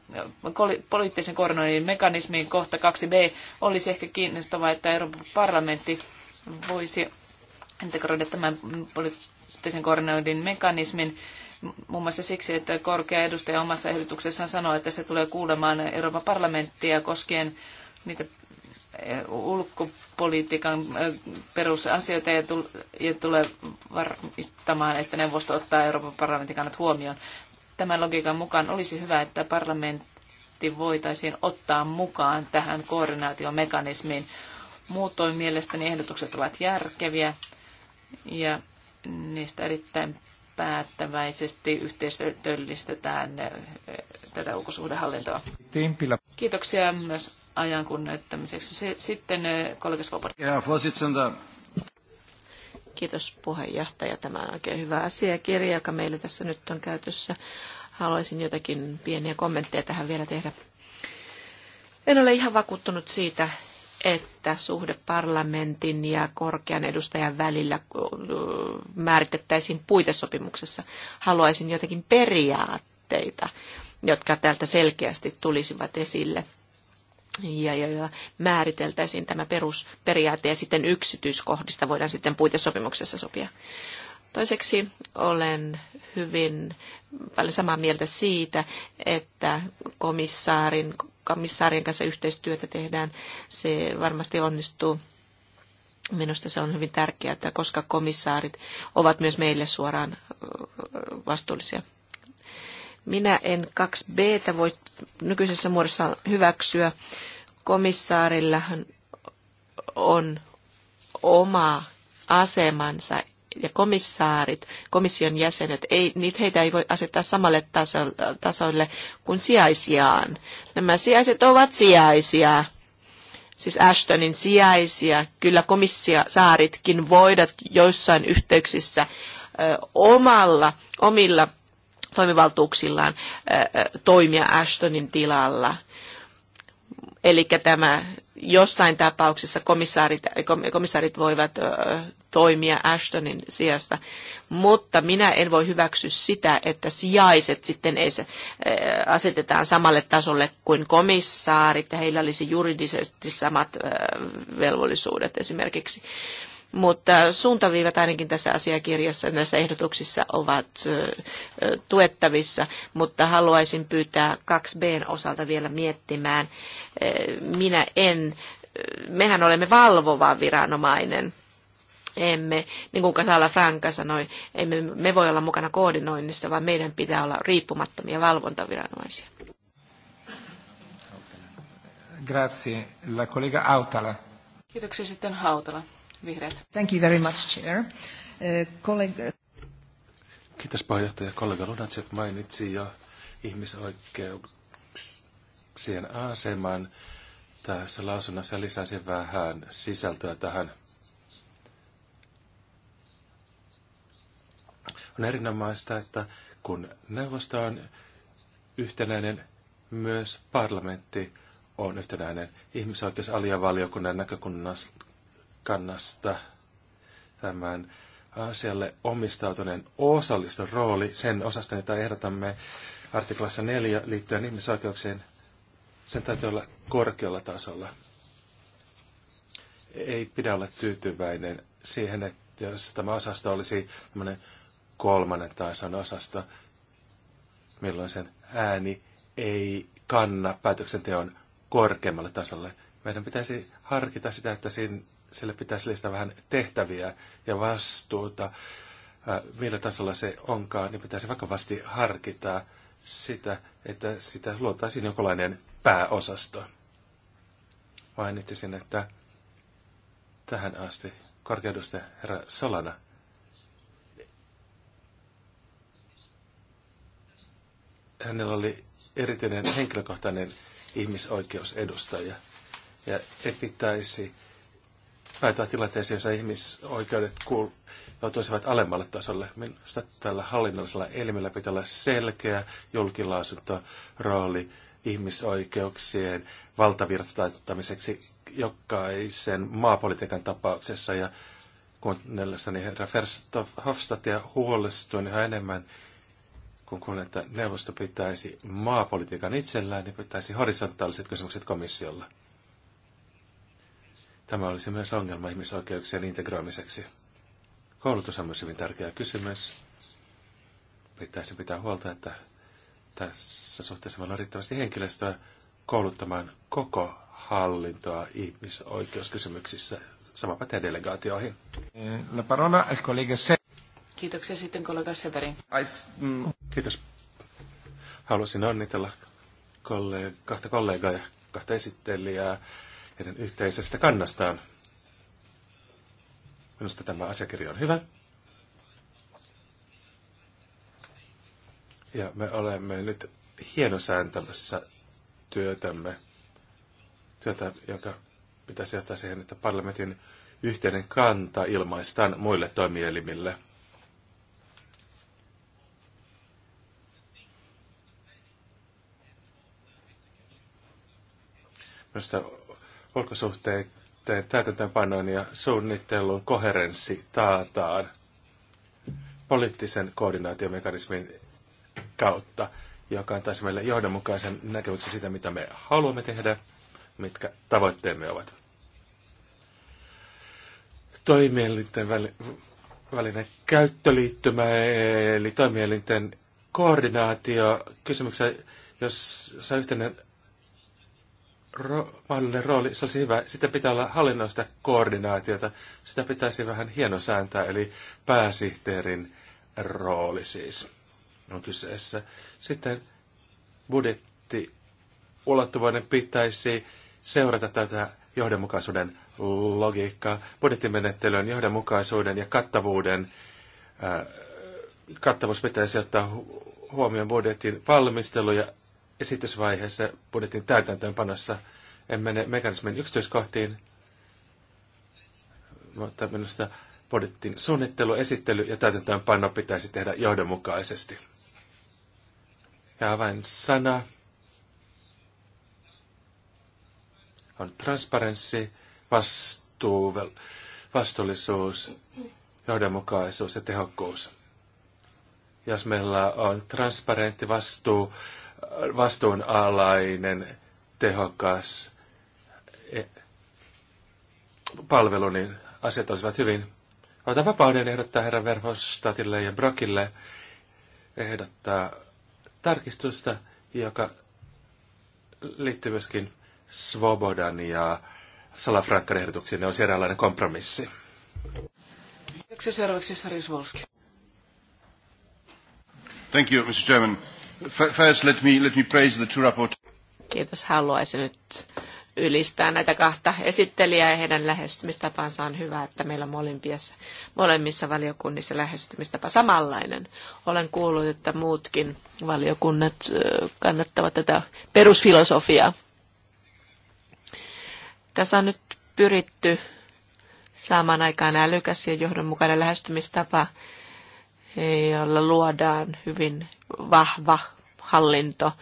poliittisen koordinoinnin mekanismiin kohta 2b. Olisi ehkä kiinnostavaa, että Euroopan parlamentti voisi integroida tämän poliittisen koordinoinnin mekanismin, muun muassa siksi, että korkea edustaja omassa ehdotuksessaan sanoi, että se tulee kuulemaan Euroopan parlamenttia koskien niitä eh, ulkopolitiikan eh, perusasioita ja, ja tulee varmistamaan, että neuvosto ottaa Euroopan parlamentin kannat huomioon. Tämän logiikan mukaan olisi hyvä, että parlamentti voitaisiin ottaa mukaan tähän koordinaatiomekanismiin. Muutoin mielestäni ehdotukset ovat järkeviä ja niistä erittäin päättäväisesti yhteistyöllistetään eh, tätä ulkosuhdehallintoa. Timpilä. Kiitoksia myös ajan kunnioittamiseksi. Sitten eh, kollega Svoboda. Kiitos puheenjohtaja. Tämä on oikein hyvä asiakirja, joka meillä tässä nyt on käytössä. Haluaisin jotakin pieniä kommentteja tähän vielä tehdä. En ole ihan vakuuttunut siitä, että suhde parlamentin ja korkean edustajan välillä määritettäisiin puitesopimuksessa. Haluaisin jotakin periaatteita, jotka täältä selkeästi tulisivat esille. Ja, ja, ja määriteltäisiin tämä perusperiaate ja sitten yksityiskohdista voidaan sitten puitesopimuksessa sopia. Toiseksi olen hyvin paljon samaa mieltä siitä, että komissaarin komissaarien kanssa yhteistyötä tehdään. Se varmasti onnistuu. Minusta se on hyvin tärkeää, että koska komissaarit ovat myös meille suoraan vastuullisia. Minä en 2b voi nykyisessä muodossa hyväksyä. Komissaarillahan on oma asemansa ja komissaarit, komission jäsenet, ei, niitä heitä ei voi asettaa samalle tasolle kuin sijaisiaan, Nämä sijaiset ovat sijaisia, siis Ashtonin sijaisia. Kyllä komissaaritkin voidat joissain yhteyksissä omalla, omilla toimivaltuuksillaan toimia Ashtonin tilalla. Eli tämä jossain tapauksessa komissaarit, eh, komissaarit voivat toimia Ashtonin sijasta, mutta minä en voi hyväksyä sitä, että sijaiset sitten eh, asetetaan samalle tasolle kuin komissaarit ja heillä olisi juridisesti samat velvollisuudet esimerkiksi mutta suuntaviivat ainakin tässä asiakirjassa, näissä ehdotuksissa ovat tuettavissa, mutta haluaisin pyytää 2Bn osalta vielä miettimään. Minä en, mehän olemme valvova viranomainen, emme, niin kuin Kasala Franka sanoi, emme me voi olla mukana koordinoinnissa, vaan meidän pitää olla riippumattomia valvontaviranomaisia. Grazie. La collega Hautala. Kiitoksia sitten Hautala vihreät. Thank you very much, Chair. kollega... Uh, Kiitos puheenjohtaja. Kollega Lunacek mainitsi jo ihmisoikeuksien aseman tässä lausunnossa lisäsin vähän sisältöä tähän. On erinomaista, että kun neuvosto on yhtenäinen, myös parlamentti on yhtenäinen näkökulmasta kannasta tämän asialle omistautuneen osallistun rooli sen osasta, jota ehdotamme artiklassa 4 liittyen ihmisoikeuksien. sen täytyy olla korkealla tasolla. Ei pidä olla tyytyväinen siihen, että jos tämä osasto olisi tämmöinen kolmannen tason osasto, milloin sen ääni ei kanna päätöksenteon korkeammalle tasolle. Meidän pitäisi harkita sitä, että siinä sille pitäisi lisätä vähän tehtäviä ja vastuuta, millä tasolla se onkaan, niin pitäisi vakavasti harkita sitä, että sitä luotaisiin jonkinlainen pääosasto. Mainitsisin, että tähän asti korkeudusta herra Solana hänellä oli erityinen henkilökohtainen ihmisoikeusedustaja. Ja ei pitäisi päätyä tilanteeseen, jossa ihmisoikeudet kuul- joutuisivat alemmalle tasolle. Minusta tällä hallinnollisella elimellä pitää olla selkeä julkilausunto rooli ihmisoikeuksien valtavirtaistamiseksi jokaisen maapolitiikan tapauksessa. Ja kuunnellessani herra Verhofstadtia huolestuin ihan enemmän, kun kuulin, että neuvosto pitäisi maapolitiikan itsellään, niin pitäisi horisontaaliset kysymykset komissiolla. Tämä olisi myös ongelma ihmisoikeuksien integroimiseksi. Koulutus on myös hyvin tärkeä kysymys. Pitäisi pitää huolta, että tässä suhteessa meillä on riittävästi henkilöstöä kouluttamaan koko hallintoa ihmisoikeuskysymyksissä. Sama pätee delegaatioihin. La parola al collega Se. Kiitoksia sitten kollega Severi. Mm. Kiitos. Haluaisin onnitella kollega, kahta kollegaa ja kahta esittelijää heidän yhteisestä kannastaan. Minusta tämä asiakirja on hyvä. Ja me olemme nyt hienosääntämässä työtämme, työtä, joka pitäisi johtaa siihen, että parlamentin yhteinen kanta ilmaistaan muille toimielimille. Minusta ulkosuhteiden täytäntöönpanon ja suunnittelun koherenssi taataan poliittisen koordinaatiomekanismin kautta, joka antaisi meille johdonmukaisen näkemyksen sitä, mitä me haluamme tehdä, mitkä tavoitteemme ovat. Toimielinten välinen käyttöliittymä, eli toimielinten koordinaatio, kysymyksessä, jos saa yhteinen ro- mahdollinen rooli, se olisi hyvä. Sitä pitää olla hallinnollista koordinaatiota. Sitä pitäisi vähän sääntää, eli pääsihteerin rooli siis on kyseessä. Sitten budjetti ulottuvuuden pitäisi seurata tätä johdonmukaisuuden logiikkaa, budjettimenettelyn johdonmukaisuuden ja kattavuuden äh, kattavuus pitäisi ottaa huomioon budjetin valmistelu ja esitysvaiheessa budjetin täytäntöönpanossa. En mene mekanismin yksityiskohtiin, mutta minusta budjetin suunnittelu, esittely ja täytäntöönpano pitäisi tehdä johdonmukaisesti. Ja avain sana on transparenssi, vastuu, vastuullisuus, johdonmukaisuus ja tehokkuus. Jos meillä on transparentti vastuu, vastuunalainen, tehokas e, palvelu, niin asiat olisivat hyvin. Otan vapauden ehdottaa herra Verhofstadtille ja Brockille ehdottaa tarkistusta, joka liittyy myöskin Svobodan ja Salafrankan ehdotuksiin. Ne on eräänlainen kompromissi. Yksi seuraavaksi Sari Svolski. Thank you, Mr. Chairman. First, let me, let me praise the two rapport. Kiitos. Haluaisin nyt ylistää näitä kahta esittelijää ja heidän lähestymistapansa on hyvä, että meillä on molemmissa valiokunnissa lähestymistapa samanlainen. Olen kuullut, että muutkin valiokunnat kannattavat tätä perusfilosofiaa. Tässä on nyt pyritty saamaan aikaan älykäs ja johdonmukainen lähestymistapa, jolla luodaan hyvin vahva hallinto.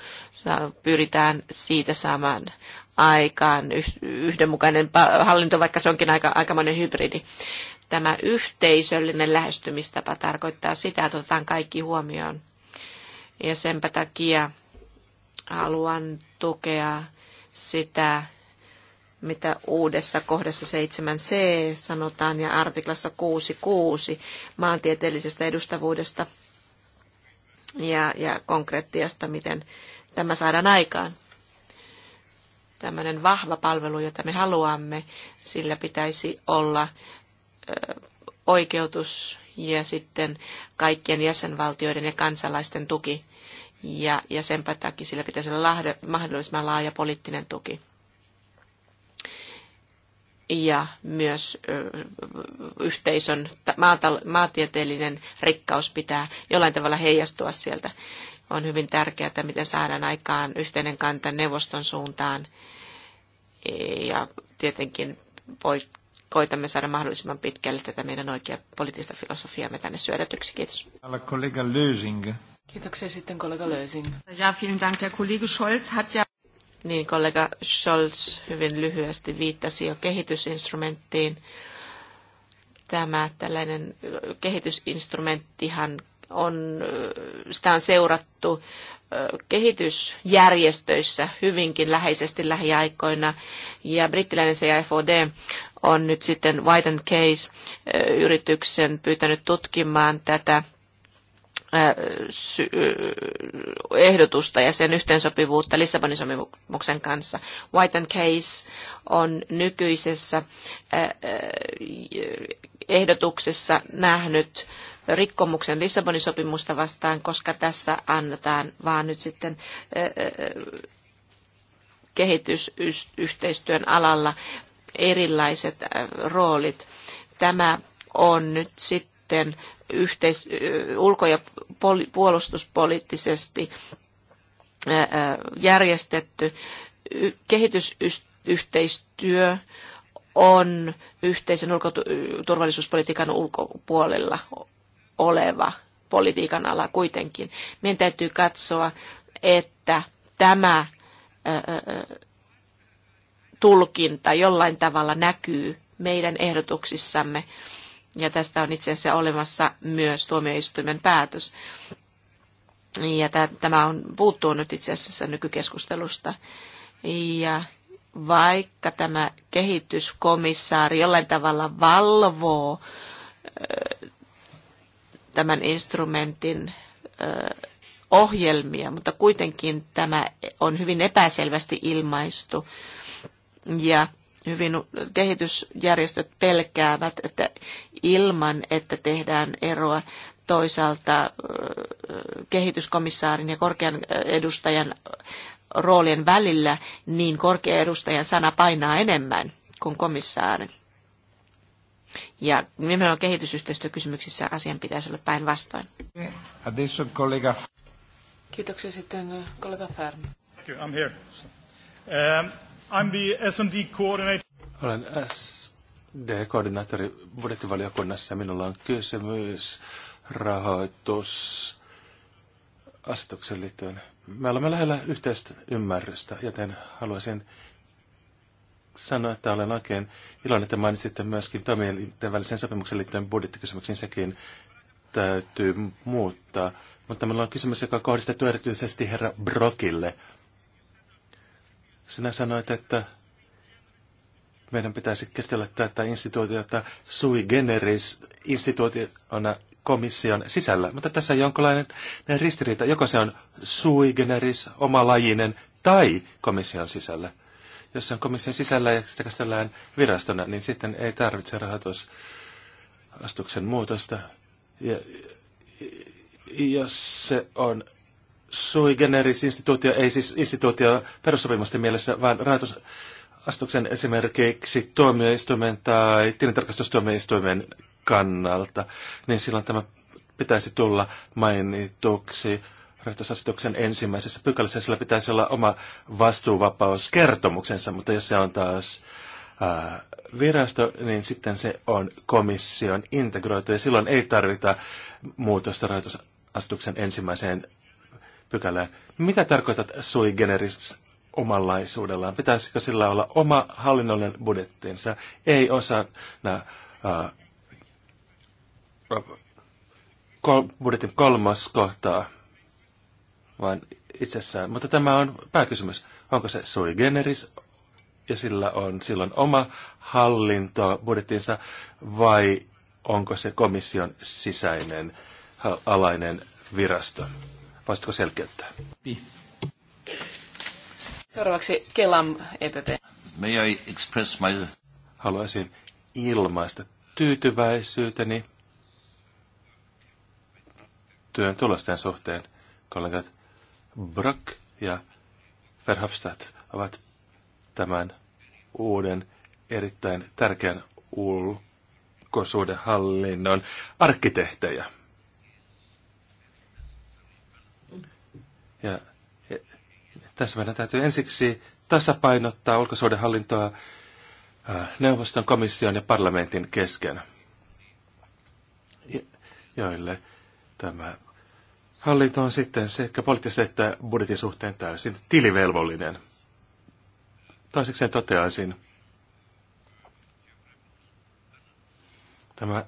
Pyritään siitä saamaan aikaan yhdenmukainen hallinto, vaikka se onkin aika, aikamoinen hybridi. Tämä yhteisöllinen lähestymistapa tarkoittaa sitä, että otetaan kaikki huomioon. Ja senpä takia haluan tukea sitä, mitä uudessa kohdassa 7c sanotaan ja artiklassa 6.6 maantieteellisestä edustavuudesta – ja, ja konkreettiasta, miten tämä saadaan aikaan. Tämmöinen vahva palvelu, jota me haluamme, sillä pitäisi olla oikeutus ja sitten kaikkien jäsenvaltioiden ja kansalaisten tuki. Ja, ja sen takia sillä pitäisi olla mahdollisimman laaja poliittinen tuki ja myös yhteisön maatieteellinen rikkaus pitää jollain tavalla heijastua sieltä. On hyvin tärkeää, että miten saadaan aikaan yhteinen kanta neuvoston suuntaan e, ja tietenkin voi, koitamme saada mahdollisimman pitkälle tätä meidän oikea poliittista filosofiaamme tänne syötetyksi. Kiitos. Kollega Lösing. Kiitoksia sitten kollega Lösing. Ja, vielen Dank. Der Kollege Scholz hat ja niin kollega Scholz hyvin lyhyesti viittasi jo kehitysinstrumenttiin. Tämä tällainen kehitysinstrumenttihan on, sitä on seurattu kehitysjärjestöissä hyvinkin läheisesti lähiaikoina. Ja brittiläinen CFOD on nyt sitten White Case-yrityksen pyytänyt tutkimaan tätä ehdotusta ja sen yhteensopivuutta Lissabonin sopimuksen kanssa. White and Case on nykyisessä ehdotuksessa nähnyt rikkomuksen Lissabonin sopimusta vastaan, koska tässä annetaan vaan nyt sitten kehitysyhteistyön alalla erilaiset roolit. Tämä on nyt sitten yhteis- ulko- ja puolustuspoliittisesti järjestetty. Kehitysyhteistyö on yhteisen ulkoturvallisuuspolitiikan ulkopuolella oleva politiikan ala kuitenkin. Meidän täytyy katsoa, että tämä tulkinta jollain tavalla näkyy meidän ehdotuksissamme ja tästä on itse asiassa olemassa myös tuomioistuimen päätös. Ja tämä on, puuttuu nyt itse asiassa nykykeskustelusta. Ja vaikka tämä kehityskomissaari jollain tavalla valvoo tämän instrumentin ohjelmia, mutta kuitenkin tämä on hyvin epäselvästi ilmaistu. Ja hyvin kehitysjärjestöt pelkäävät, että ilman, että tehdään eroa toisaalta kehityskomissaarin ja korkean edustajan roolien välillä, niin korkean edustajan sana painaa enemmän kuin komissaarin. Ja nimenomaan kehitysyhteistyökysymyksissä asian pitäisi olla päinvastoin. Kiitoksia sitten kollega Färm. I'm here. Um, I'm the S&D coordinator. Olen SD-koordinaattori budjettivaliokunnassa ja minulla on kysymys rahoitus asetukseen liittyen. Me olemme lähellä yhteistä ymmärrystä, joten haluaisin sanoa, että olen oikein iloinen, että mainitsitte myöskin toimielinten välisen sopimuksen liittyen budjettikysymyksiin. Sekin täytyy muuttaa. Mutta meillä on kysymys, joka on kohdistettu erityisesti herra Brokille. Sinä sanoit, että meidän pitäisi käsitellä tätä instituutiota sui generis instituutiona komission sisällä. Mutta tässä on jonkinlainen ristiriita. Joko se on sui generis, omalajinen tai komission sisällä. Jos se on komission sisällä ja sitä käsitellään virastona, niin sitten ei tarvitse rahoitusastuksen muutosta. Ja, jos se on sui generis instituutio, ei siis instituutio perussopimusten mielessä, vaan rahoitusastuksen esimerkiksi tuomioistuimen tai tilintarkastustuomioistuimen kannalta, niin silloin tämä pitäisi tulla mainituksi rahoitusasetuksen ensimmäisessä pykälässä, sillä pitäisi olla oma vastuuvapauskertomuksensa, mutta jos se on taas ää, virasto, niin sitten se on komission integroitu, ja silloin ei tarvita muutosta rahoitusasetuksen ensimmäiseen pykälää. Mitä tarkoitat sui generis omanlaisuudellaan? Pitäisikö sillä olla oma hallinnollinen budjettinsa, ei nää, äh, kol, budjetin kolmas kohtaa, vaan itsessään. Mutta tämä on pääkysymys. Onko se sui generis ja sillä on silloin oma hallinto budjettinsa vai onko se komission sisäinen alainen virasto? Voisitko selkeyttää? Niin. Seuraavaksi Kelam EPP. May I express my... Haluaisin ilmaista tyytyväisyyteni työn tulosten suhteen. Kollegat Brock ja Verhofstadt ovat tämän uuden erittäin tärkeän hallinnon arkkitehtejä. Ja, tässä meidän täytyy ensiksi tasapainottaa hallintoa äh, neuvoston, komission ja parlamentin kesken, joille tämä hallinto on sitten sekä poliittisesti että budjetin suhteen täysin tilivelvollinen. Toisekseen toteaisin, tämä,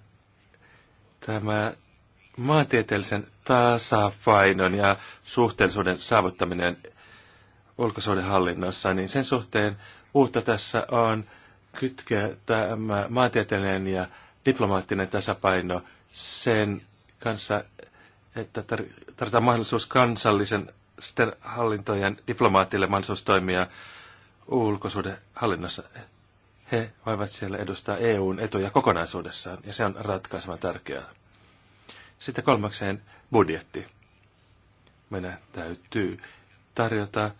tämä maantieteellisen tasapainon ja suhteellisuuden saavuttaminen hallinnossa, niin sen suhteen uutta tässä on kytkeä tämä maantieteellinen ja diplomaattinen tasapaino sen kanssa, että tarvitaan mahdollisuus kansallisen hallintojen diplomaattille mahdollisuus toimia hallinnossa. He voivat siellä edustaa EUn etuja kokonaisuudessaan, ja se on ratkaisevan tärkeää. Sitten kolmakseen budjetti. Meidän täytyy tarjota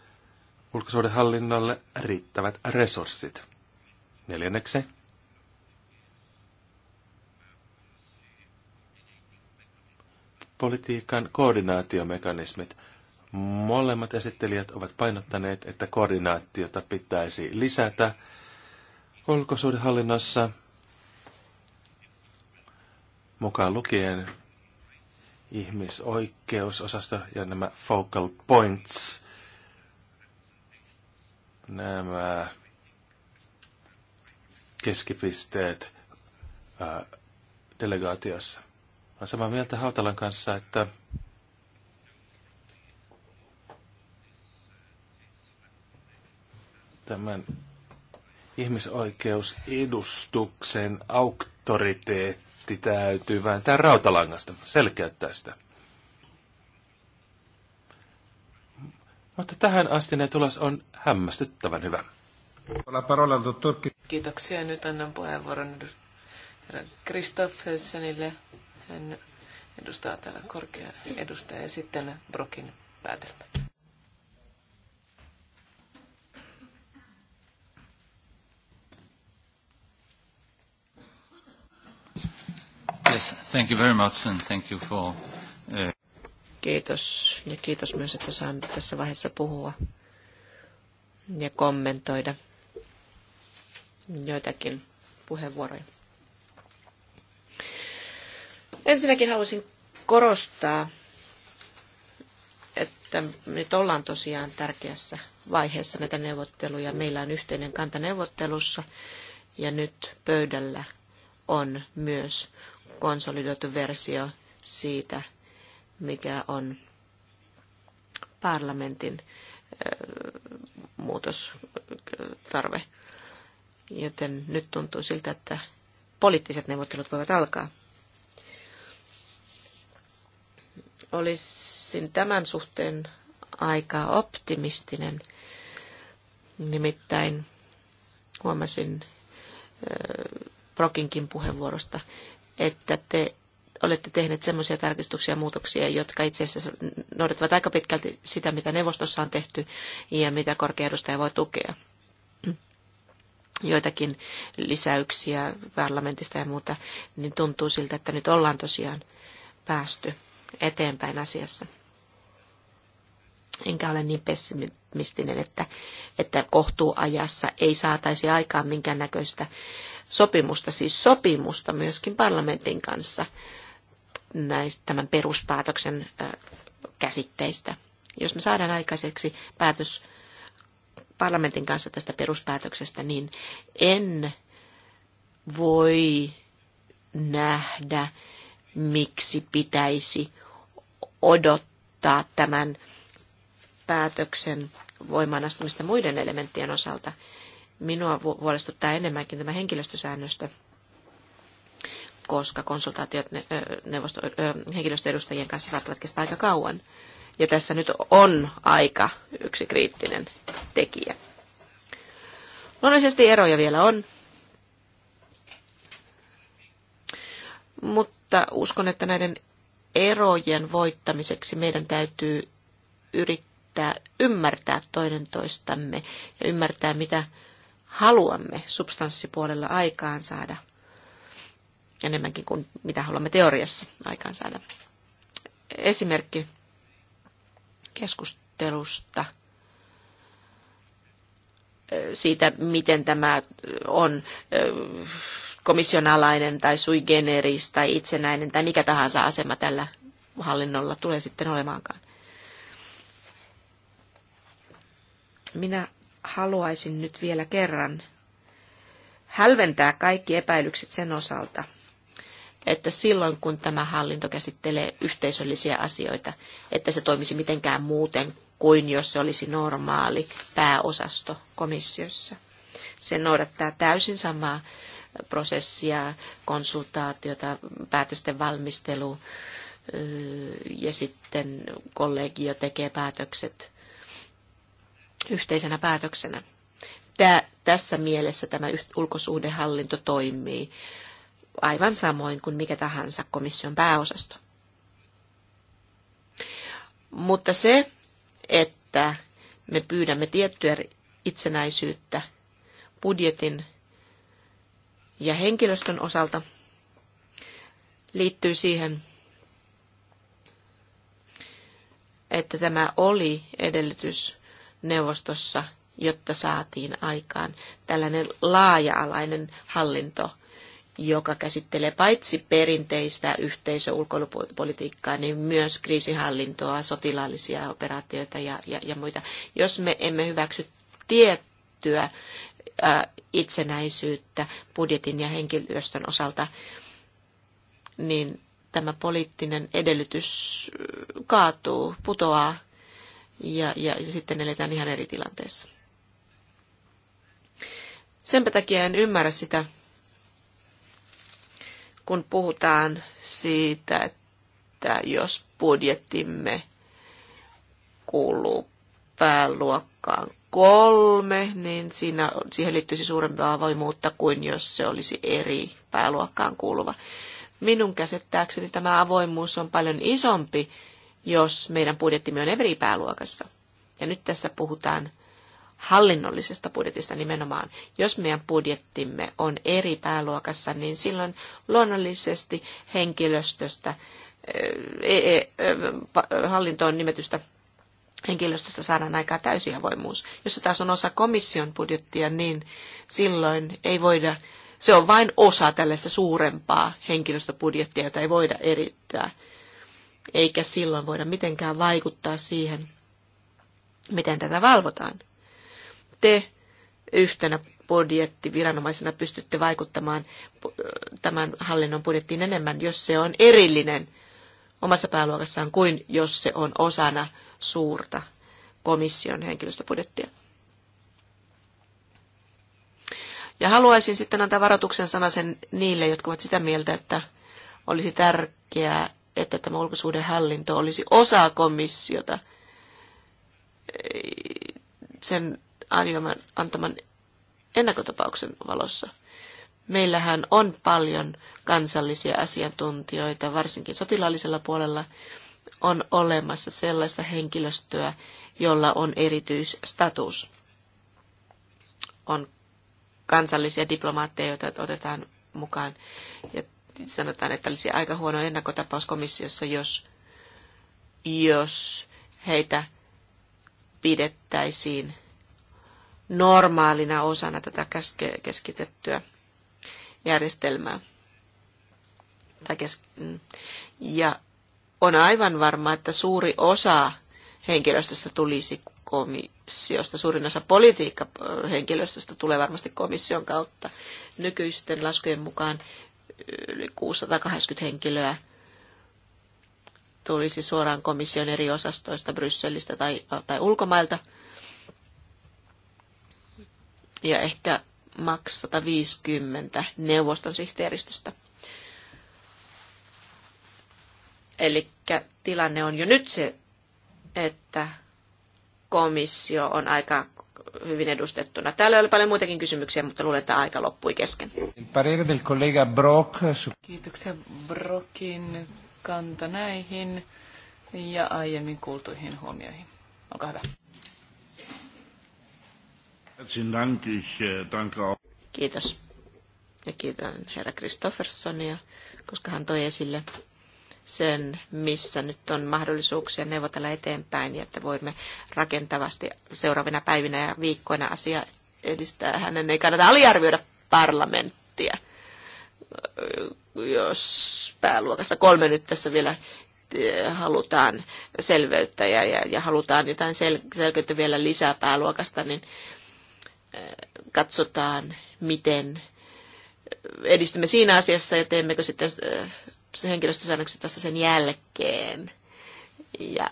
ulkosuudenhallinnolle riittävät resurssit. Neljänneksi politiikan koordinaatiomekanismit. Molemmat esittelijät ovat painottaneet, että koordinaatiota pitäisi lisätä ulkosuudenhallinnossa mukaan lukien ihmisoikeusosasto ja nämä focal points, nämä keskipisteet ää, delegaatiossa. Olen samaa mieltä Hautalan kanssa, että tämän ihmisoikeusedustuksen auktoriteetti pointti täytyy vääntää rautalangasta, selkeyttää sitä. Mutta tähän asti ne tulos on hämmästyttävän hyvä. Kiitoksia. Nyt annan puheenvuoron herra Kristoffersenille. Hän edustaa täällä korkea edustaja ja sitten Brokin päätelmät. Yes, thank you very much and thank you for... Uh... Kiitos ja kiitos myös, että saan tässä vaiheessa puhua ja kommentoida joitakin puheenvuoroja. Ensinnäkin haluaisin korostaa, että nyt ollaan tosiaan tärkeässä vaiheessa näitä neuvotteluja. Meillä on yhteinen kanta neuvottelussa ja nyt pöydällä on myös konsolidoitu versio siitä, mikä on parlamentin muutostarve. Joten nyt tuntuu siltä, että poliittiset neuvottelut voivat alkaa. Olisin tämän suhteen aika optimistinen. Nimittäin huomasin Prokinkin puheenvuorosta, että te olette tehneet semmoisia tarkistuksia ja muutoksia, jotka itse asiassa noudattavat aika pitkälti sitä, mitä neuvostossa on tehty ja mitä korkea edustaja voi tukea. Joitakin lisäyksiä parlamentista ja muuta, niin tuntuu siltä, että nyt ollaan tosiaan päästy eteenpäin asiassa enkä ole niin pessimistinen, että, että kohtuuajassa ei saataisi aikaan minkäännäköistä sopimusta, siis sopimusta myöskin parlamentin kanssa näistä, tämän peruspäätöksen käsitteistä. Jos me saadaan aikaiseksi päätös parlamentin kanssa tästä peruspäätöksestä, niin en voi nähdä, miksi pitäisi odottaa tämän päätöksen voimaan astumista muiden elementtien osalta. Minua huolestuttaa enemmänkin tämä henkilöstösäännöstö, koska konsultaatiot neuvosto, henkilöstöedustajien kanssa saattavat kestää aika kauan. Ja tässä nyt on aika yksi kriittinen tekijä. Luonnollisesti eroja vielä on, mutta uskon, että näiden erojen voittamiseksi meidän täytyy yrittää yrittää ymmärtää toinen toistamme ja ymmärtää, mitä haluamme substanssipuolella saada enemmänkin kuin mitä haluamme teoriassa aikaan saada Esimerkki keskustelusta siitä, miten tämä on komission alainen tai sui generis tai itsenäinen tai mikä tahansa asema tällä hallinnolla tulee sitten olemaankaan. Minä haluaisin nyt vielä kerran hälventää kaikki epäilykset sen osalta, että silloin kun tämä hallinto käsittelee yhteisöllisiä asioita, että se toimisi mitenkään muuten kuin jos se olisi normaali pääosasto komissiossa. Se noudattaa täysin samaa prosessia, konsultaatiota, päätösten valmistelu ja sitten kollegio tekee päätökset yhteisenä päätöksenä. Tää, tässä mielessä tämä ulkosuhdehallinto toimii aivan samoin kuin mikä tahansa komission pääosasto. Mutta se, että me pyydämme tiettyä itsenäisyyttä budjetin ja henkilöstön osalta, liittyy siihen, että tämä oli edellytys neuvostossa, jotta saatiin aikaan tällainen laaja-alainen hallinto, joka käsittelee paitsi perinteistä yhteisöulkoilupolitiikkaa, niin myös kriisihallintoa, sotilaallisia operaatioita ja, ja, ja muita. Jos me emme hyväksy tiettyä ää, itsenäisyyttä budjetin ja henkilöstön osalta, niin tämä poliittinen edellytys kaatuu, putoaa ja, ja, ja sitten eletään ihan eri tilanteessa. Senpä takia en ymmärrä sitä, kun puhutaan siitä, että jos budjettimme kuuluu pääluokkaan kolme, niin siinä, siihen liittyisi suurempaa avoimuutta kuin jos se olisi eri pääluokkaan kuuluva. Minun käsittääkseni tämä avoimuus on paljon isompi jos meidän budjettimme on eri pääluokassa. Ja nyt tässä puhutaan hallinnollisesta budjetista nimenomaan. Jos meidän budjettimme on eri pääluokassa, niin silloin luonnollisesti henkilöstöstä, eh, eh, eh, hallintoon nimetystä henkilöstöstä saadaan aikaa täysiavoimuus. Jos se taas on osa komission budjettia, niin silloin ei voida, se on vain osa tällaista suurempaa henkilöstöbudjettia, jota ei voida erittää eikä silloin voida mitenkään vaikuttaa siihen, miten tätä valvotaan. Te yhtenä budjettiviranomaisena pystytte vaikuttamaan tämän hallinnon budjettiin enemmän, jos se on erillinen omassa pääluokassaan kuin jos se on osana suurta komission henkilöstöbudjettia. Ja haluaisin sitten antaa varoituksen sanasen niille, jotka ovat sitä mieltä, että olisi tärkeää että tämä ulkosuuden hallinto olisi osa komissiota sen antaman, antaman ennakkotapauksen valossa. Meillähän on paljon kansallisia asiantuntijoita, varsinkin sotilaallisella puolella on olemassa sellaista henkilöstöä, jolla on erityisstatus. On kansallisia diplomaatteja, joita otetaan mukaan. Ja sanotaan, että olisi aika huono ennakkotapaus komissiossa, jos, jos heitä pidettäisiin normaalina osana tätä keskitettyä järjestelmää. Mm. Ja on aivan varma, että suuri osa henkilöstöstä tulisi komissiosta, suurin osa politiikkahenkilöstöstä tulee varmasti komission kautta. Nykyisten laskujen mukaan yli 680 henkilöä tulisi suoraan komission eri osastoista Brysselistä tai, tai ulkomailta. Ja ehkä maks 150 neuvoston sihteeristöstä. Eli tilanne on jo nyt se, että komissio on aika hyvin edustettuna. Täällä oli paljon muitakin kysymyksiä, mutta luulen, että aika loppui kesken. del collega Brock. Kiitoksia Brockin kanta näihin ja aiemmin kuultuihin huomioihin. Olkaa hyvä. Äh, Kiitos. Ja kiitän herra Kristoffersonia, koska hän toi esille sen, missä nyt on mahdollisuuksia neuvotella eteenpäin ja että voimme rakentavasti seuraavina päivinä ja viikkoina asia edistää. Hänen ei kannata aliarvioida parlamenttia, jos pääluokasta kolme nyt tässä vielä eh, halutaan selveyttä ja, ja, ja halutaan jotain sel- selkeyttä vielä lisää pääluokasta, niin eh, katsotaan, miten edistymme siinä asiassa ja teemmekö sitten eh, henkilöstösäännökset vasta sen jälkeen. Ja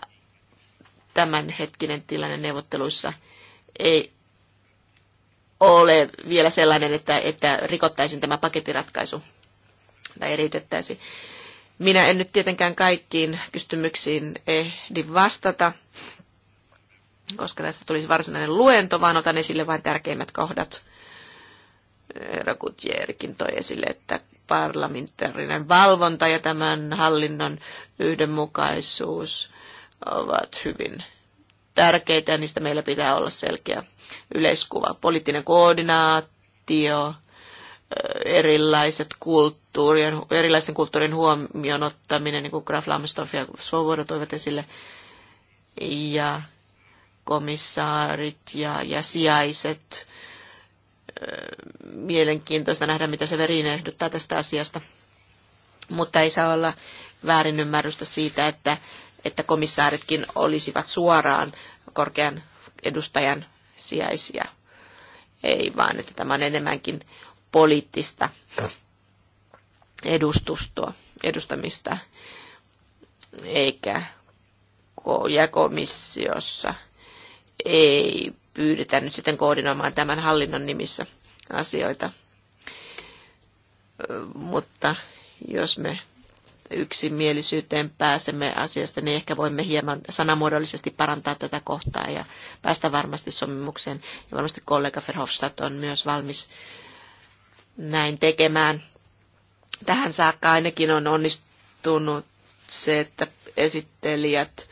tämänhetkinen tilanne neuvotteluissa ei ole vielä sellainen, että, että rikottaisiin tämä paketiratkaisu tai eriytettäisiin. Minä en nyt tietenkään kaikkiin kysymyksiin ehdi vastata, koska tässä tulisi varsinainen luento, vaan otan esille vain tärkeimmät kohdat. Rakutjerikin toi esille, että parlamentaarinen valvonta ja tämän hallinnon yhdenmukaisuus ovat hyvin tärkeitä ja niistä meillä pitää olla selkeä yleiskuva. Poliittinen koordinaatio, erilaiset kulttuurien, erilaisten kulttuurien huomioon ottaminen, niin kuin Graf Lambsdorff ja Svoboda toivat esille, ja komissaarit ja, ja sijaiset, mielenkiintoista nähdä, mitä se verin ehdottaa tästä asiasta. Mutta ei saa olla väärinymmärrystä siitä, että, että komissaaritkin olisivat suoraan korkean edustajan sijaisia. Ei vaan, että tämä on enemmänkin poliittista edustustua, edustamista, eikä komissiossa ei pyydetään nyt sitten koordinoimaan tämän hallinnon nimissä asioita. Mutta jos me yksimielisyyteen pääsemme asiasta, niin ehkä voimme hieman sanamuodollisesti parantaa tätä kohtaa ja päästä varmasti sopimukseen. Ja varmasti kollega Verhofstadt on myös valmis näin tekemään. Tähän saakka ainakin on onnistunut se, että esittelijät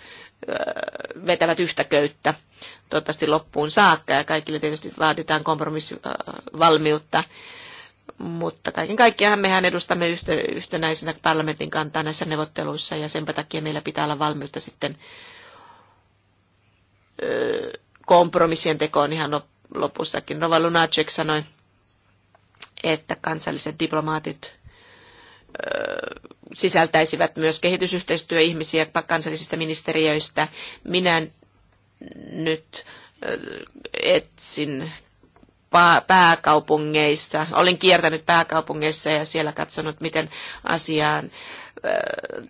vetävät yhtä köyttä toivottavasti loppuun saakka ja kaikille tietysti vaaditaan kompromissivalmiutta. Mutta kaiken kaikkiaan mehän edustamme yhtä, yhtenäisenä parlamentin kantaa näissä neuvotteluissa ja sen takia meillä pitää olla valmiutta sitten kompromissien tekoon ihan lopussakin. Nova Lunacek sanoi, että kansalliset diplomaatit sisältäisivät myös kehitysyhteistyöihmisiä kansallisista ministeriöistä. Minä nyt etsin pääkaupungeista. olin kiertänyt pääkaupungeissa ja siellä katsonut, miten asiaan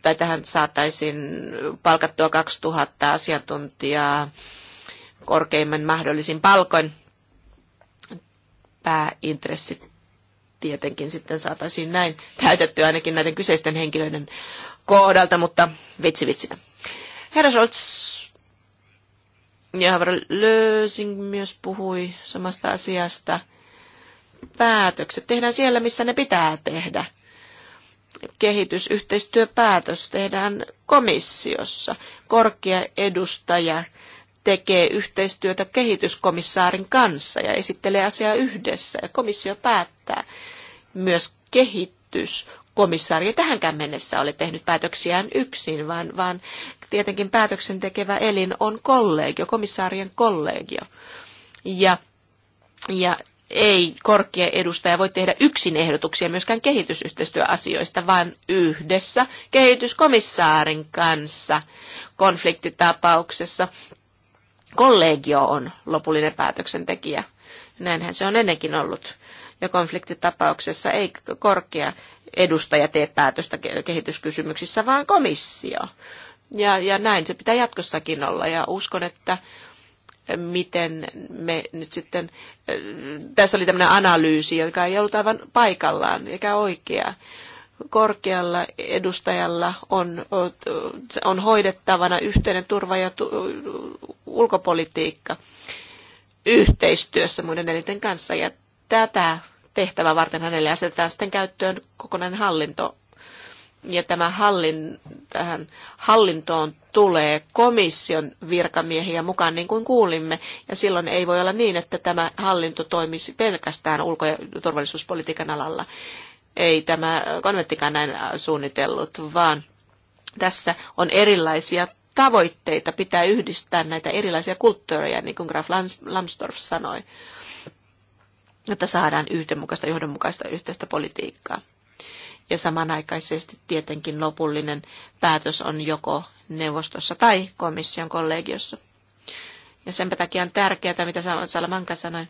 tai tähän saataisiin palkattua 2000 asiantuntijaa korkeimman mahdollisin palkoin. Pääintressi tietenkin sitten saataisiin näin täytettyä ainakin näiden kyseisten henkilöiden kohdalta, mutta vitsi vitsitä. Herra Scholz, ja Havre Lösing myös puhui samasta asiasta. Päätökset tehdään siellä, missä ne pitää tehdä. Kehitysyhteistyöpäätös tehdään komissiossa. Korkea edustaja tekee yhteistyötä kehityskomissaarin kanssa ja esittelee asiaa yhdessä. Ja komissio päättää. Myös kehitys komissaari tähänkään mennessä ole tehnyt päätöksiään yksin, vaan, vaan tietenkin päätöksen tekevä elin on kollegio, komissaarien kollegio. Ja, ja ei korkea edustaja voi tehdä yksin ehdotuksia myöskään kehitysyhteistyöasioista, vaan yhdessä kehityskomissaarin kanssa konfliktitapauksessa kollegio on lopullinen päätöksentekijä. Näinhän se on ennenkin ollut. Ja konfliktitapauksessa ei korkea edustaja tee päätöstä kehityskysymyksissä, vaan komissio. Ja, ja näin se pitää jatkossakin olla. Ja uskon, että miten me nyt sitten, tässä oli tämmöinen analyysi, joka ei ollut aivan paikallaan eikä oikea. Korkealla edustajalla on, on hoidettavana yhteinen turva- ja tu- ulkopolitiikka yhteistyössä muiden elinten kanssa. Ja tätä tehtävä varten hänelle asetetaan sitten käyttöön kokonainen hallinto. Ja tämä hallin, tähän hallintoon tulee komission virkamiehiä mukaan, niin kuin kuulimme. Ja silloin ei voi olla niin, että tämä hallinto toimisi pelkästään ulko- ja turvallisuuspolitiikan alalla. Ei tämä konventtikaan näin suunnitellut, vaan tässä on erilaisia tavoitteita, pitää yhdistää näitä erilaisia kulttuureja, niin kuin Graf Lambsdorff sanoi jotta saadaan yhdenmukaista, johdonmukaista yhteistä politiikkaa. Ja samanaikaisesti tietenkin lopullinen päätös on joko neuvostossa tai komission kollegiossa. Ja sen takia on tärkeää, mitä Salamanka sanoi,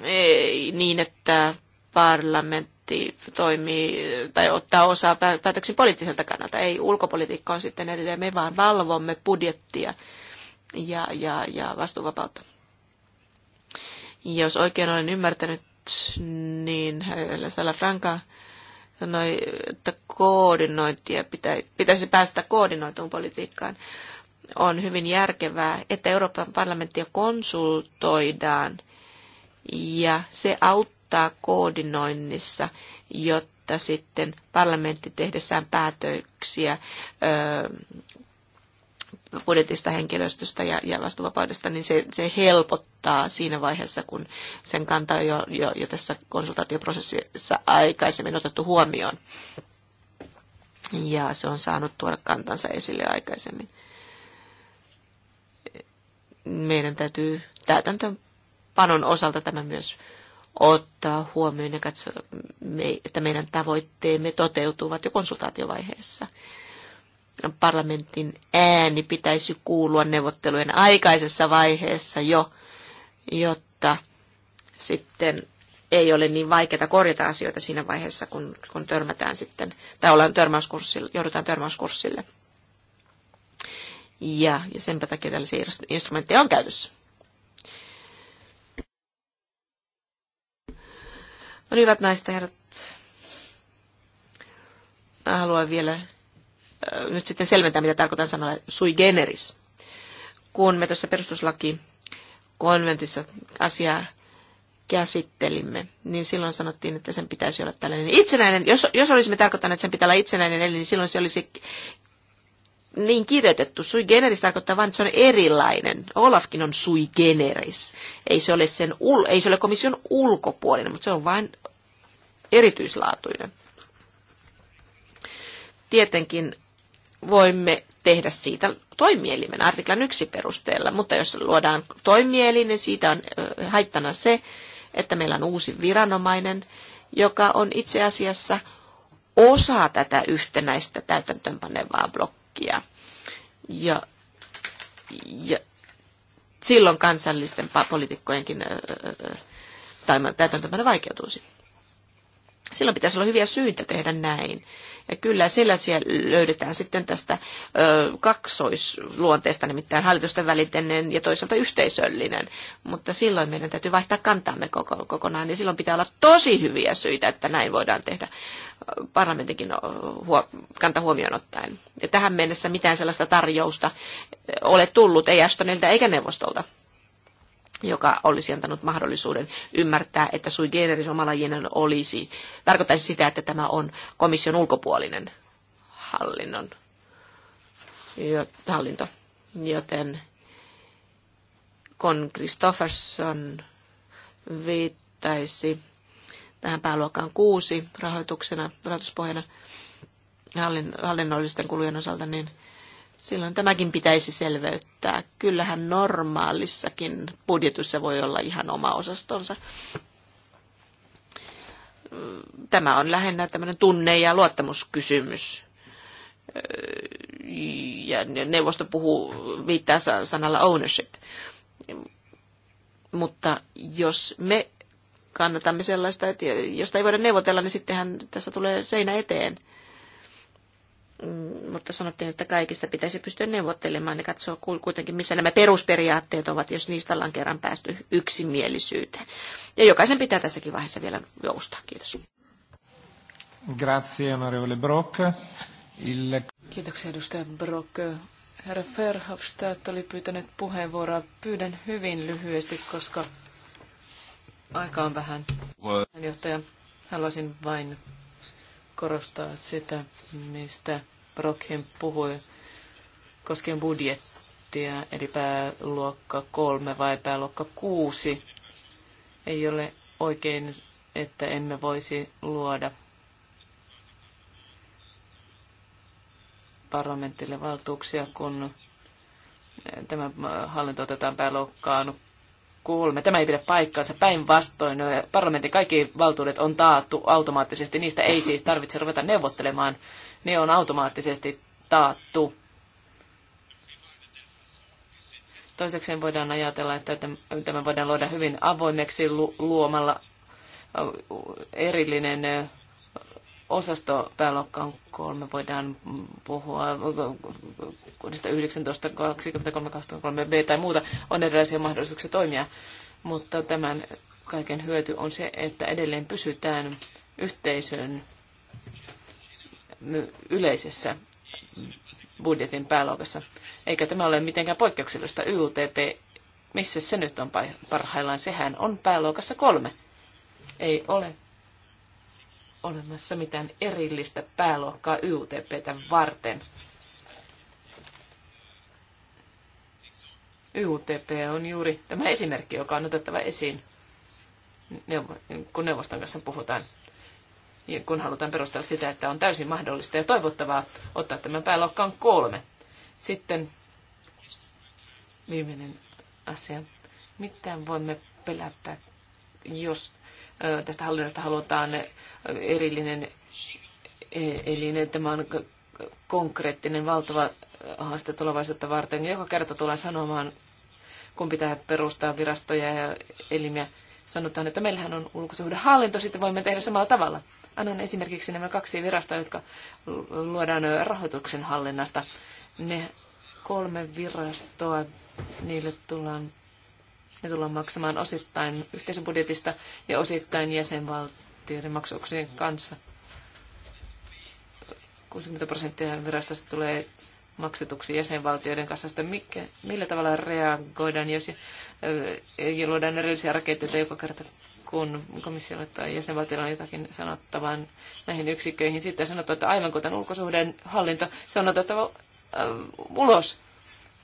ei, niin, että parlamentti toimii tai ottaa osaa päätöksiin poliittiselta kannalta. Ei ulkopolitiikka on sitten edelleen, me vaan valvomme budjettia ja, ja, ja vastuuvapautta. Jos oikein olen ymmärtänyt, niin Sala Franca sanoi, että koordinointia pitäisi päästä koordinoituun politiikkaan. On hyvin järkevää, että Euroopan parlamenttia konsultoidaan ja se auttaa koordinoinnissa, jotta sitten parlamentti tehdessään päätöksiä budjetista, henkilöstöstä ja, ja vastuuvapaudesta, niin se, se helpottaa siinä vaiheessa, kun sen kanta on jo, jo, jo tässä konsultaatioprosessissa aikaisemmin otettu huomioon. Ja se on saanut tuoda kantansa esille aikaisemmin. Meidän täytyy panon osalta tämä myös ottaa huomioon ja katsoa, että meidän tavoitteemme toteutuvat jo konsultaatiovaiheessa parlamentin ääni pitäisi kuulua neuvottelujen aikaisessa vaiheessa jo, jotta sitten ei ole niin vaikeaa korjata asioita siinä vaiheessa, kun, kun törmätään sitten, tai ollaan törmäyskurssille, joudutaan törmäyskurssille. Ja, ja sen takia tällaisia instrumentteja on käytössä. No hyvät naiset ja herrat. Mä haluan vielä Äh, nyt sitten selventää, mitä tarkoitan sanoa sui generis. Kun me tuossa perustuslaki konventissa asiaa käsittelimme, niin silloin sanottiin, että sen pitäisi olla tällainen itsenäinen, jos, jos olisimme tarkoittaneet, että sen pitää olla itsenäinen eli niin silloin se olisi niin kirjoitettu. Sui generis tarkoittaa vain, että se on erilainen. Olafkin on sui generis. Ei se ole, sen ul, ei se ole komission ulkopuolinen, mutta se on vain erityislaatuinen. Tietenkin voimme tehdä siitä toimielimen artiklan yksi perusteella, mutta jos luodaan toimielin, niin siitä on haittana se, että meillä on uusi viranomainen, joka on itse asiassa osa tätä yhtenäistä täytäntöönpanevaa blokkia. Ja, ja silloin kansallisten poliitikkojenkin tai vaikeutuu vaikeutuisi. Silloin pitäisi olla hyviä syitä tehdä näin. Ja kyllä sellaisia löydetään sitten tästä ö, kaksoisluonteesta, nimittäin hallitusten välitinen ja toisaalta yhteisöllinen. Mutta silloin meidän täytyy vaihtaa kantaamme koko, kokonaan, niin silloin pitää olla tosi hyviä syitä, että näin voidaan tehdä parlamentinkin huo, kanta huomioon ottaen. Ja tähän mennessä mitään sellaista tarjousta ole tullut, ei Ashtonilta eikä neuvostolta joka olisi antanut mahdollisuuden ymmärtää, että sui generis omalajinen olisi, tarkoittaisi sitä, että tämä on komission ulkopuolinen hallinnon, jo, hallinto. Joten kun Kristofferson viittaisi tähän pääluokkaan kuusi rahoituksena, rahoituspohjana hallinnollisten kulujen osalta, niin Silloin tämäkin pitäisi selveyttää. Kyllähän normaalissakin budjetissa voi olla ihan oma osastonsa. Tämä on lähinnä tämmöinen tunne- ja luottamuskysymys. Ja neuvosto puhuu, viittaa sanalla ownership. Mutta jos me kannatamme sellaista, että josta ei voida neuvotella, niin sittenhän tässä tulee seinä eteen – Mm, mutta sanottiin, että kaikista pitäisi pystyä neuvottelemaan ja katsoa kuitenkin, missä nämä perusperiaatteet ovat, jos niistä ollaan kerran päästy yksimielisyyteen. Ja jokaisen pitää tässäkin vaiheessa vielä joustaa. Kiitos. Grazie, onorevole Brock. Il... Kiitoksia, edustaja Brock. Herra Ferhofstadt oli pyytänyt puheenvuoroa. Pyydän hyvin lyhyesti, koska aika on vähän. Johtaja, haluaisin vain korostaa sitä, mistä Brockhen puhui koskien budjettia, eli pääluokka kolme vai pääluokka kuusi. Ei ole oikein, että emme voisi luoda parlamentille valtuuksia, kun tämä hallinto otetaan pääluokkaan kolme. Tämä ei pidä paikkaansa. Päinvastoin parlamentin kaikki valtuudet on taattu automaattisesti. Niistä ei siis tarvitse ruveta neuvottelemaan. Ne on automaattisesti taattu. Toisekseen voidaan ajatella, että tämä voidaan luoda hyvin avoimeksi luomalla erillinen osastopääluokkaan kolme voidaan puhua kohdista 19, 23, 23 B tai muuta. On erilaisia mahdollisuuksia toimia, mutta tämän kaiken hyöty on se, että edelleen pysytään yhteisön yleisessä budjetin pääluokassa. Eikä tämä ole mitenkään poikkeuksellista. YUTP, missä se nyt on parhaillaan? Sehän on pääluokassa kolme. Ei ole olemassa mitään erillistä pääluokkaa YUTPtä varten. YUTP on juuri tämä esimerkki, joka on otettava esiin, kun neuvoston kanssa puhutaan, kun halutaan perustella sitä, että on täysin mahdollista ja toivottavaa ottaa tämän pääluokkaan kolme. Sitten viimeinen asia. Mitä voimme pelätä jos tästä hallinnasta halutaan erillinen e, elin, tämä on konkreettinen valtava haaste tulevaisuutta varten. Joka kerta tulee sanomaan, kun pitää perustaa virastoja ja elimiä, sanotaan, että meillähän on ulkosuhdehallinto, sitten voimme tehdä samalla tavalla. Annan esimerkiksi nämä kaksi virastoa, jotka luodaan rahoituksen hallinnasta. Ne kolme virastoa, niille tullaan ne tullaan maksamaan osittain budjetista ja osittain jäsenvaltioiden maksuksien kanssa. 60 prosenttia virastosta tulee maksetuksi jäsenvaltioiden kanssa. Sitä, mikä, millä tavalla reagoidaan, jos ei luodaan erillisiä rakenteita joka kerta, kun komissiolle tai jäsenvaltiolla on jotakin sanottavaa näihin yksiköihin. Sitten sanotaan, että aivan kuten ulkosuhden hallinto, se on otettava ulos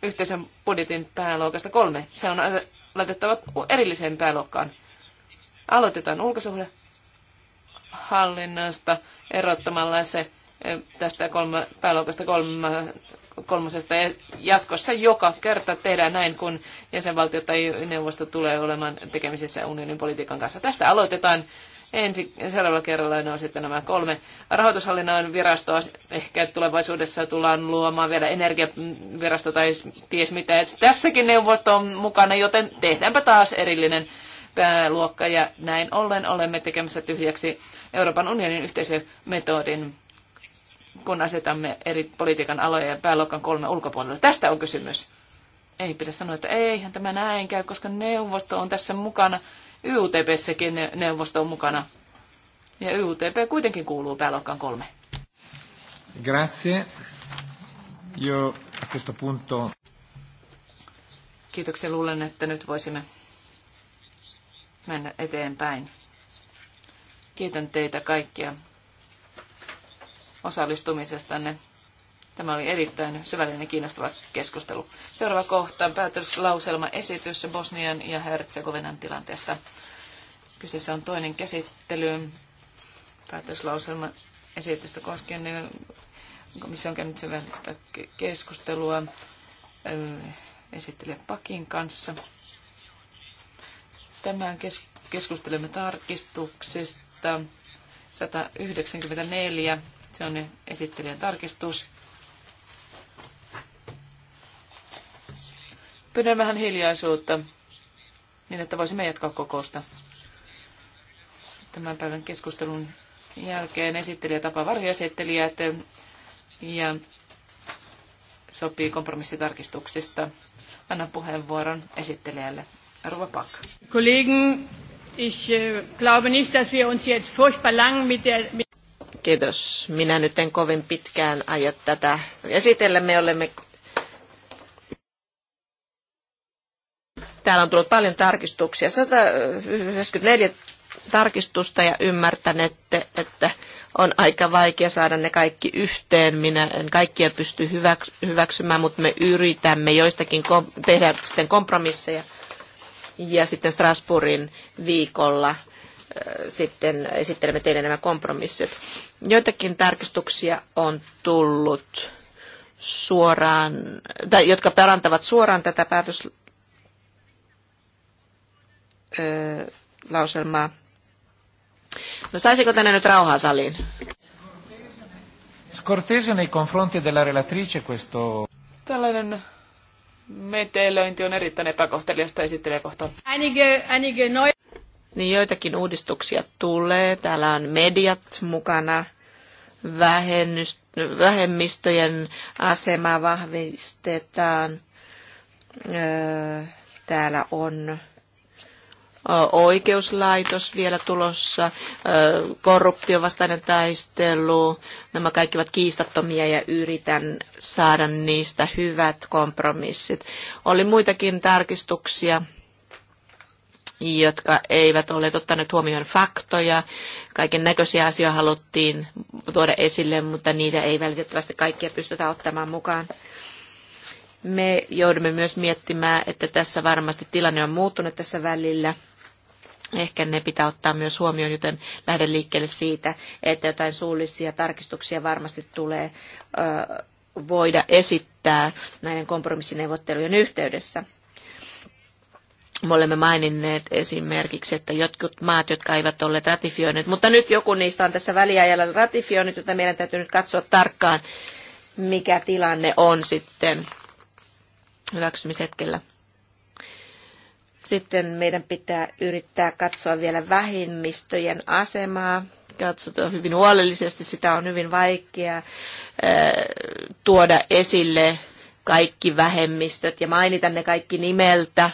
yhteisen budjetin pääluokasta kolme. Se on laitettava erilliseen pääluokkaan. Aloitetaan ulkosuhde hallinnosta erottamalla se eh, tästä kolme, pääluokasta kolme, kolmosesta. Ja jatkossa joka kerta tehdään näin, kun jäsenvaltio tai neuvosto tulee olemaan tekemisissä unionin politiikan kanssa. Tästä aloitetaan ensi, seuraavalla kerralla ne on sitten nämä kolme rahoitushallinnon virastoa. Ehkä tulevaisuudessa tullaan luomaan vielä energiavirasto tai ties mitä. Et tässäkin neuvosto on mukana, joten tehdäänpä taas erillinen pääluokka ja näin ollen olemme tekemässä tyhjäksi Euroopan unionin yhteisömetodin kun asetamme eri politiikan aloja ja pääluokan kolme ulkopuolella. Tästä on kysymys. Ei pidä sanoa, että eihän tämä näin käy, koska neuvosto on tässä mukana. YUTPssäkin neuvosto on mukana. Ja YUTP kuitenkin kuuluu pääluokkaan kolme. Grazie. Io a questo punto... Kiitoksia. Luulen, että nyt voisimme mennä eteenpäin. Kiitän teitä kaikkia osallistumisestanne. Tämä oli erittäin syvällinen ja kiinnostava keskustelu. Seuraava kohta on päätöslauselma esitys Bosnian ja Herzegovinan tilanteesta. Kyseessä on toinen käsittely päätöslauselma esitystä koskien, niin missä on käynyt syvällistä keskustelua esittelijä Pakin kanssa. Tänään keskustelemme tarkistuksista 194. Se on esittelijän tarkistus. Pyydän vähän hiljaisuutta, niin että voisimme jatkaa kokousta. Tämän päivän keskustelun jälkeen esittelijä tapaa varjoesittelijät eh, ja sopii kompromissitarkistuksista. Anna puheenvuoron esittelijälle. Ruva Pak. Kollegen, ich eh, glaube nicht, dass wir uns jetzt furchtbar lang mit der... Kiitos. Minä nyt en kovin pitkään aio tätä esitellä. Me olemme Täällä on tullut paljon tarkistuksia, 194 tarkistusta ja ymmärtänette, että on aika vaikea saada ne kaikki yhteen. Minä en kaikkia pysty hyväksymään, mutta me yritämme joistakin kom- tehdä sitten kompromisseja. Ja sitten Strasbourgin viikolla sitten esittelemme teille nämä kompromissit. Joitakin tarkistuksia on tullut suoraan, tai jotka parantavat suoraan tätä päätös, ö, lauselmaa. No saisiko tänne nyt rauhaa saliin? Scortese nei confronti della relatrice questo... Tällainen metelöinti on erittäin epäkohteliasta esittelee kohtaan. Einige, einige neu... Niin joitakin uudistuksia tulee. Täällä on mediat mukana, vähennys, vähemmistöjen asemaa vahvistetaan. Öö, täällä on oikeuslaitos vielä tulossa, korruptiovastainen taistelu, nämä kaikki ovat kiistattomia ja yritän saada niistä hyvät kompromissit. Oli muitakin tarkistuksia, jotka eivät ole ottaneet huomioon faktoja. Kaiken näköisiä asioita haluttiin tuoda esille, mutta niitä ei välitettävästi kaikkia pystytä ottamaan mukaan. Me joudumme myös miettimään, että tässä varmasti tilanne on muuttunut tässä välillä – ehkä ne pitää ottaa myös huomioon, joten lähden liikkeelle siitä, että jotain suullisia tarkistuksia varmasti tulee voida esittää näiden kompromissineuvottelujen yhteydessä. Me olemme maininneet esimerkiksi, että jotkut maat, jotka eivät ole ratifioineet, mutta nyt joku niistä on tässä väliajalla ratifioinut, jota meidän täytyy nyt katsoa tarkkaan, mikä tilanne on sitten hyväksymishetkellä. Sitten meidän pitää yrittää katsoa vielä vähemmistöjen asemaa. Katsotaan hyvin huolellisesti, sitä on hyvin vaikea tuoda esille kaikki vähemmistöt ja mainita ne kaikki nimeltä.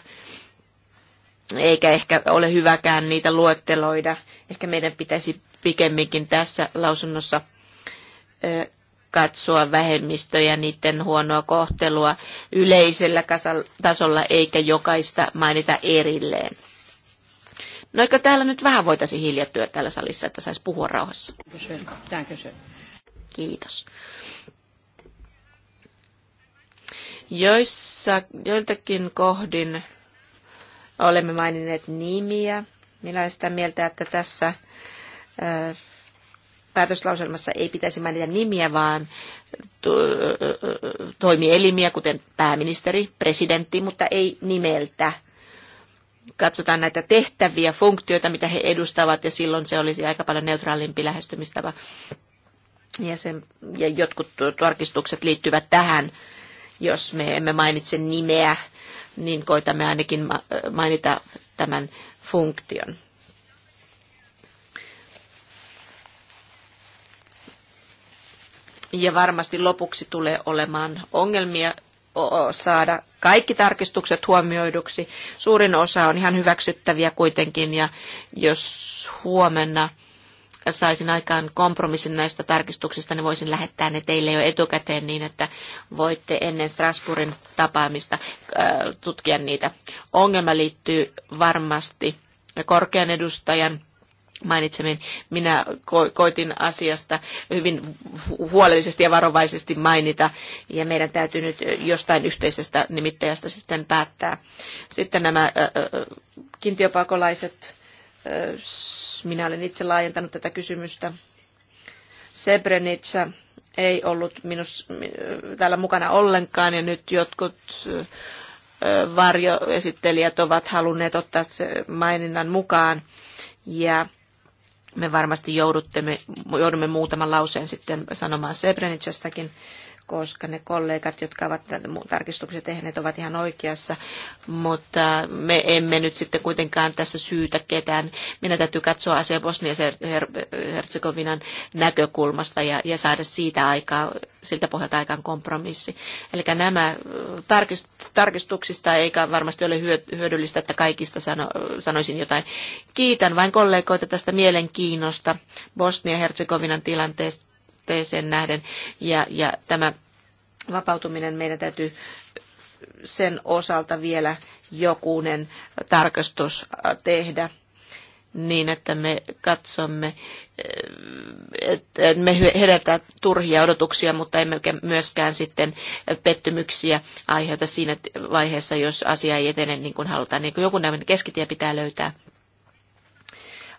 Eikä ehkä ole hyväkään niitä luetteloida. Ehkä meidän pitäisi pikemminkin tässä lausunnossa katsoa vähemmistöjä, niiden huonoa kohtelua yleisellä tasolla, eikä jokaista mainita erilleen. No eikö täällä nyt vähän voitaisiin hiljattyä täällä salissa, että saisi puhua rauhassa? Kiitos. Joissa, joiltakin kohdin olemme maininneet nimiä. Minä olen sitä mieltä, että tässä päätöslauselmassa ei pitäisi mainita nimiä, vaan toimielimiä, kuten pääministeri, presidentti, mutta ei nimeltä. Katsotaan näitä tehtäviä, funktioita, mitä he edustavat, ja silloin se olisi aika paljon neutraalimpi lähestymistapa. Ja, sen, ja jotkut tarkistukset liittyvät tähän, jos me emme mainitse nimeä, niin koitamme ainakin mainita tämän funktion. Ja varmasti lopuksi tulee olemaan ongelmia saada kaikki tarkistukset huomioiduksi. Suurin osa on ihan hyväksyttäviä kuitenkin ja jos huomenna saisin aikaan kompromissin näistä tarkistuksista, niin voisin lähettää ne teille jo etukäteen niin, että voitte ennen Strasbourgin tapaamista tutkia niitä. Ongelma liittyy varmasti korkean edustajan mainitsemin. Minä koitin asiasta hyvin huolellisesti ja varovaisesti mainita, ja meidän täytyy nyt jostain yhteisestä nimittäjästä sitten päättää. Sitten nämä kiintiöpakolaiset, minä olen itse laajentanut tätä kysymystä. Srebrenica ei ollut minus täällä mukana ollenkaan, ja nyt jotkut varjoesittelijät ovat halunneet ottaa se maininnan mukaan. Ja me varmasti joudutte, me joudumme muutaman lauseen sitten sanomaan Srebrenicastakin, koska ne kollegat, jotka ovat tarkistuksia tehneet, ovat ihan oikeassa, mutta me emme nyt sitten kuitenkaan tässä syytä ketään. Minä täytyy katsoa asia Bosnia-Herzegovinan näkökulmasta ja, ja saada siitä aikaa, siltä pohjalta aikaan kompromissi. Eli nämä tarkistuksista eikä varmasti ole hyödyllistä, että kaikista sano, sanoisin jotain. Kiitän vain kollegoita tästä mielenkiinnosta Bosnia-Herzegovinan tilanteesta tarpeeseen nähden. Ja, ja tämä vapautuminen meidän täytyy sen osalta vielä jokunen tarkastus äh, tehdä niin, että me katsomme, äh, että me herätään turhia odotuksia, mutta emme myöskään sitten pettymyksiä aiheuta siinä vaiheessa, jos asia ei etene niin kuin halutaan. Niin kuin joku näin keskitie pitää löytää.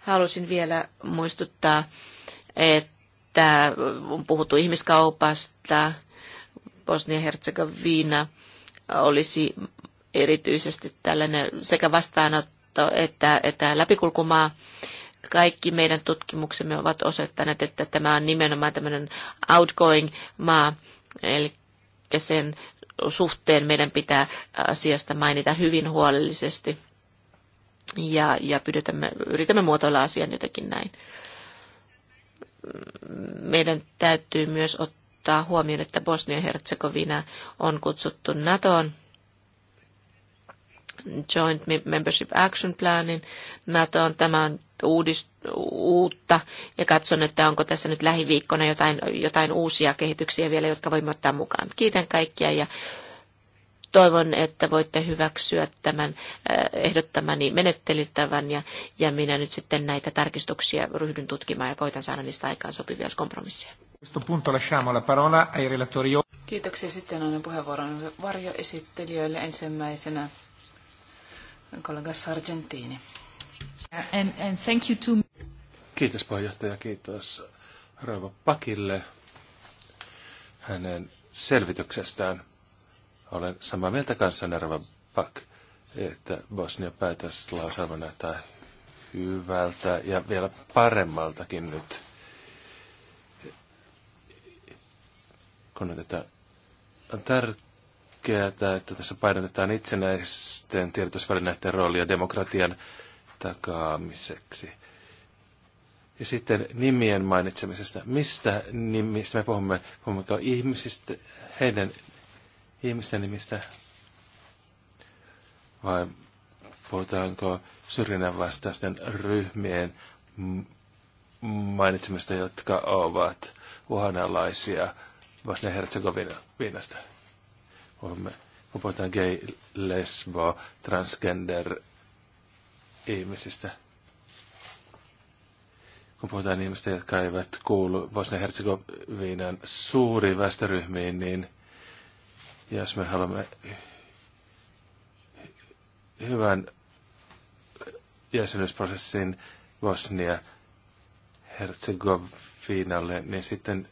Halusin vielä muistuttaa, että että on puhuttu ihmiskaupasta, Bosnia-Herzegovina olisi erityisesti tällainen sekä vastaanotto että, että läpikulkumaa. Kaikki meidän tutkimuksemme ovat osoittaneet, että tämä on nimenomaan tämmöinen outgoing maa, eli sen suhteen meidän pitää asiasta mainita hyvin huolellisesti ja, ja pyritämme, yritämme muotoilla asian jotenkin näin meidän täytyy myös ottaa huomioon, että Bosnia-Herzegovina on kutsuttu NATOon Joint Membership Action Planin NATOon. Tämä on uudist, uutta ja katson, että onko tässä nyt lähiviikkona jotain, jotain uusia kehityksiä vielä, jotka voimme ottaa mukaan. Kiitän kaikkia ja Toivon, että voitte hyväksyä tämän äh, ehdottamani menettelytävän ja, ja minä nyt sitten näitä tarkistuksia ryhdyn tutkimaan ja koitan saada niistä aikaan sopivia kompromisseja. Kiitoksia. Sitten annan puheenvuoron varjoesittelijöille ensimmäisenä kollega Sargentini. And, and thank you to... Kiitos puheenjohtaja, kiitos rouva Pakille hänen selvityksestään. Olen samaa mieltä kanssa Rava Pak, että Bosnia päätöslauselma näyttää hyvältä ja vielä paremmaltakin nyt. Kun on tärkeää, että tässä painotetaan itsenäisten tiedotusvälineiden roolia demokratian takaamiseksi. Ja sitten nimien mainitsemisesta. Mistä nimistä me puhumme? Puhummeko ihmisistä, heidän ihmisten nimistä? Vai puhutaanko syrjinnän vastaisten ryhmien mainitsemista, jotka ovat uhanalaisia Bosnia-Herzegovinasta? Puhumme, kun puhutaan gay, lesbo, transgender ihmisistä. Kun puhutaan ihmistä, jotka eivät kuulu Bosnia-Herzegovinan suuriin väestöryhmiin, niin – jos me haluamme hyvän jäsenyysprosessin Bosnia Herzegovinalle, niin sitten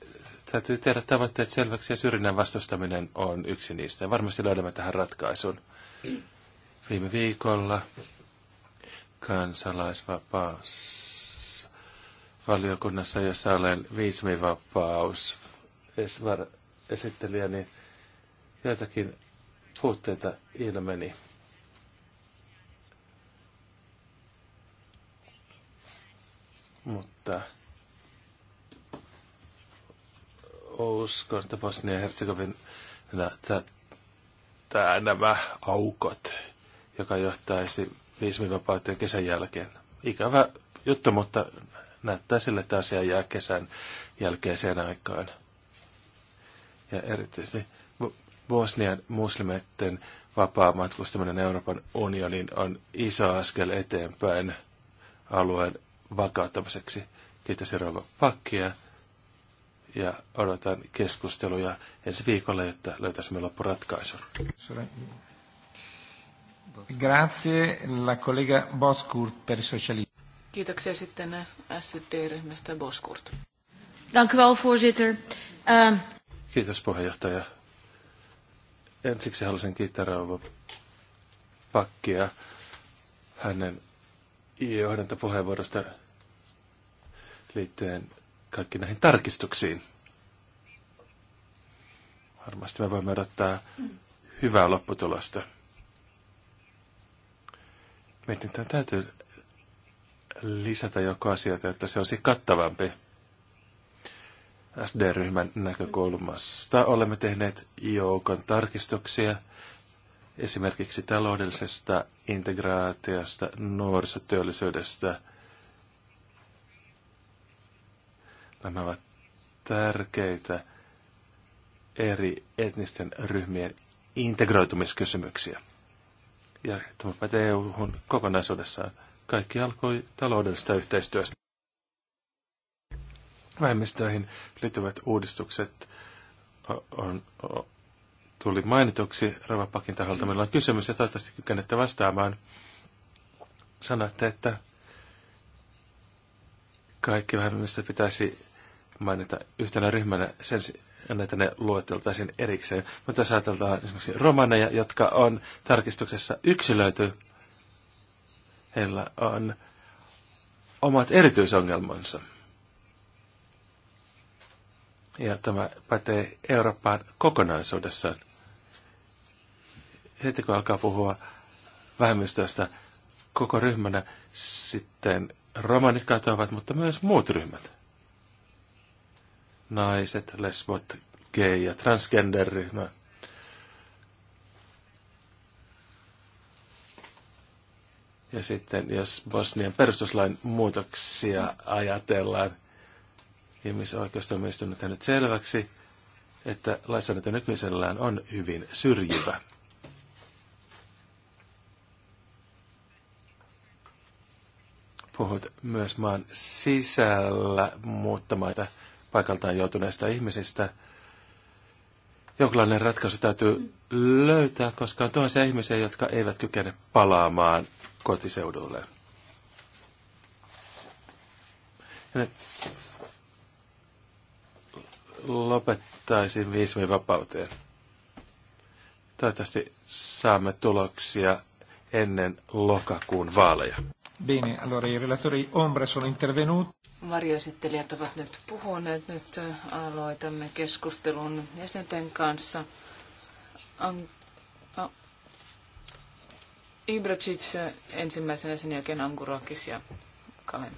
täytyy tehdä tavoitteet selväksi ja syrjinnän vastustaminen on yksi niistä. varmasti löydämme tähän ratkaisun. Viime viikolla kansalaisvapaus valiokunnassa, jossa olen viisumivapaus esittelijä, niin joitakin puutteita ilmeni. Mutta uskon, että Bosnia ja Herzegovina täyttää nämä aukot, joka johtaisi viisumivapauteen kesän jälkeen. Ikävä juttu, mutta näyttää sille, että asia jää kesän jälkeiseen aikaan. Ja erityisesti Bosnian muslimeiden vapaa matkustaminen Euroopan unionin on iso askel eteenpäin alueen vakauttamiseksi. Kiitos Rova Pakkia ja odotan keskusteluja ensi viikolla, jotta löytäisimme loppuratkaisun. Grazie la collega Boskurt per socialisti. Kiitoksia sitten SD-ryhmästä Boskurt. Dank u wel, voorzitter. Uh... Kiitos puheenjohtaja. Ensiksi haluaisin kiittää Rauva Pakkia hänen johdantapuheenvuorosta liittyen kaikki näihin tarkistuksiin. Varmasti me voimme odottaa hyvää lopputulosta. että täytyy lisätä joko asioita, että se olisi kattavampi. SD-ryhmän näkökulmasta olemme tehneet joukon tarkistuksia esimerkiksi taloudellisesta integraatiosta, nuorisotyöllisyydestä. Nämä ovat tärkeitä eri etnisten ryhmien integroitumiskysymyksiä. Ja tämä EU-hun kokonaisuudessaan. Kaikki alkoi taloudellisesta yhteistyöstä vähemmistöihin liittyvät uudistukset on, on, tuli mainituksi Ravapakin taholta. Meillä on kysymys ja toivottavasti kykenette vastaamaan. Sanoitte, että kaikki vähemmistöt pitäisi mainita yhtenä ryhmänä sen että ne luoteltaisiin erikseen. Mutta jos ajatellaan esimerkiksi romaneja, jotka on tarkistuksessa yksilöity, heillä on omat erityisongelmansa. Ja tämä pätee Eurooppaan kokonaisuudessaan. Heti kun alkaa puhua vähemmistöistä koko ryhmänä, sitten romanit katoavat, mutta myös muut ryhmät. Naiset, lesbot, gay ja transgender-ryhmä. Ja sitten jos Bosnian perustuslain muutoksia ajatellaan, Ihmisoikeustuomioistuin on tehnyt selväksi, että lainsäädäntö nykyisellään on hyvin syrjivä. Puhut myös maan sisällä muuttamaita paikaltaan joutuneista ihmisistä. Jonkinlainen ratkaisu täytyy löytää, koska on toisia ihmisiä, jotka eivät kykene palaamaan kotiseudulle. Ja ne lopettaisin viisumin vapauteen. Toivottavasti saamme tuloksia ennen lokakuun vaaleja. Bene, allora i relatori Ombre sono intervenuti. Varjoesittelijät ovat nyt puhuneet. Nyt äh, aloitamme keskustelun jäsenten kanssa. An- a- Ibracic äh, ensimmäisenä, sen jälkeen Angurakis ja Kalema.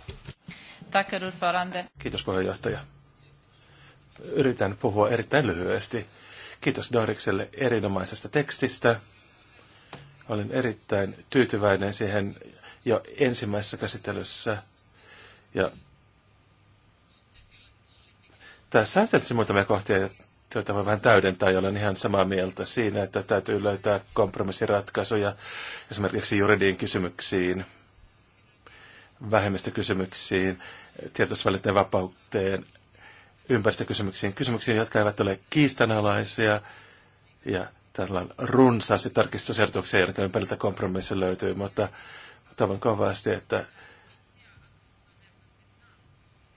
Tack, Kiitos puheenjohtaja yritän puhua erittäin lyhyesti. Kiitos Dorikselle erinomaisesta tekstistä. Olen erittäin tyytyväinen siihen jo ensimmäisessä käsittelyssä. Ja tässä ajateltiin muutamia kohtia, joita voi vähän täydentää, ja olen ihan samaa mieltä siinä, että täytyy löytää kompromissiratkaisuja esimerkiksi juridiin kysymyksiin, vähemmistökysymyksiin, tietosvälineiden vapauteen, ympäristökysymyksiin, kysymyksiin, jotka eivät ole kiistanalaisia. Ja tällä on runsaasti tarkistusehdotuksia, joiden ympäriltä kompromissi löytyy, mutta tavan kovasti, että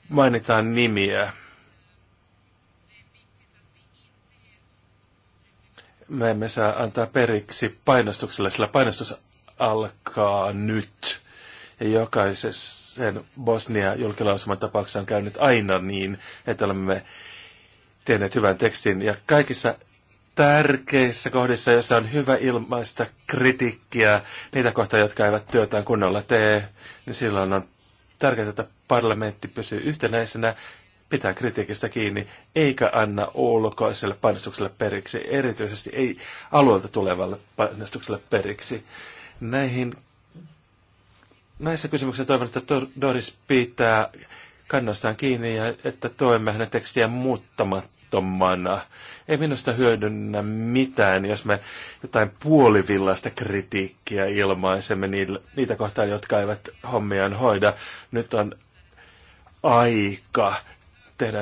mainitaan nimiä. Me emme saa antaa periksi painostukselle, sillä painostus alkaa nyt. Ja jokaisen Bosnia-julkilausuman tapauksessa on käynyt aina niin, että olemme tehneet hyvän tekstin. Ja kaikissa tärkeissä kohdissa, joissa on hyvä ilmaista kritiikkiä niitä kohtaa, jotka eivät työtään kunnolla tee, niin silloin on tärkeää, että parlamentti pysyy yhtenäisenä, pitää kritiikistä kiinni, eikä anna ulkoiselle painostukselle periksi, erityisesti ei alueelta tulevalle painostukselle periksi. Näihin näissä kysymyksissä toivon, että Doris pitää kannastaan kiinni ja että toimme hänen tekstiä muuttamattomana. Ei minusta hyödynnä mitään, jos me jotain puolivillaista kritiikkiä ilmaisemme niitä kohtaan, jotka eivät hommiaan hoida. Nyt on aika tehdä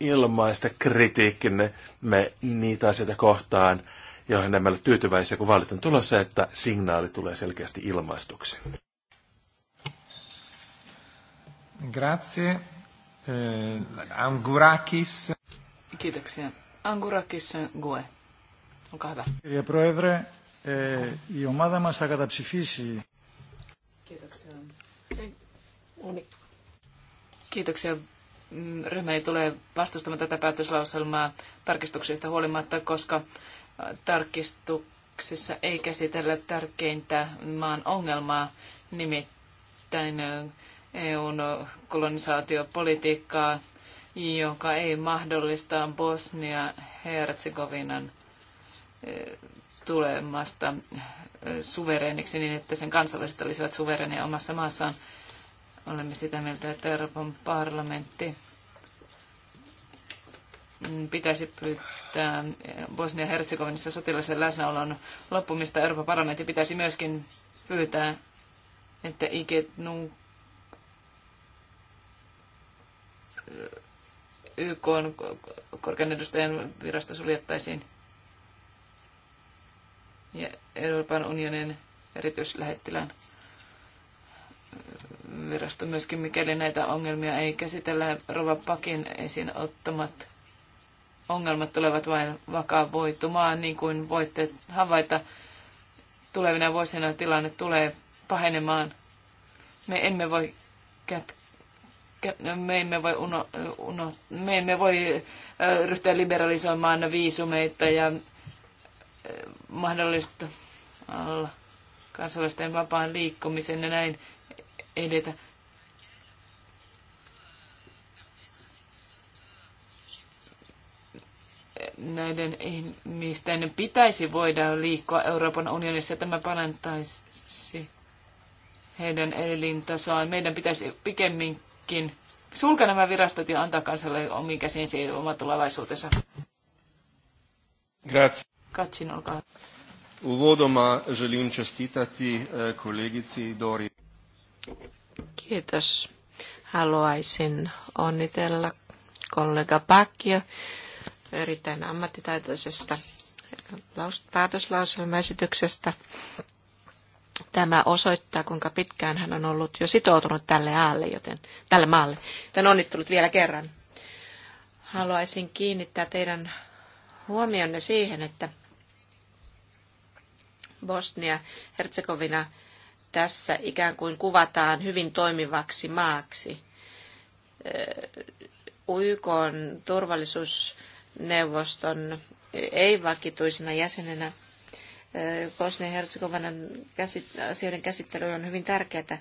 ilmaista kritiikkinne me niitä asioita kohtaan, johon nämä ole tyytyväisiä, kun vaalit on tulossa, että signaali tulee selkeästi ilmaistuksi. Grazie. Eh, Angurakis. Kiitoksia. Angurakis Gue. Olkaa hyvä. Κύριε Proedre, eh, η ομάδα μας θα καταψηφίσει. Kiitoksia. Kiitoksia. Mm, ryhmäni tulee vastustamaan tätä päätöslauselmaa tarkistuksista huolimatta, koska tarkistuksissa ei käsitellä tärkeintä maan ongelmaa, nimittäin EUn kolonisaatiopolitiikkaa, joka ei mahdollista Bosnia-Herzegovinan tulemasta suvereeniksi niin, että sen kansalaiset olisivat suvereneja omassa maassaan. Olemme sitä mieltä, että Euroopan parlamentti Mm, pitäisi pyytää eh, Bosnia-Herzegovinassa sotilaisen läsnäolon loppumista. Euroopan parlamentti pitäisi myöskin pyytää, että Iketnu eh, YK on korkean edustajan virasta suljettaisiin ja Euroopan unionin erityislähettilään eh, virasto myöskin, mikäli näitä ongelmia ei käsitellä. Rova Pakin esiin ottamat ongelmat tulevat vain vakavoitumaan, niin kuin voitte havaita. Tulevina vuosina tilanne tulee pahenemaan. Me emme voi kät- me emme voi, uno, uno, me emme voi ryhtyä liberalisoimaan viisumeita ja mahdollista alla kansalaisten vapaan liikkumisen ja näin edetä. näiden ihmisten pitäisi voida liikkua Euroopan unionissa. Tämä parantaisi heidän elintasoaan. Meidän pitäisi pikemminkin sulkea nämä virastot ja antaa kansalle omiin käsiin oma tulevaisuutensa. Grazie. Katsin, olkaa Uvodoma želim čestitati eh, kollegici Dori. Kiitos. Haluaisin onnitella kollega Pakia erittäin ammattitaitoisesta päätöslauselmaesityksestä. Tämä osoittaa, kuinka pitkään hän on ollut jo sitoutunut tälle, alle, joten, tälle maalle. Tän onnittelut vielä kerran. Haluaisin kiinnittää teidän huomionne siihen, että Bosnia-Herzegovina tässä ikään kuin kuvataan hyvin toimivaksi maaksi. YK turvallisuus neuvoston ei-vakituisena jäsenenä Bosnia-Herzegovinan asioiden käsittely on hyvin tärkeää,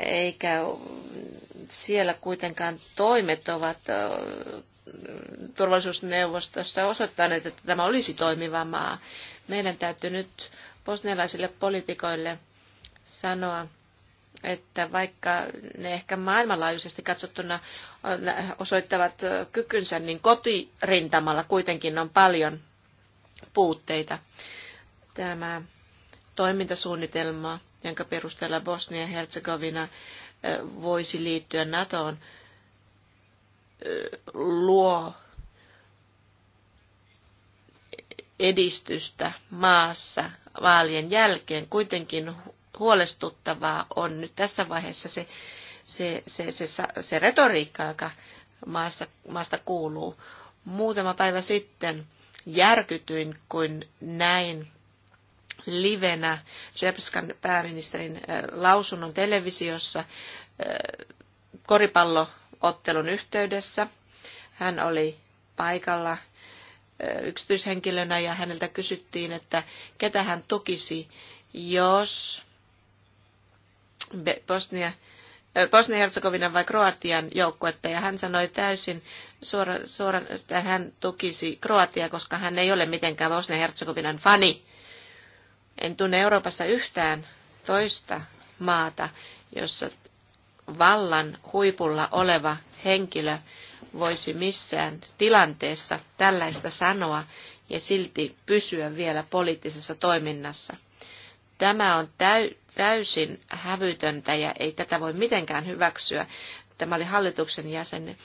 eikä siellä kuitenkaan toimet ovat turvallisuusneuvostossa osoittaneet, että tämä olisi toimiva maa. Meidän täytyy nyt bosnialaisille poliitikoille sanoa, että vaikka ne ehkä maailmanlaajuisesti katsottuna äh, osoittavat äh, kykynsä, niin kotirintamalla kuitenkin on paljon puutteita. Tämä toimintasuunnitelma, jonka perusteella Bosnia ja Herzegovina äh, voisi liittyä NATOon, luo edistystä maassa vaalien jälkeen. Kuitenkin huolestuttavaa on nyt tässä vaiheessa se, se, se, se, se retoriikka, joka maassa, maasta kuuluu. Muutama päivä sitten järkytyin, kun näin livenä Jepskan pääministerin lausunnon televisiossa koripalloottelun yhteydessä. Hän oli paikalla yksityishenkilönä ja häneltä kysyttiin, että ketä hän tukisi, jos Bosnia, bosnia herzegovina vai Kroatian joukkuetta ja hän sanoi täysin suora, että hän tukisi Kroatiaa, koska hän ei ole mitenkään Bosnia-Herzegovinan fani. En tunne Euroopassa yhtään toista maata, jossa vallan huipulla oleva henkilö voisi missään tilanteessa tällaista sanoa ja silti pysyä vielä poliittisessa toiminnassa. Tämä on täy- täysin hävytöntä ja ei tätä voi mitenkään hyväksyä. Tämä oli hallituksen jäsen.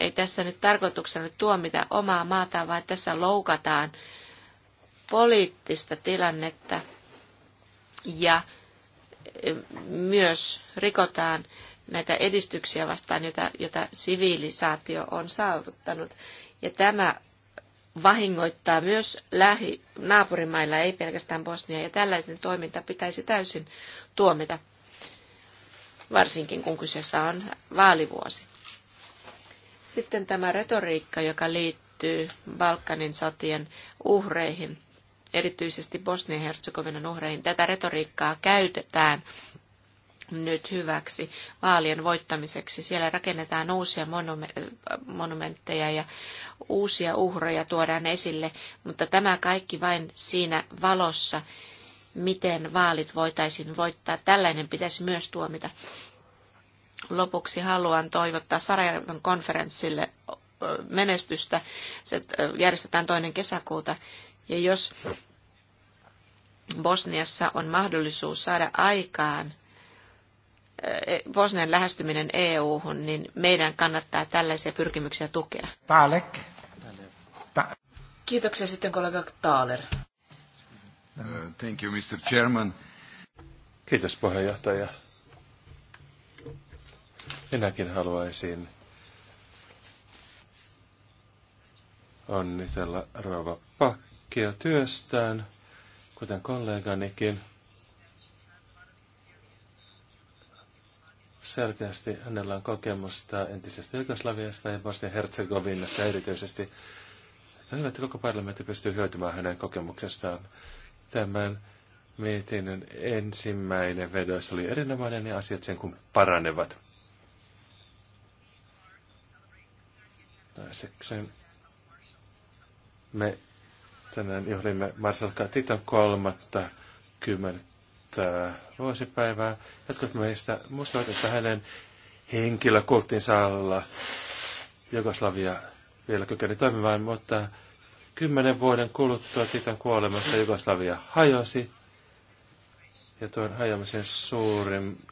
Ei tässä nyt tarkoituksena nyt tuomita omaa maataan, vaan tässä loukataan poliittista tilannetta ja e, myös rikotaan näitä edistyksiä vastaan, joita, joita sivilisaatio on saavuttanut. Ja tämä vahingoittaa myös lähi naapurimailla, ei pelkästään Bosnia, ja tällainen toiminta pitäisi täysin tuomita, varsinkin kun kyseessä on vaalivuosi. Sitten tämä retoriikka, joka liittyy Balkanin sotien uhreihin, erityisesti Bosnia-Herzegovinan uhreihin. Tätä retoriikkaa käytetään nyt hyväksi vaalien voittamiseksi. Siellä rakennetaan uusia monumentteja ja uusia uhreja tuodaan esille, mutta tämä kaikki vain siinä valossa, miten vaalit voitaisiin voittaa. Tällainen pitäisi myös tuomita. Lopuksi haluan toivottaa Sarajärven konferenssille menestystä. Se äh, järjestetään toinen kesäkuuta. Ja jos Bosniassa on mahdollisuus saada aikaan Bosnian lähestyminen EU-hun, niin meidän kannattaa tällaisia pyrkimyksiä tukea. Taalek. Ta- Kiitoksia sitten kollega Taaler. Uh, thank you, Mr. Chairman. Kiitos puheenjohtaja. Minäkin haluaisin onnitella rouva Pakkia työstään, kuten kolleganikin. Selkeästi hänellä on kokemusta entisestä Jugoslaviasta ja Bosnia-Herzegovinasta erityisesti. Ja hyvä, että koko parlamentti pystyy hyötymään hänen kokemuksestaan. Tämän mietinnön ensimmäinen vedos oli erinomainen ja asiat sen kun paranevat. Toiseksi me tänään juhlimme Marsalka Titan kolmatta kymmenettä viettää vuosipäivää. Jotkut meistä muistavat, että hänen henkilökulttinsa alla Jugoslavia vielä kykeni toimimaan, mutta kymmenen vuoden kuluttua Titan kuolemasta Jugoslavia hajosi. Ja tuon hajoamisen suurin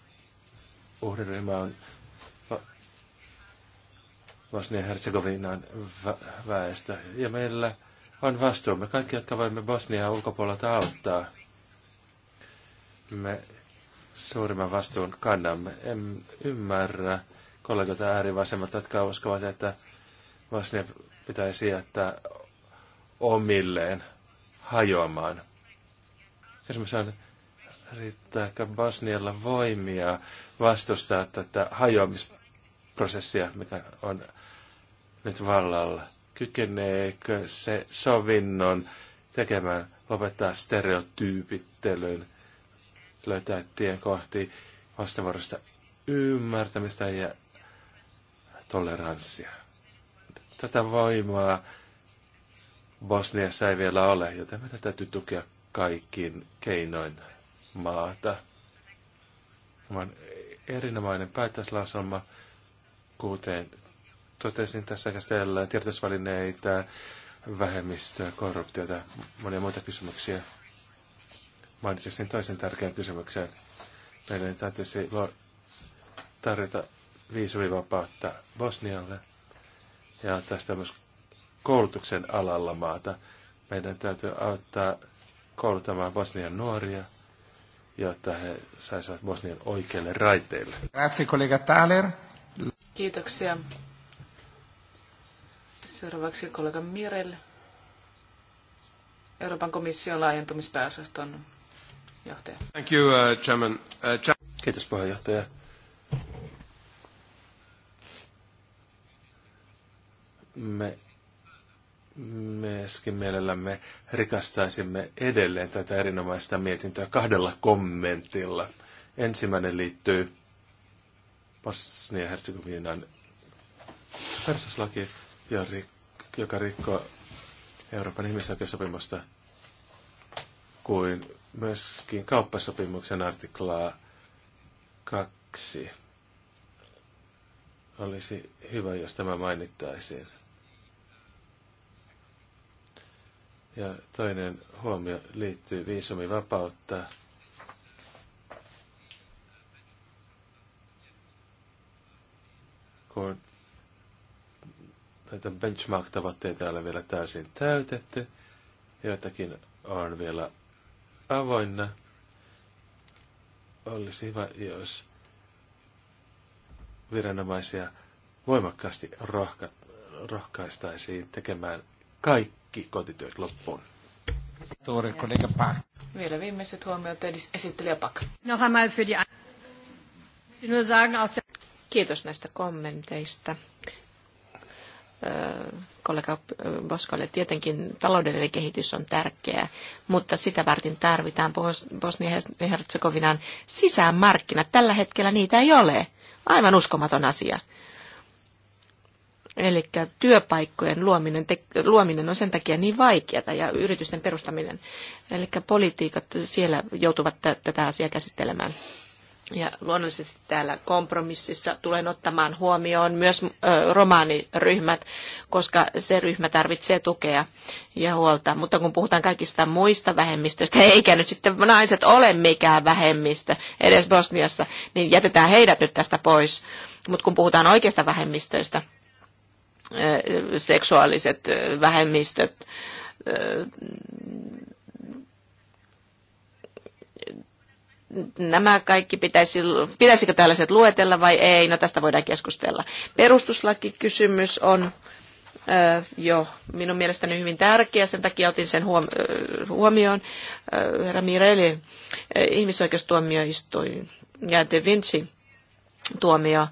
uhriryhmä on Bosnia-Herzegovinan väestö. Ja meillä on vastuumme, kaikki jotka voimme Bosniaa ulkopuolelta auttaa me suurimman vastuun kannamme. En ymmärrä kollegat äärivasemmat, jotka uskovat, että Bosnia pitäisi jättää omilleen hajoamaan. Kysymys on, riittääkö Bosnialla voimia vastustaa tätä hajoamisprosessia, mikä on nyt vallalla? Kykeneekö se sovinnon tekemään lopettaa stereotyypittelyn löytää tie kohti vastavuorosta ymmärtämistä ja toleranssia. Tätä voimaa Bosniassa ei vielä ole, joten meidän täytyy tukea kaikkiin keinoin maata. Tämä on erinomainen päätöslauselma, kuten totesin tässä käsitellään tiedotusvälineitä, vähemmistöä, korruptiota, monia muita kysymyksiä mainitsin toisen tärkeän kysymyksen. Meidän täytyisi tarjota viisumivapautta Bosnialle ja tästä myös koulutuksen alalla maata. Meidän täytyy auttaa kouluttamaan Bosnian nuoria, jotta he saisivat Bosnian oikeille raiteille. Grazie, kollega Thaler. Kiitoksia. Seuraavaksi kollega Mirel, Euroopan komission laajentumispääosaston johtaja. Thank you, uh, chairman. Uh, cha- Kiitos puheenjohtaja. Me myöskin mielellämme rikastaisimme edelleen tätä erinomaista mietintöä kahdella kommentilla. Ensimmäinen liittyy Bosnia-Herzegovinan perustuslaki, joka rikkoo Euroopan ihmisoikeussopimusta kuin myöskin kauppasopimuksen artiklaa kaksi. Olisi hyvä, jos tämä mainittaisiin. Ja toinen huomio liittyy viisumivapautta. Kun näitä benchmark-tavoitteita ei ole vielä täysin täytetty, joitakin on vielä avoinna. Olisi hyvä, jos viranomaisia voimakkaasti rohka- rohkaistaisiin tekemään kaikki kotityöt loppuun. Tuori kollega Pak. Vielä viimeiset huomiot esittelijä Pak. No, Kiitos näistä kommenteista. Öö kollega Boskalle tietenkin taloudellinen kehitys on tärkeää, mutta sitä varten tarvitaan Bosnia-Herzegovinan sisämarkkinat. Tällä hetkellä niitä ei ole. Aivan uskomaton asia. Eli työpaikkojen luominen, te, luominen on sen takia niin vaikeata ja yritysten perustaminen. Eli politiikat siellä joutuvat tätä asiaa käsittelemään. Ja luonnollisesti täällä kompromississa tulen ottamaan huomioon myös romaaniryhmät, koska se ryhmä tarvitsee tukea ja huolta. Mutta kun puhutaan kaikista muista vähemmistöistä, eikä nyt sitten naiset ole mikään vähemmistö edes Bosniassa, niin jätetään heidät nyt tästä pois. Mutta kun puhutaan oikeista vähemmistöistä, seksuaaliset vähemmistöt, nämä kaikki pitäisi, pitäisikö tällaiset luetella vai ei, no tästä voidaan keskustella. Perustuslakikysymys on jo minun mielestäni hyvin tärkeä, sen takia otin sen huomioon. Herra Mireli, ihmisoikeustuomioistuin ja De Vinci tuomio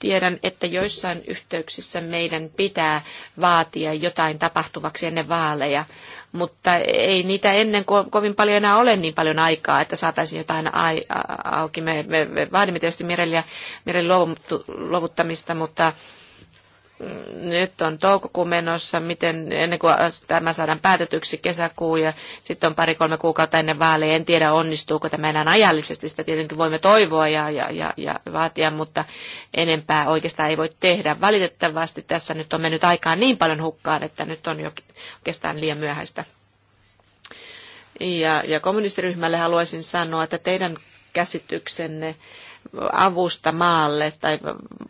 Tiedän, että joissain yhteyksissä meidän pitää vaatia jotain tapahtuvaksi ennen vaaleja, mutta ei niitä ennen ko- kovin paljon enää ole niin paljon aikaa, että saataisiin jotain ai- auki. Me, me, me vaadimme tietysti Mirellia, Mirelli luovuttamista, mutta nyt on toukokuun menossa, miten, ennen kuin tämä saadaan päätetyksi kesäkuu ja sitten on pari-kolme kuukautta ennen vaaleja. En tiedä, onnistuuko tämä enää ajallisesti. Sitä tietenkin voimme toivoa ja, ja, ja, ja vaatia, mutta enempää oikeastaan ei voi tehdä. Valitettavasti tässä nyt on mennyt aikaa niin paljon hukkaan, että nyt on jo oikeastaan liian myöhäistä. Ja, ja kommunistiryhmälle haluaisin sanoa, että teidän käsityksenne avusta maalle tai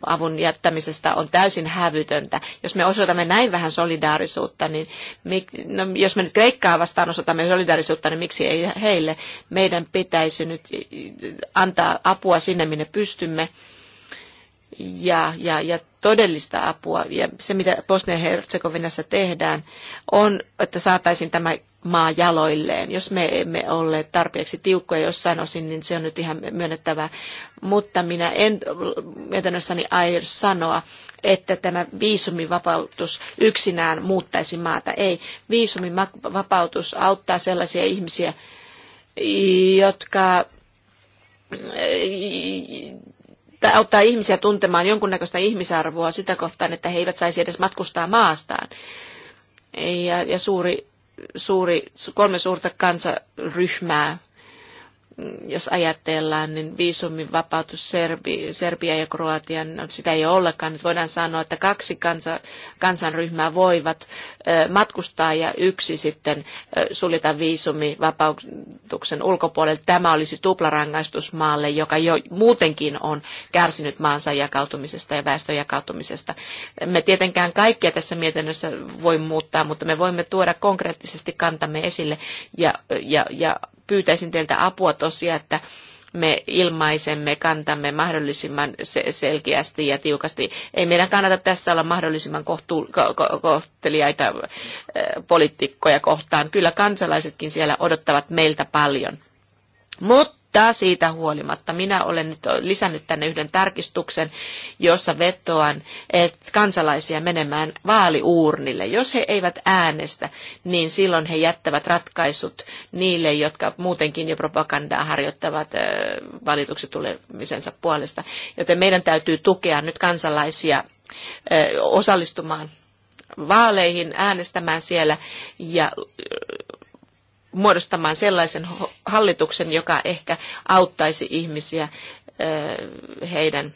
avun jättämisestä on täysin hävytöntä. Jos me osoitamme näin vähän solidaarisuutta, niin mik, no, jos me nyt Kreikkaa vastaan osoitamme solidaarisuutta, niin miksi ei heille? Meidän pitäisi nyt antaa apua sinne, minne pystymme ja, ja, ja todellista apua. Ja se, mitä Bosnia-Herzegovinassa tehdään, on, että saataisiin tämä maa jaloilleen. Jos me emme ole tarpeeksi tiukkoja jossain osin, niin se on nyt ihan myönnettävää. Mutta minä en mietinnössäni aio sanoa, että tämä viisumivapautus yksinään muuttaisi maata. Ei, viisumivapautus auttaa sellaisia ihmisiä, jotka tai auttaa ihmisiä tuntemaan jonkunnäköistä ihmisarvoa sitä kohtaan, että he eivät saisi edes matkustaa maastaan. Ja, ja suuri suuri, kolme suurta kansaryhmää jos ajatellaan, niin viisumin vapautus Serbi, Serbia ja Kroatia, no sitä ei ole ollenkaan. Nyt voidaan sanoa, että kaksi kansa, kansanryhmää voivat matkustaa ja yksi sitten suljeta viisumivapautuksen ulkopuolelle. Tämä olisi tuplarangaistus maalle, joka jo muutenkin on kärsinyt maansa jakautumisesta ja väestön jakautumisesta. Me tietenkään kaikkia tässä mietinnössä voi muuttaa, mutta me voimme tuoda konkreettisesti kantamme esille ja, ja, ja pyytäisin teiltä apua tosiaan, että me ilmaisemme kantamme mahdollisimman selkeästi ja tiukasti. Ei meidän kannata tässä olla mahdollisimman kohtu- ko- kohteliaita äh, kohtaan. Kyllä kansalaisetkin siellä odottavat meiltä paljon. Mutta mutta siitä huolimatta minä olen nyt lisännyt tänne yhden tarkistuksen, jossa vetoan että kansalaisia menemään vaaliuurnille. Jos he eivät äänestä, niin silloin he jättävät ratkaisut niille, jotka muutenkin jo propagandaa harjoittavat valituksi tulemisensa puolesta. Joten meidän täytyy tukea nyt kansalaisia osallistumaan vaaleihin, äänestämään siellä ja muodostamaan sellaisen hallituksen, joka ehkä auttaisi ihmisiä heidän,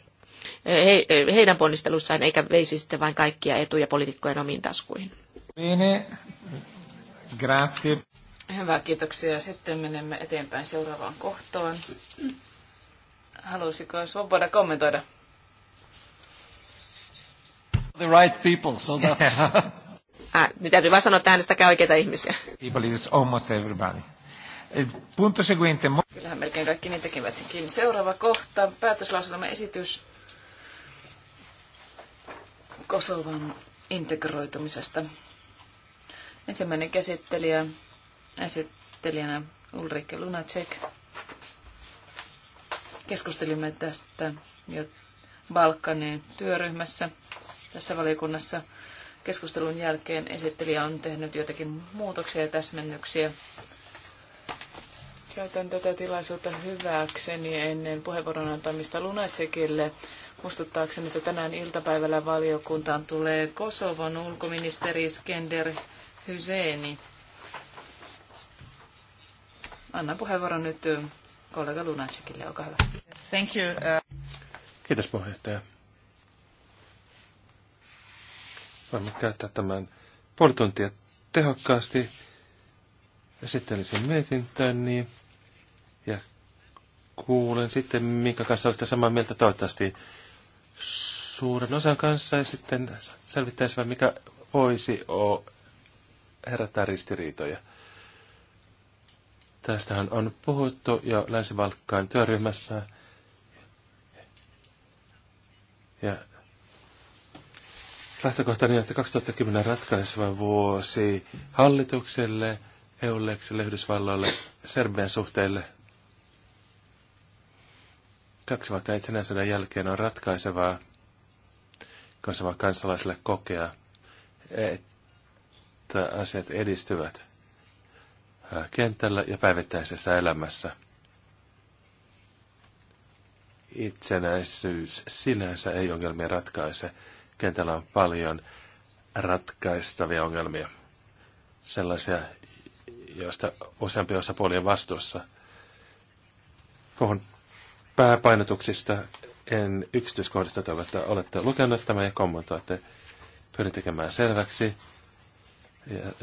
he, heidän ponnistelussaan, eikä veisi sitten vain kaikkia etuja poliitikkojen omiin taskuihin. Bene. Grazie. Hyvä, kiitoksia. Sitten menemme eteenpäin seuraavaan kohtaan. Haluaisiko Svoboda kommentoida? The right people, so that's... Mitä niin täytyy vaan sanoa, että äänestäkää oikeita ihmisiä. People is almost everybody. Eh, punto seguente. Kyllähän melkein kaikki niin tekivät. seuraava kohta. Päätöslauselma esitys Kosovan integroitumisesta. Ensimmäinen käsittelijä, esittelijänä Ulrike Lunacek. Keskustelimme tästä jo Balkanin työryhmässä tässä valiokunnassa – Keskustelun jälkeen esittelijä on tehnyt jotakin muutoksia ja täsmennyksiä. Käytän tätä tilaisuutta hyväkseni ennen puheenvuoron antamista Lunatsekille muistuttaakseni, että tänään iltapäivällä valiokuntaan tulee Kosovon ulkoministeri Skender Hyseeni. Anna puheenvuoron nyt kollega Lunacekille, olkaa hyvä. Thank you. Uh, Kiitos puheenjohtaja. Voimme käyttää tämän puoli tuntia tehokkaasti. Esittelisin niin ja kuulen sitten, minkä kanssa olette samaa mieltä toivottavasti suuren osan kanssa ja sitten selvittäisimme, mikä voisi olla herättää ristiriitoja. Tästähän on puhuttu jo länsi työryhmässä. Ja lähtökohtani, että 2010 ratkaiseva vuosi hallitukselle, EULEXille, Yhdysvalloille Serbian suhteille. Kaksi vuotta itsenäisyyden jälkeen on ratkaisevaa kosova kansalaisille kokea, että asiat edistyvät kentällä ja päivittäisessä elämässä. Itsenäisyys sinänsä ei ongelmia ratkaise kentällä on paljon ratkaistavia ongelmia. Sellaisia, joista useampi osapuoli on vastuussa. Puhun pääpainotuksista, en yksityiskohdista että olette lukenut tämän ja kommentoitte. Pyrin tekemään selväksi,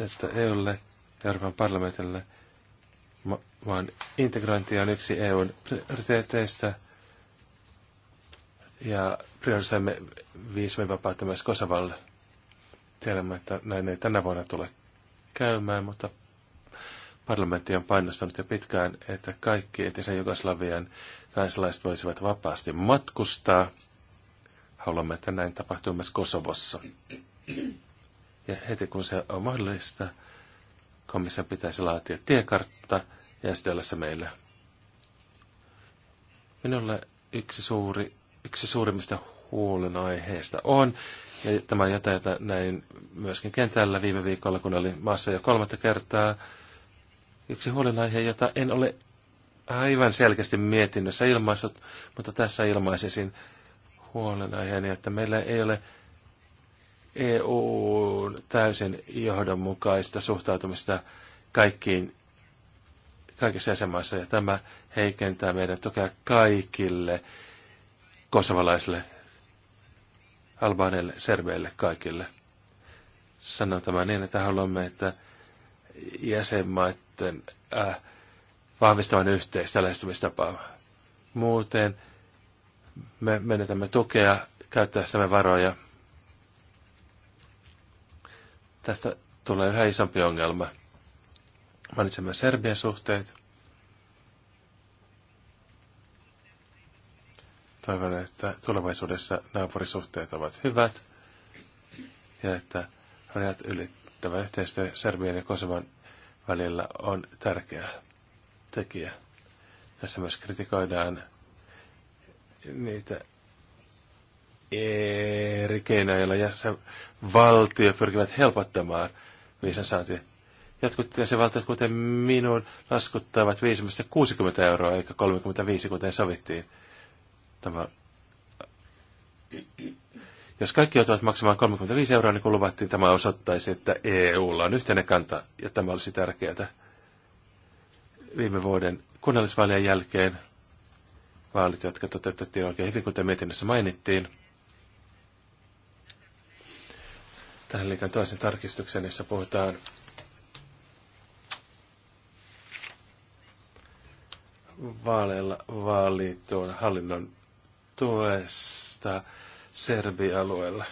että EUlle, Euroopan parlamentille, vaan integrointi on yksi EUn prioriteeteista – ja priorisoimme viisumivapautta myös Kosovalle. Tiedämme, että näin ei tänä vuonna tule käymään, mutta parlamentti on painostanut jo pitkään, että kaikki entisen Jugoslavian kansalaiset voisivat vapaasti matkustaa. Haluamme, että näin tapahtuu myös Kosovossa. Ja heti kun se on mahdollista, komission pitäisi laatia tiekartta ja esitellä se meille. Minulle yksi suuri yksi suurimmista huolenaiheista on. Ja tämä jotain, näin myöskin kentällä viime viikolla, kun oli maassa jo kolmatta kertaa. Yksi huolenaihe, jota en ole aivan selkeästi mietinnössä ilmaissut, mutta tässä ilmaisisin huolenaiheeni, että meillä ei ole EUn täysin johdonmukaista suhtautumista kaikkiin, kaikissa jäsenmaissa, ja tämä heikentää meidän tukea kaikille kosovalaisille, albaaneille, serveille, kaikille. Sanon tämän niin, että haluamme, että jäsenmaiden äh, vahvistavan yhteistä lähestymistapaa. Muuten me menetämme tukea käyttäessämme varoja. Tästä tulee yhä isompi ongelma. Mainitsemme Serbian suhteet – Toivon, että tulevaisuudessa naapurisuhteet ovat hyvät ja että rajat ylittävä yhteistyö Serbian ja Kosovan välillä on tärkeä tekijä. Tässä myös kritikoidaan niitä eri keinoja, joilla jäsenvaltio pyrkivät helpottamaan viisan saantia. Jotkut jäsenvaltiot, kuten minun, laskuttavat 560 euroa, eikä 35, kuten sovittiin. Tämä, jos kaikki joutuvat maksamaan 35 euroa, niin kun luvattiin, tämä osoittaisi, että EUlla on yhteinen kanta, ja tämä olisi tärkeää. Viime vuoden kunnallisvaalien jälkeen vaalit, jotka toteutettiin oikein hyvin, kuten mietinnössä mainittiin. Tähän liitän toisen tarkistuksen, jossa puhutaan vaaleilla vaalitun hallinnon tuesta Serbia-alueella.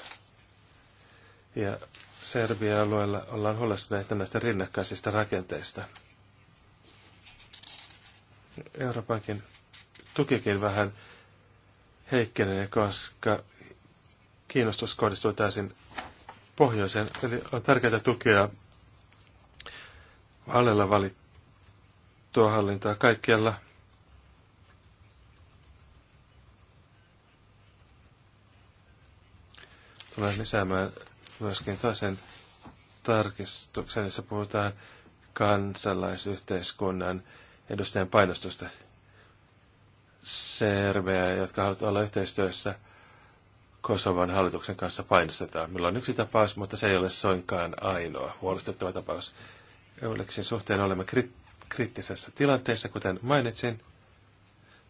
Ja Serbia-alueella ollaan huolestuneita näistä rinnakkaisista rakenteista. Euroopankin tukikin vähän heikkenee, koska kiinnostus kohdistuu täysin pohjoiseen. Eli on tärkeää tukea vaaleilla valittua hallintaa kaikkialla – tulee lisäämään myöskin toisen tarkistuksen, jossa puhutaan kansalaisyhteiskunnan edustajan painostusta. Serbeä, jotka haluavat olla yhteistyössä Kosovan hallituksen kanssa painostetaan. Meillä on yksi tapaus, mutta se ei ole soinkaan ainoa huolestuttava tapaus. Euleksin suhteen olemme kri- kriittisessä tilanteessa, kuten mainitsin.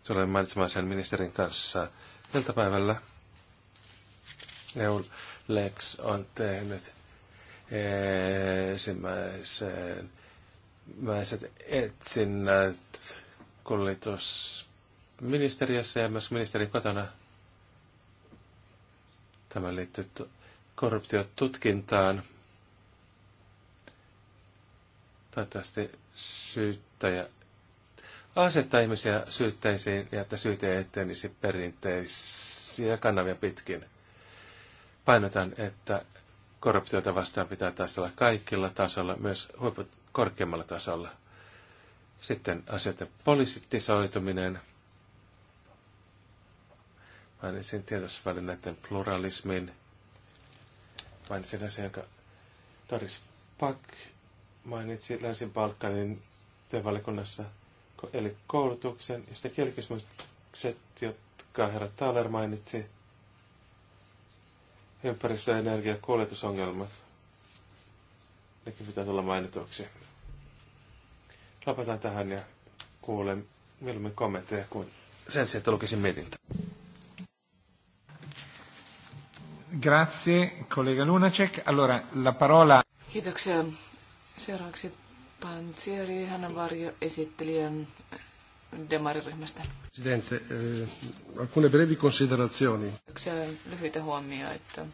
tulemme mainitsemaan sen ministerin kanssa iltapäivällä. EULEX on tehnyt ensimmäisen ensimmäiset etsinnät kuljetusministeriössä ja myös ministeri kotona. Tämä liittyy korruptiotutkintaan. Toivottavasti syyttäjä asettaa ihmisiä syytteisiin ja että syyte etenisi perinteisiä kanavia pitkin painotan, että korruptiota vastaan pitää taistella kaikilla tasolla, myös huiput korkeammalla tasolla. Sitten asioiden poliittisoituminen. Mainitsin tiedotusvälineiden pluralismin. Mainitsin asian, jonka Doris Pak mainitsi Länsi-Balkanin työvalikunnassa, eli koulutuksen ja sitten kielikysymykset, jotka herra Thaler mainitsi ympäristö-, ja kuljetusongelmat. Nekin pitää tulla mainituksi. Lopetan tähän ja kuulen mieluummin kommentteja kuin sen sijaan, että lukisin mietintä. Grazie, collega Lunacek. Allora, la parola... Kiitoksia. Seuraavaksi Pantsieri, hänen varjoesittelijän demariryhmästä. Presidente, eh, alcune brevi considerazioni. Lyhyitä huomioita.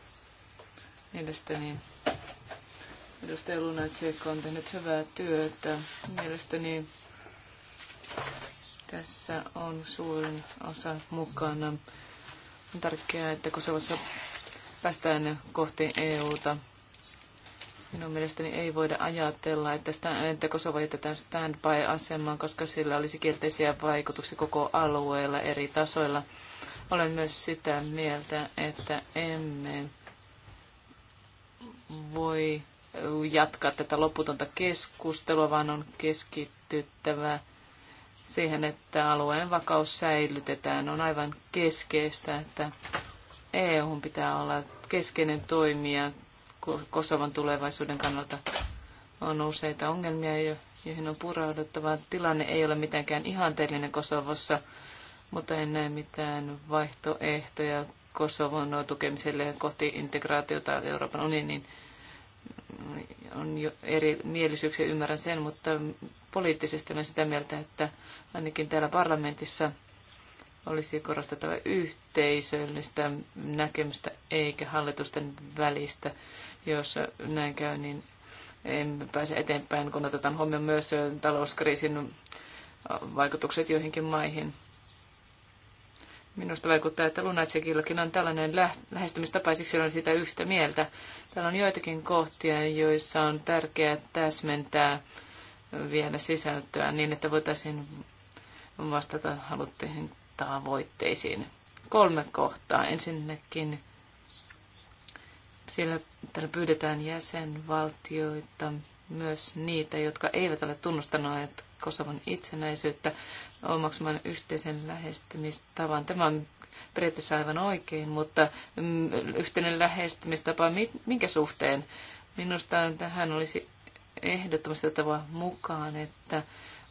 Mielestäni edustaja Lunacek on tehnyt hyvää työtä. Mielestäni tässä on suurin osa mukana. On tärkeää, että Kosovassa päästään kohti EUta Minun mielestäni ei voida ajatella, että, sitä, että Kosovo jätetään standby-asemaan, koska sillä olisi kielteisiä vaikutuksia koko alueella eri tasoilla. Olen myös sitä mieltä, että emme voi jatkaa tätä loputonta keskustelua, vaan on keskityttävä siihen, että alueen vakaus säilytetään. On aivan keskeistä, että EU pitää olla keskeinen toimija Kosovan tulevaisuuden kannalta on useita ongelmia, joihin on purauduttava. Tilanne ei ole mitenkään ihanteellinen Kosovossa, mutta en näe mitään vaihtoehtoja Kosovon tukemiselle ja kohti integraatiota Euroopan unionin. On jo eri mielisyyksiä, ymmärrän sen, mutta poliittisesti olen sitä mieltä, että ainakin täällä parlamentissa olisi korostettava yhteisöllistä näkemystä eikä hallitusten välistä jos näin käy, niin en pääse eteenpäin, kun otetaan huomioon myös talouskriisin vaikutukset joihinkin maihin. Minusta vaikuttaa, että lunatsekillakin on tällainen lähestymistapa, siksi olen sitä yhtä mieltä. Täällä on joitakin kohtia, joissa on tärkeää täsmentää vielä sisältöä niin, että voitaisiin vastata haluttuihin tavoitteisiin. Kolme kohtaa. Ensinnäkin siellä täällä pyydetään jäsenvaltioita, myös niitä, jotka eivät ole tunnustaneet kosovan itsenäisyyttä omaksumaan yhteisen lähestymistavan. Tämä on periaatteessa aivan oikein, mutta mm, yhteinen lähestymistapa minkä suhteen? Minusta tähän olisi ehdottomasti otettava mukaan, että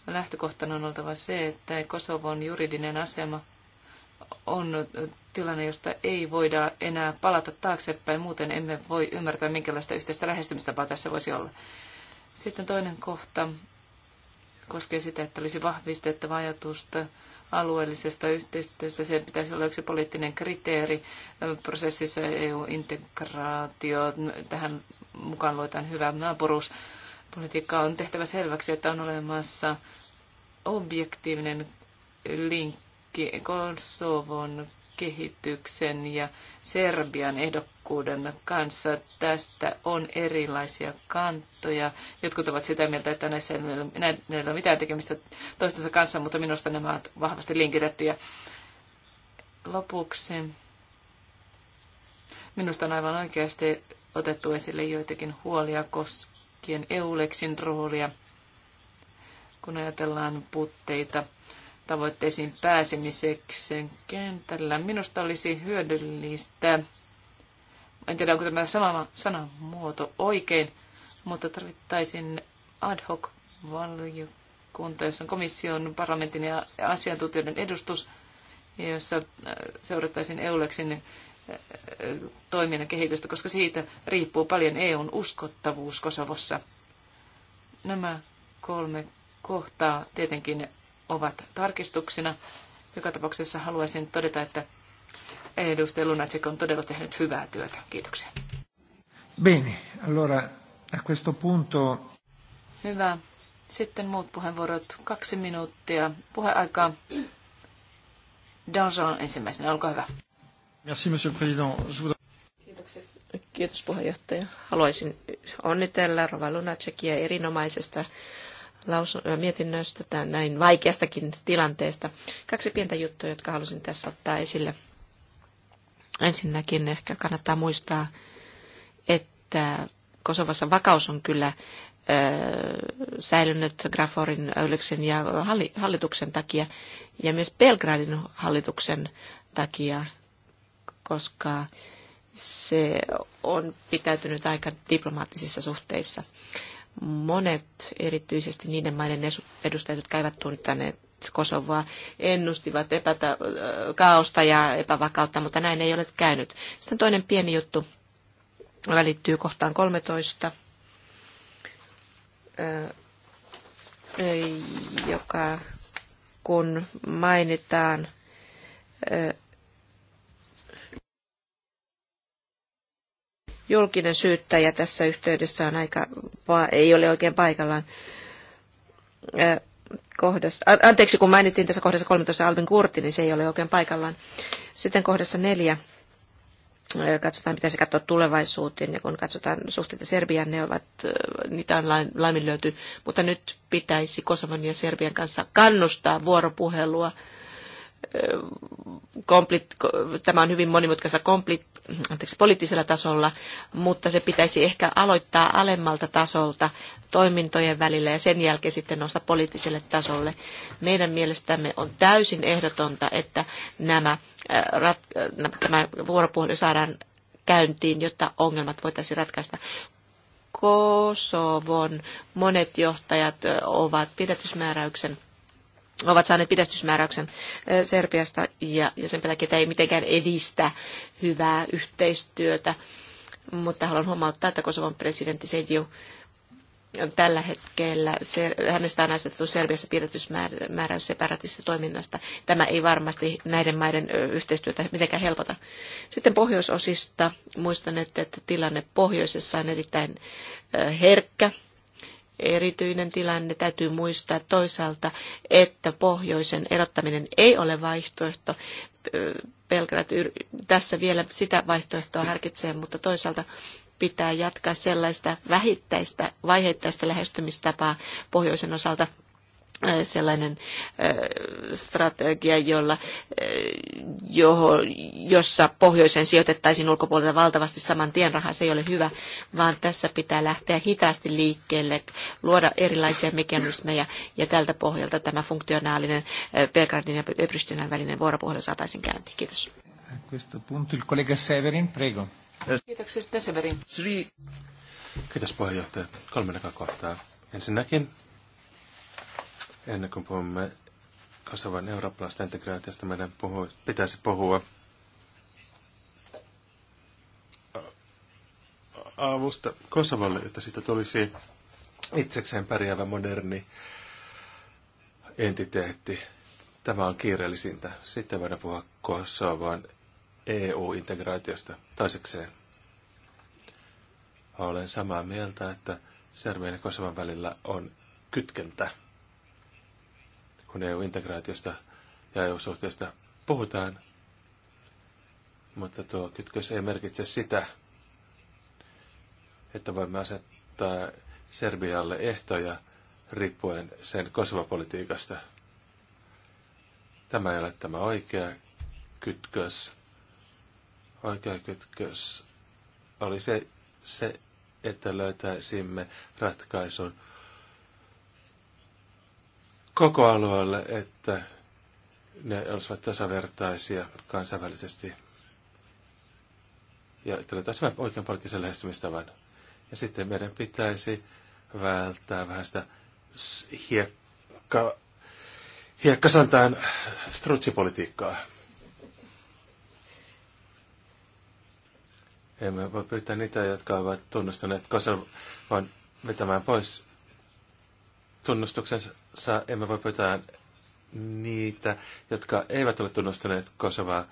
lähtökohtana on oltava se, että Kosovon juridinen asema on tilanne, josta ei voida enää palata taaksepäin, muuten emme voi ymmärtää, minkälaista yhteistä lähestymistapaa tässä voisi olla. Sitten toinen kohta koskee sitä, että olisi vahvistettava ajatusta alueellisesta yhteistyöstä. Se pitäisi olla yksi poliittinen kriteeri prosessissa EU-integraatio. Tähän mukaan luetaan hyvä naapuruus. Politiikka on tehtävä selväksi, että on olemassa objektiivinen linkki Kosovon kehityksen ja Serbian ehdokkuuden kanssa. Tästä on erilaisia kantoja. Jotkut ovat sitä mieltä, että näissä ei ole mitään tekemistä toistensa kanssa, mutta minusta nämä ovat vahvasti linkitettyjä. Lopuksi minusta on aivan oikeasti otettu esille joitakin huolia koskien Euleksin roolia, kun ajatellaan putteita tavoitteisiin pääsemiseksi kentällä. Minusta olisi hyödyllistä, en tiedä onko tämä sama sanamuoto oikein, mutta tarvittaisiin ad hoc valiokunta, jossa on komission, parlamentin ja asiantuntijoiden edustus, jossa äh, seurattaisiin EULEXin äh, toiminnan kehitystä, koska siitä riippuu paljon EUn uskottavuus Kosovossa. Nämä kolme kohtaa tietenkin ovat tarkistuksina. Joka tapauksessa haluaisin todeta, että edustaja Lunacek on todella tehnyt hyvää työtä. Kiitoksia. Bene, allora a questo punto... Hyvä. Sitten muut puheenvuorot. Kaksi minuuttia puheaikaa. Danjon ensimmäisenä, olkaa hyvä. Merci, monsieur le président. voudrais... Kiitos puheenjohtaja. Haluaisin onnitella Rova Lunacekia erinomaisesta lausun- mietinnöstä tai näin vaikeastakin tilanteesta. Kaksi pientä juttua, jotka halusin tässä ottaa esille. Ensinnäkin ehkä kannattaa muistaa, että Kosovassa vakaus on kyllä säilynyt Graforin, Yleksen ja hallituksen takia ja myös Belgradin hallituksen takia, koska se on pitäytynyt aika diplomaattisissa suhteissa monet, erityisesti niiden maiden edustajat, jotka eivät tuntaneet Kosovoa, ennustivat epätä, kaaosta ja epävakautta, mutta näin ei ole käynyt. Sitten toinen pieni juttu välittyy kohtaan 13, joka kun mainitaan julkinen syyttäjä tässä yhteydessä on aika, ei ole oikein paikallaan. Kohdassa, anteeksi, kun mainittiin tässä kohdassa 13 Albin Kurti, niin se ei ole oikein paikallaan. Sitten kohdassa neljä katsotaan, pitäisi katsoa tulevaisuuteen ja kun katsotaan suhteita Serbiaan, ne ovat, niitä on laiminlyöty, mutta nyt pitäisi Kosovan ja Serbian kanssa kannustaa vuoropuhelua komplit, tämä on hyvin monimutkaisella komplit, anteeksi, poliittisella tasolla, mutta se pitäisi ehkä aloittaa alemmalta tasolta toimintojen välillä ja sen jälkeen sitten nousta poliittiselle tasolle. Meidän mielestämme on täysin ehdotonta, että nämä, äh, rat, äh, tämä vuoropuhelu saadaan käyntiin, jotta ongelmat voitaisiin ratkaista. Kosovon monet johtajat äh, ovat pidätysmääräyksen ovat saaneet pidästysmääräyksen Serbiasta ja, ja sen takia tämä ei mitenkään edistä hyvää yhteistyötä. Mutta haluan huomauttaa, että Kosovan presidentti Sedju tällä hetkellä hänestä on asetettu Serbiassa pidätysmääräys separatista toiminnasta. Tämä ei varmasti näiden maiden yhteistyötä mitenkään helpota. Sitten pohjoisosista muistan, että, tilanne pohjoisessa on erittäin herkkä erityinen tilanne. Täytyy muistaa toisaalta, että pohjoisen erottaminen ei ole vaihtoehto. Belgrad tässä vielä sitä vaihtoehtoa harkitsee, mutta toisaalta pitää jatkaa sellaista vähittäistä, vaiheittaista lähestymistapaa pohjoisen osalta, sellainen strategia, jolla, joho, jossa pohjoiseen sijoitettaisiin ulkopuolelta valtavasti saman tien rahaa, se ei ole hyvä, vaan tässä pitää lähteä hitaasti liikkeelle, luoda erilaisia mekanismeja ja tältä pohjalta tämä funktionaalinen Belgradin ja Pristinan välinen vuoropuhelu saataisiin käyntiin. Kiitos. Kiitoksia, Severin. Kiitos puheenjohtaja. Kolme kohtaa. Ensinnäkin Ennen kuin puhumme Kosovan eurooppalaisesta integraatiosta, meidän puhu, pitäisi puhua avusta Kosovalle, että siitä tulisi itsekseen pärjäävä moderni entiteetti. Tämä on kiireellisintä. Sitten voidaan puhua Kosovan EU-integraatiosta toisekseen. Olen samaa mieltä, että Serbian ja Kosovan välillä on kytkentä kun EU-integraatiosta ja EU-suhteesta puhutaan. Mutta tuo kytkös ei merkitse sitä, että voimme asettaa Serbialle ehtoja riippuen sen kosvapolitiikasta. politiikasta Tämä ei ole tämä oikea kytkös. Oikea kytkös oli se, se että löytäisimme ratkaisun koko alueelle, että ne olisivat tasavertaisia kansainvälisesti. Ja löytäisimme oikean poliittisen lähestymistavan. Ja sitten meidän pitäisi välttää vähän sitä hiekka, hiekkasantaan strutsipolitiikkaa. Emme voi pyytää niitä, jotka ovat tunnustaneet Kosovan vetämään pois tunnustuksensa emme voi pyytää niitä, jotka eivät ole tunnustaneet Kosovaa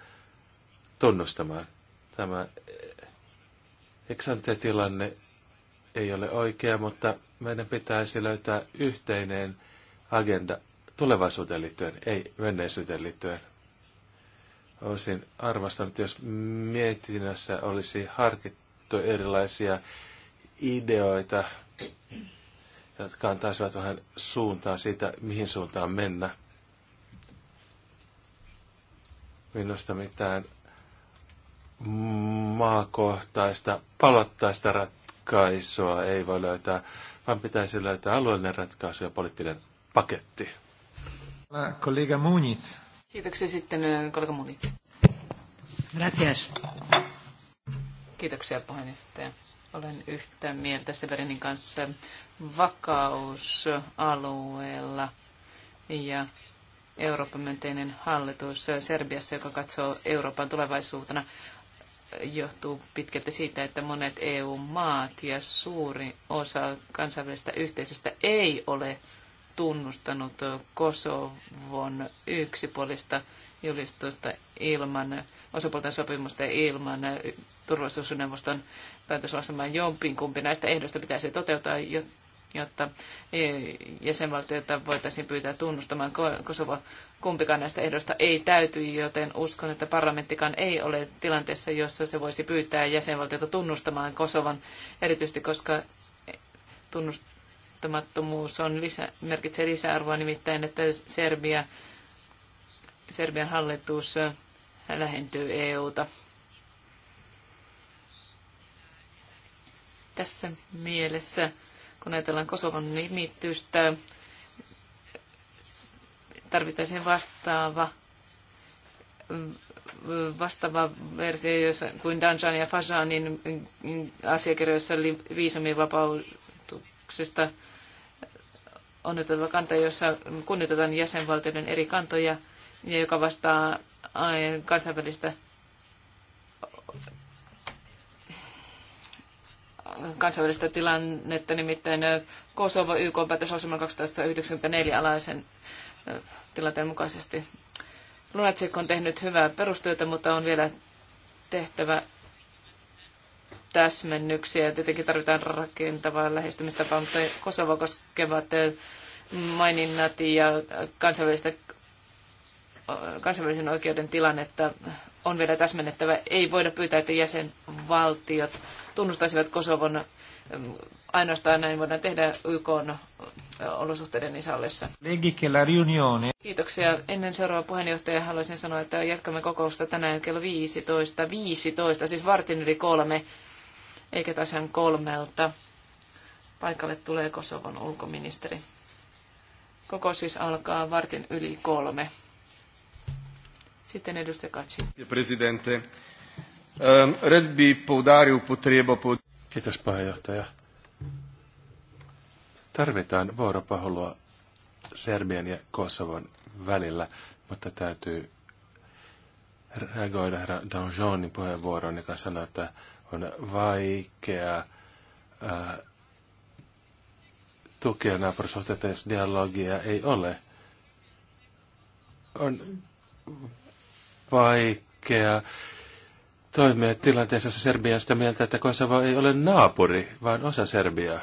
tunnustamaan. Tämä eksante-tilanne ei ole oikea, mutta meidän pitäisi löytää yhteinen agenda tulevaisuuteen liittyen, ei menneisyyteen liittyen. Olisin arvostanut, jos mietinnässä olisi harkittu erilaisia ideoita jotka antaisivat vähän suuntaa siitä, mihin suuntaan mennä. Minusta mitään maakohtaista, palottaista ratkaisua ei voi löytää, vaan pitäisi löytää alueellinen ratkaisu ja poliittinen paketti. Kollega Muniz. Kiitoksia sitten äh, kollega Muniz. Gracias. Kiitoksia puheenjohtaja. Olen yhtä mieltä Severinin kanssa vakausalueella ja Euroopan myönteinen hallitus Serbiassa, joka katsoo Euroopan tulevaisuutena, johtuu pitkälti siitä, että monet EU-maat ja suuri osa kansainvälisestä yhteisöstä ei ole tunnustanut Kosovon yksipuolista julistusta ilman osapuolten sopimusta ilman turvallisuusneuvoston päätöslaseman jompiin kumpi näistä ehdoista pitäisi toteuttaa, jotta e, jäsenvaltioita voitaisiin pyytää tunnustamaan Kosovo. Kumpikaan näistä ehdoista ei täyty, joten uskon, että parlamenttikaan ei ole tilanteessa, jossa se voisi pyytää jäsenvaltiota tunnustamaan Kosovan, erityisesti koska tunnustamattomuus on lisä, merkitsee lisäarvoa nimittäin, että Serbia, Serbian hallitus lähentyy EUta. Tässä mielessä, kun ajatellaan Kosovan nimitystä, tarvittaisiin vastaava vastaava versio jossa, kuin Danjan ja Fasanin asiakirjoissa oli viisumivapautuksesta onnetelva kanta, jossa kunnioitetaan jäsenvaltioiden eri kantoja ja joka vastaa kansainvälistä kansainvälistä tilannetta, nimittäin Kosovo YK päätösasema 1294 alaisen tilanteen mukaisesti. Lunacek on tehnyt hyvää perustyötä, mutta on vielä tehtävä täsmennyksiä. Tietenkin tarvitaan rakentavaa lähestymistapaa, mutta Kosovo koskevat maininnat ja kansainvälistä kansainvälisen oikeuden tilannetta on vielä täsmennettävä. Ei voida pyytää, että jäsenvaltiot tunnustaisivat Kosovon ainoastaan näin voidaan tehdä YK olosuhteiden isallessa. Kiitoksia. Ennen seuraavaa puheenjohtaja haluaisin sanoa, että jatkamme kokousta tänään kello 15. 15, siis vartin yli kolme, eikä tasan kolmelta. Paikalle tulee Kosovon ulkoministeri. Kokous siis alkaa vartin yli kolme. Sitten edustaja Katsi. Presidente. Ehm, rad bi poudaril potrebo po... Kiitos puheenjohtaja. Tarvitaan vuoropaholua Serbian ja Kosovon välillä, mutta täytyy reagoida herra Danjonin puheenvuoroon, joka sanoi, että on vaikea ää, äh, tukea naapurisuhteita, jos dialogia ei ole. On vaikea toimia tilanteessa, jossa Serbia on sitä mieltä, että Kosovo ei ole naapuri, vaan osa Serbiaa.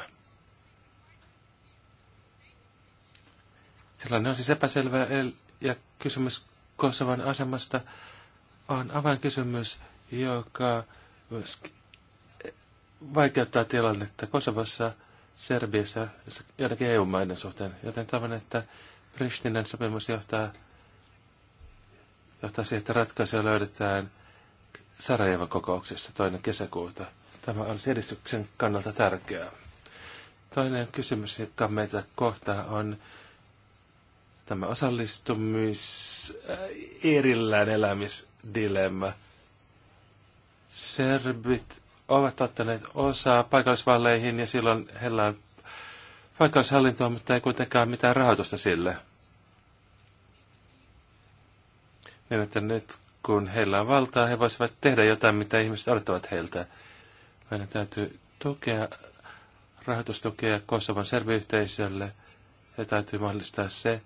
Tilanne on siis epäselvä ja kysymys Kosovan asemasta on avainkysymys, joka vaikeuttaa tilannetta Kosovassa, Serbiassa ja joidenkin EU-maiden suhteen. Joten toivon, että Pristinan sopimus johtaa johtaa siihen, että ratkaisuja löydetään Sarajevan kokouksessa toinen kesäkuuta. Tämä on edistyksen kannalta tärkeää. Toinen kysymys, joka meitä kohtaa, on tämä osallistumis äh, erillään elämisdilemma. Serbit ovat ottaneet osaa paikallisvalleihin ja silloin heillä on paikallishallintoa, mutta ei kuitenkaan mitään rahoitusta sille. niin että nyt kun heillä on valtaa, he voisivat tehdä jotain, mitä ihmiset odottavat heiltä. Meidän täytyy tukea, rahoitustukea Kosovan serviyhteisölle ja täytyy mahdollistaa se,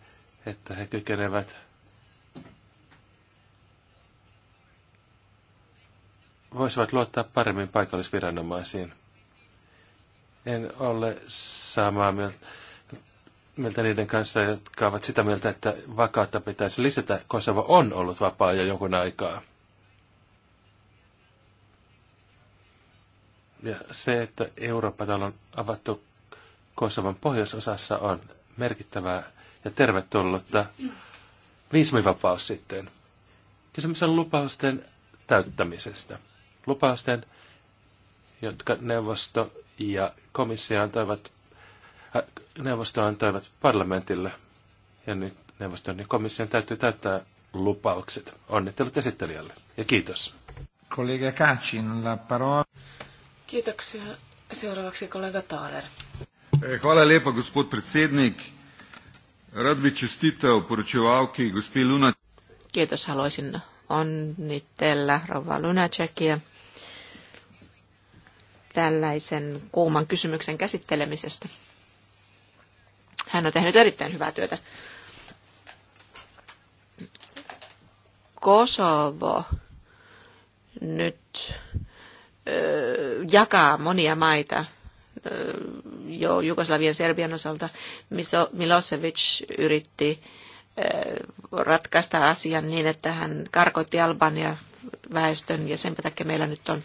että he kykenevät voisivat luottaa paremmin paikallisviranomaisiin. En ole samaa mieltä mieltä niiden kanssa, jotka ovat sitä mieltä, että vakautta pitäisi lisätä. Kosovo on ollut vapaa jo jonkun aikaa. Ja se, että Eurooppa on avattu Kosovan pohjoisosassa on merkittävää ja tervetullutta viisumivapaus sitten. Kysymys on lupausten täyttämisestä. Lupausten, jotka neuvosto ja komissio antoivat neuvosto antoivat parlamentille, ja nyt neuvoston ja komission täytyy täyttää lupaukset. Onnittelut esittelijälle ja kiitos. Kollega Kacin, la parola. Kiitoksia. Seuraavaksi kollega Taaler. Eh, hvala lepa, gospod predsednik. Rad bi čestitev poročevalki gospi Luna. Kiitos, haluaisin onnitella rouva Lunacekia tällaisen kuuman kysymyksen käsittelemisestä. Hän on tehnyt erittäin hyvää työtä. Kosovo nyt jakaa monia maita jo Jugoslavian Serbian osalta. Milosevic yritti ratkaista asian niin, että hän karkoitti Albania väestön ja sen takia meillä nyt on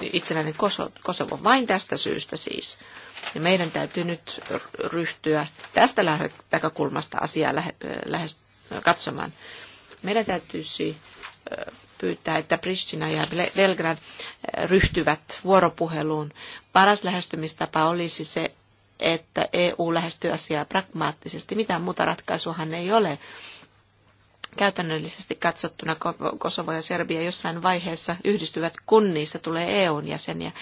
itsenäinen Kosovo. Vain tästä syystä siis. Ja meidän täytyy nyt ryhtyä tästä näkökulmasta asiaa lähe, lähes, katsomaan. Meidän täytyisi pyytää, että Pristina ja Belgrad ryhtyvät vuoropuheluun. Paras lähestymistapa olisi se, että EU lähestyy asiaa pragmaattisesti. Mitään muuta ratkaisuahan ei ole käytännöllisesti katsottuna Kosovo ja Serbia jossain vaiheessa yhdistyvät, kun niistä tulee EUn jäseniä.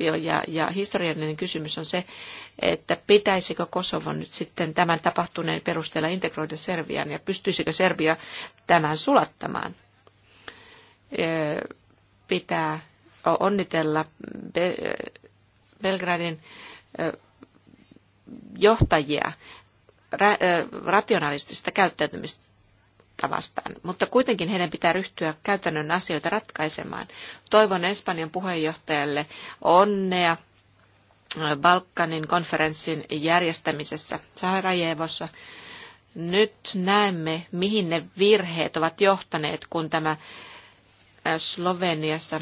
Ja, ja historiallinen kysymys on se, että pitäisikö Kosovo nyt sitten tämän tapahtuneen perusteella integroida Serbiaan ja pystyisikö Serbia tämän sulattamaan. Pitää onnitella Belgradin johtajia rationaalisesta käyttäytymisestä ta vastaan. Mutta kuitenkin heidän pitää ryhtyä käytännön asioita ratkaisemaan. Toivon Espanjan puheenjohtajalle onnea Balkanin konferenssin järjestämisessä Sarajevossa. Nyt näemme, mihin ne virheet ovat johtaneet, kun tämä Sloveniassa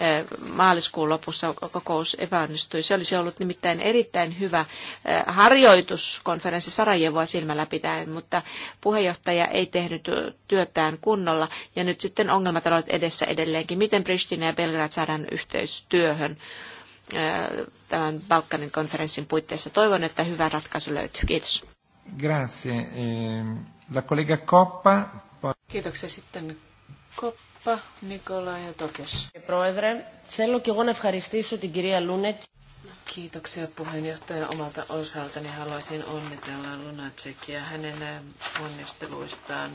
eh, maaliskuun lopussa kokous epäonnistui. Se olisi ollut nimittäin erittäin hyvä eh, harjoituskonferenssi Sarajevoa silmällä pitäen, mutta puheenjohtaja ei tehnyt työtään kunnolla ja nyt sitten ongelmat ovat edessä edelleenkin. Miten Pristina ja Belgrad saadaan yhteistyöhön? Eh, tämän Balkanin konferenssin puitteissa. Toivon, että hyvä ratkaisu löytyy. Kiitos. Grazie. La collega Coppa. Kiitoksia sitten Coppa. Κάπα Νικολάη Τόκες. Πρόεδρε, θέλω και εγώ να ευχαριστήσω την κυρία Λούνετ. Kiitoksia puheenjohtaja omalta osaltani. Haluaisin onnitella Lunacekia hänen eh, onnisteluistaan.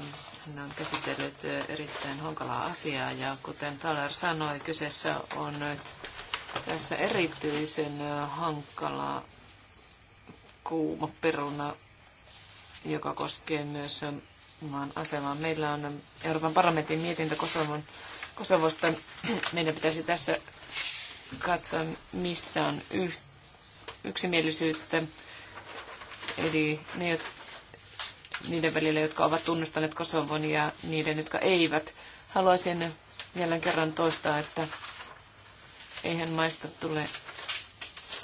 Hän on käsitellyt eh, erittäin hankalaa asiaa ja kuten Taler sanoi, kyseessä on eh, tässä erityisen hankala kuuma peruna, joka koskee myös maan asemaan. Meillä on Euroopan parlamentin mietintö Kosovon, Kosovosta. Meidän pitäisi tässä katsoa, missä on yh, yksimielisyyttä. Eli ne, jotka, niiden välillä, jotka ovat tunnustaneet Kosovon ja niiden, jotka eivät. Haluaisin vielä kerran toistaa, että eihän maista tule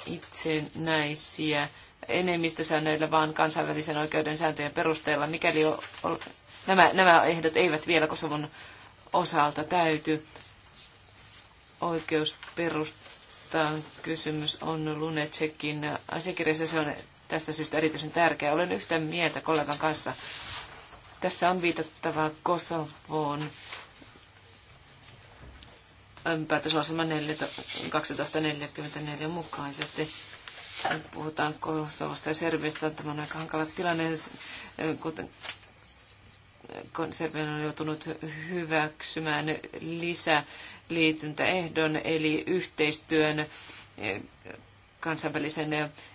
itsenäisiä enemmistösäännöillä, vaan kansainvälisen oikeuden sääntöjen perusteella, mikäli nämä, nämä ehdot eivät vielä Kosovon osalta täyty. Oikeusperustaan kysymys on Lunetsekin asiakirjassa. Se on tästä syystä erityisen tärkeä. Olen yhtä mieltä kollegan kanssa. Tässä on viitattava Kosovoon päätöslauselma 1244 mukaisesti. Nyt puhutaan Kosovasta ja Serbiasta. Tämä on aika hankala tilanne, kuten Serbian on joutunut hyväksymään lisäliityntäehdon, eli yhteistyön e, kansainvälisen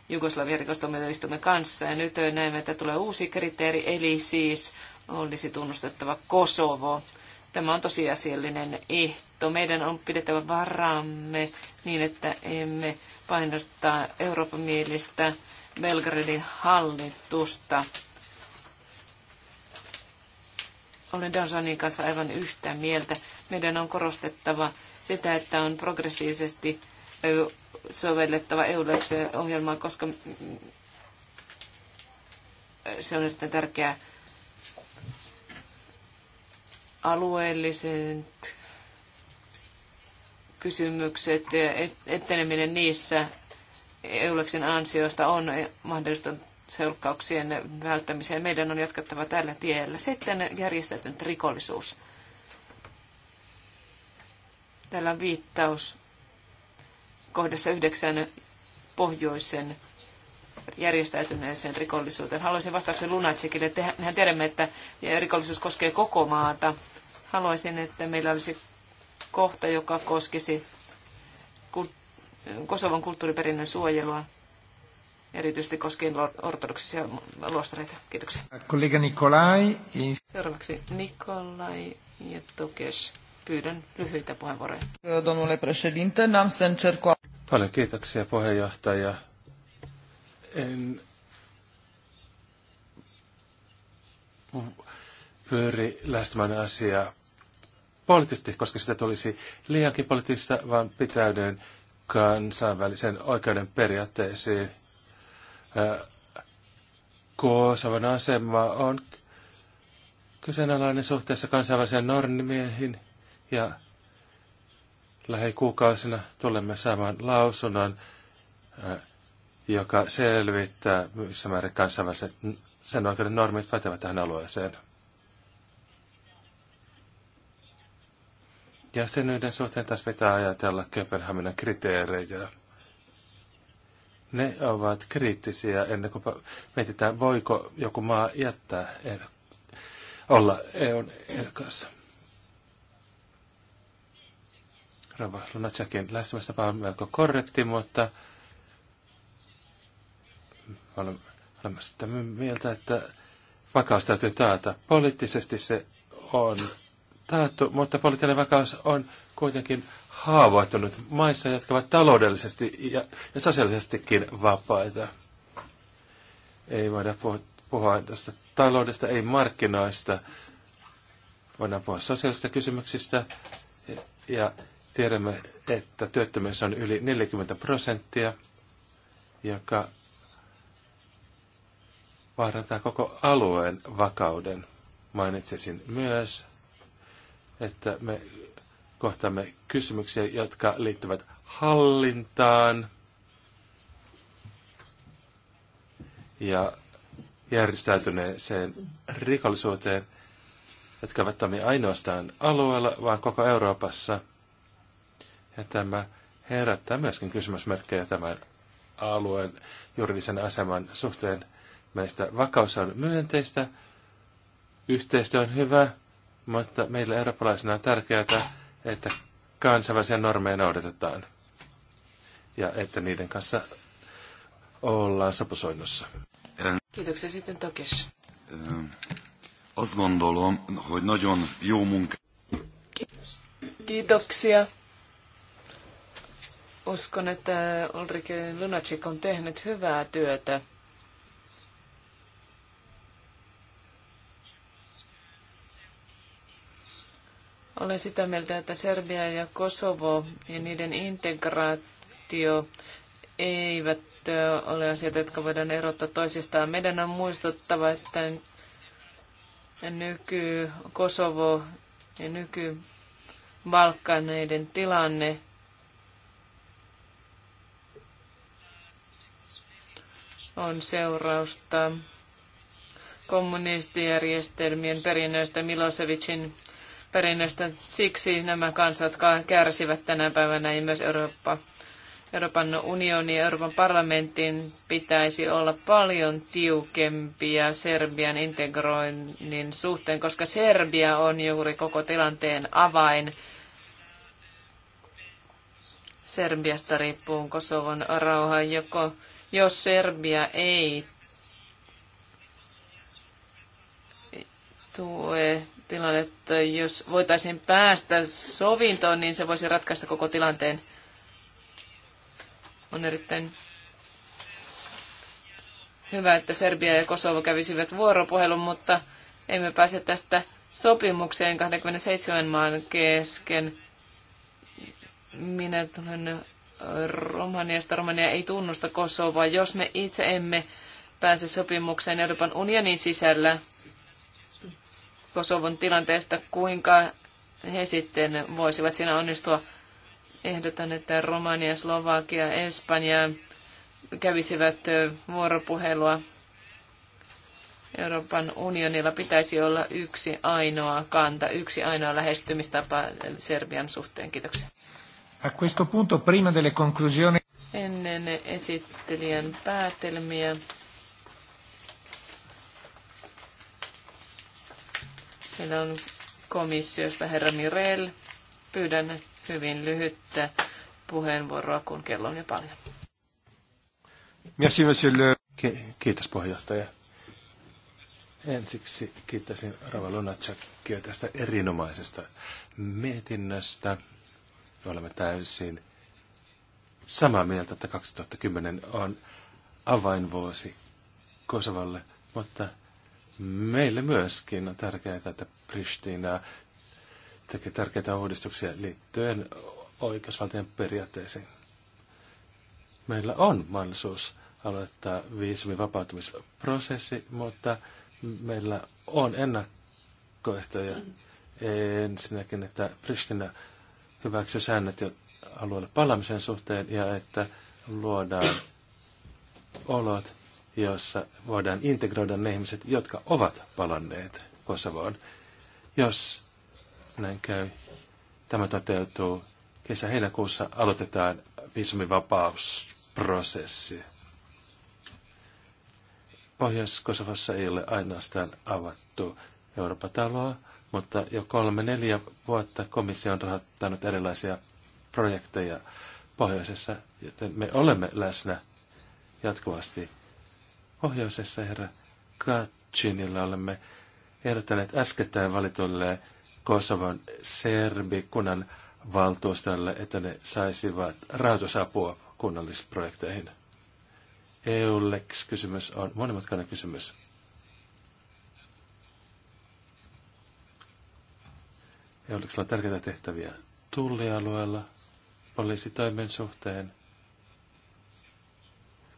jugoslavia rikostuomioistuimen kanssa. Ja nyt näemme, että tulee uusi kriteeri, eli siis olisi tunnustettava Kosovo Tämä on tosiasiallinen ehto. Meidän on pidettävä varamme niin, että emme painostaa Euroopan mielistä Belgradin hallitusta. Olen Dansanin kanssa aivan yhtä mieltä. Meidän on korostettava sitä, että on progressiivisesti sovellettava eu ohjelmaa koska mm, se on erittäin tärkeää alueelliset kysymykset ja eteneminen niissä Euleksin ansiosta on mahdollista selkkauksien välttämiseen. Meidän on jatkettava tällä tiellä. Sitten järjestetyn rikollisuus. Täällä on viittaus kohdassa yhdeksän pohjoisen järjestäytyneeseen rikollisuuteen. Haluaisin vastauksen että Mehän tiedämme, että rikollisuus koskee koko maata. Haluaisin, että meillä olisi kohta, joka koskisi Kosovon kulttuuriperinnön suojelua, erityisesti koskien ortodoksisia luostareita. Kiitoksia. Kollega Nikolai. Seuraavaksi Nikolai ja Tokes. Pyydän lyhyitä puheenvuoroja. Paljon kiitoksia puheenjohtaja en pyöri lähestymään asiaa poliittisesti, koska sitä tulisi liiankin poliittista, vaan pitäydyn kansainvälisen oikeuden periaatteisiin. Koosavan asema on kyseenalainen suhteessa kansainväliseen normimiehiin ja lähikuukausina tulemme saamaan lausunnon joka selvittää, missä määrin kansainväliset sen oikeuden normit pätevät tähän alueeseen. Jäsenyyden suhteen taas pitää ajatella Kööpenhaminan kriteereitä. Ne ovat kriittisiä ennen kuin mietitään, voiko joku maa jättää er- olla EUn ehdokas. Rova Lunacekin lähestymistapa on melko korrekti, mutta Olemme sitä mieltä, että vakaus täytyy taata. Poliittisesti se on taattu, mutta poliittinen vakaus on kuitenkin haavoittunut maissa, jotka ovat taloudellisesti ja, ja sosiaalisestikin vapaita. Ei voida puhua, puhua tästä taloudesta, ei markkinoista. Voidaan puhua sosiaalisista kysymyksistä ja tiedämme, että työttömyys on yli 40 prosenttia, joka vaarantaa koko alueen vakauden. Mainitsisin myös, että me kohtaamme kysymyksiä, jotka liittyvät hallintaan ja järjestäytyneeseen rikollisuuteen, jotka ovat toimia ainoastaan alueella, vaan koko Euroopassa. Ja tämä herättää myöskin kysymysmerkkejä tämän alueen juridisen aseman suhteen – meistä. Vakaus on myönteistä, yhteistyö on hyvä, mutta meillä eurooppalaisena on tärkeää, että kansainvälisiä normeja noudatetaan ja että niiden kanssa ollaan sopusoinnossa. Kiitoksia sitten Tokes. Kiitoksia. Uskon, että Ulrike Lunacek on tehnyt hyvää työtä Olen sitä mieltä, että Serbia ja Kosovo ja niiden integraatio eivät ole asioita, jotka voidaan erottaa toisistaan. Meidän on muistuttava, että nyky-Kosovo ja nyky-Balkaneiden tilanne on seurausta kommunistijärjestelmien perinnöistä Milosevicin perinnöstä. Siksi nämä kansat kärsivät tänä päivänä ja myös Eurooppa. Euroopan unioni, ja Euroopan parlamentin pitäisi olla paljon tiukempia Serbian integroinnin suhteen, koska Serbia on juuri koko tilanteen avain. Serbiasta riippuu Kosovon rauha, joko, jos Serbia ei tue tilanne, että Jos voitaisiin päästä sovintoon, niin se voisi ratkaista koko tilanteen. On erittäin hyvä, että Serbia ja Kosovo kävisivät vuoropuhelun, mutta emme pääse tästä sopimukseen 27 maan kesken. Minä tulen Romaniasta. Romania ei tunnusta Kosovoa. Jos me itse emme pääse sopimukseen Euroopan unionin sisällä, Kosovon tilanteesta, kuinka he sitten voisivat siinä onnistua. Ehdotan, että Romania, Slovakia, Espanja kävisivät vuoropuhelua. Euroopan unionilla pitäisi olla yksi ainoa kanta, yksi ainoa lähestymistapa Serbian suhteen. Kiitoksia. A questo punto, prima delle conclusioni... Ennen esittelijän päätelmiä Meillä on komissiosta herra Mirel. Pyydän hyvin lyhyttä puheenvuoroa, kun kello on jo paljon. Merci, monsieur le... Kiitos puheenjohtaja. Ensiksi kiittäisin Rava Lunachakia tästä erinomaisesta mietinnöstä. Me olemme täysin samaa mieltä, että 2010 on avainvuosi Kosovalle, mutta Meille myöskin on tärkeää, että Pristina tekee tärkeitä uudistuksia liittyen oikeusvaltion periaatteisiin. Meillä on mahdollisuus aloittaa viisumin vapautumisprosessi, mutta meillä on ennakkoehtoja. Ensinnäkin, että Pristina hyväksyy säännöt jo alueelle palaamisen suhteen ja että luodaan olot, jossa voidaan integroida ne ihmiset, jotka ovat palanneet Kosovoon. Jos näin käy, tämä toteutuu. Kesä-heinäkuussa aloitetaan viisumivapausprosessi. Pohjois-Kosovassa ei ole ainoastaan avattu Euroopan taloa, mutta jo kolme neljä vuotta komissio on rahoittanut erilaisia projekteja pohjoisessa, joten me olemme läsnä jatkuvasti Pohjoisessa herra Kacinilla olemme ehdottaneet äskettäin valitulle Kosovon serbikunnan valtuustolle, että ne saisivat rahoitusapua kunnallisprojekteihin. E lex kysymys on monimutkainen kysymys. EULEXilla on tärkeitä tehtäviä tullialueella, poliisitoimen suhteen,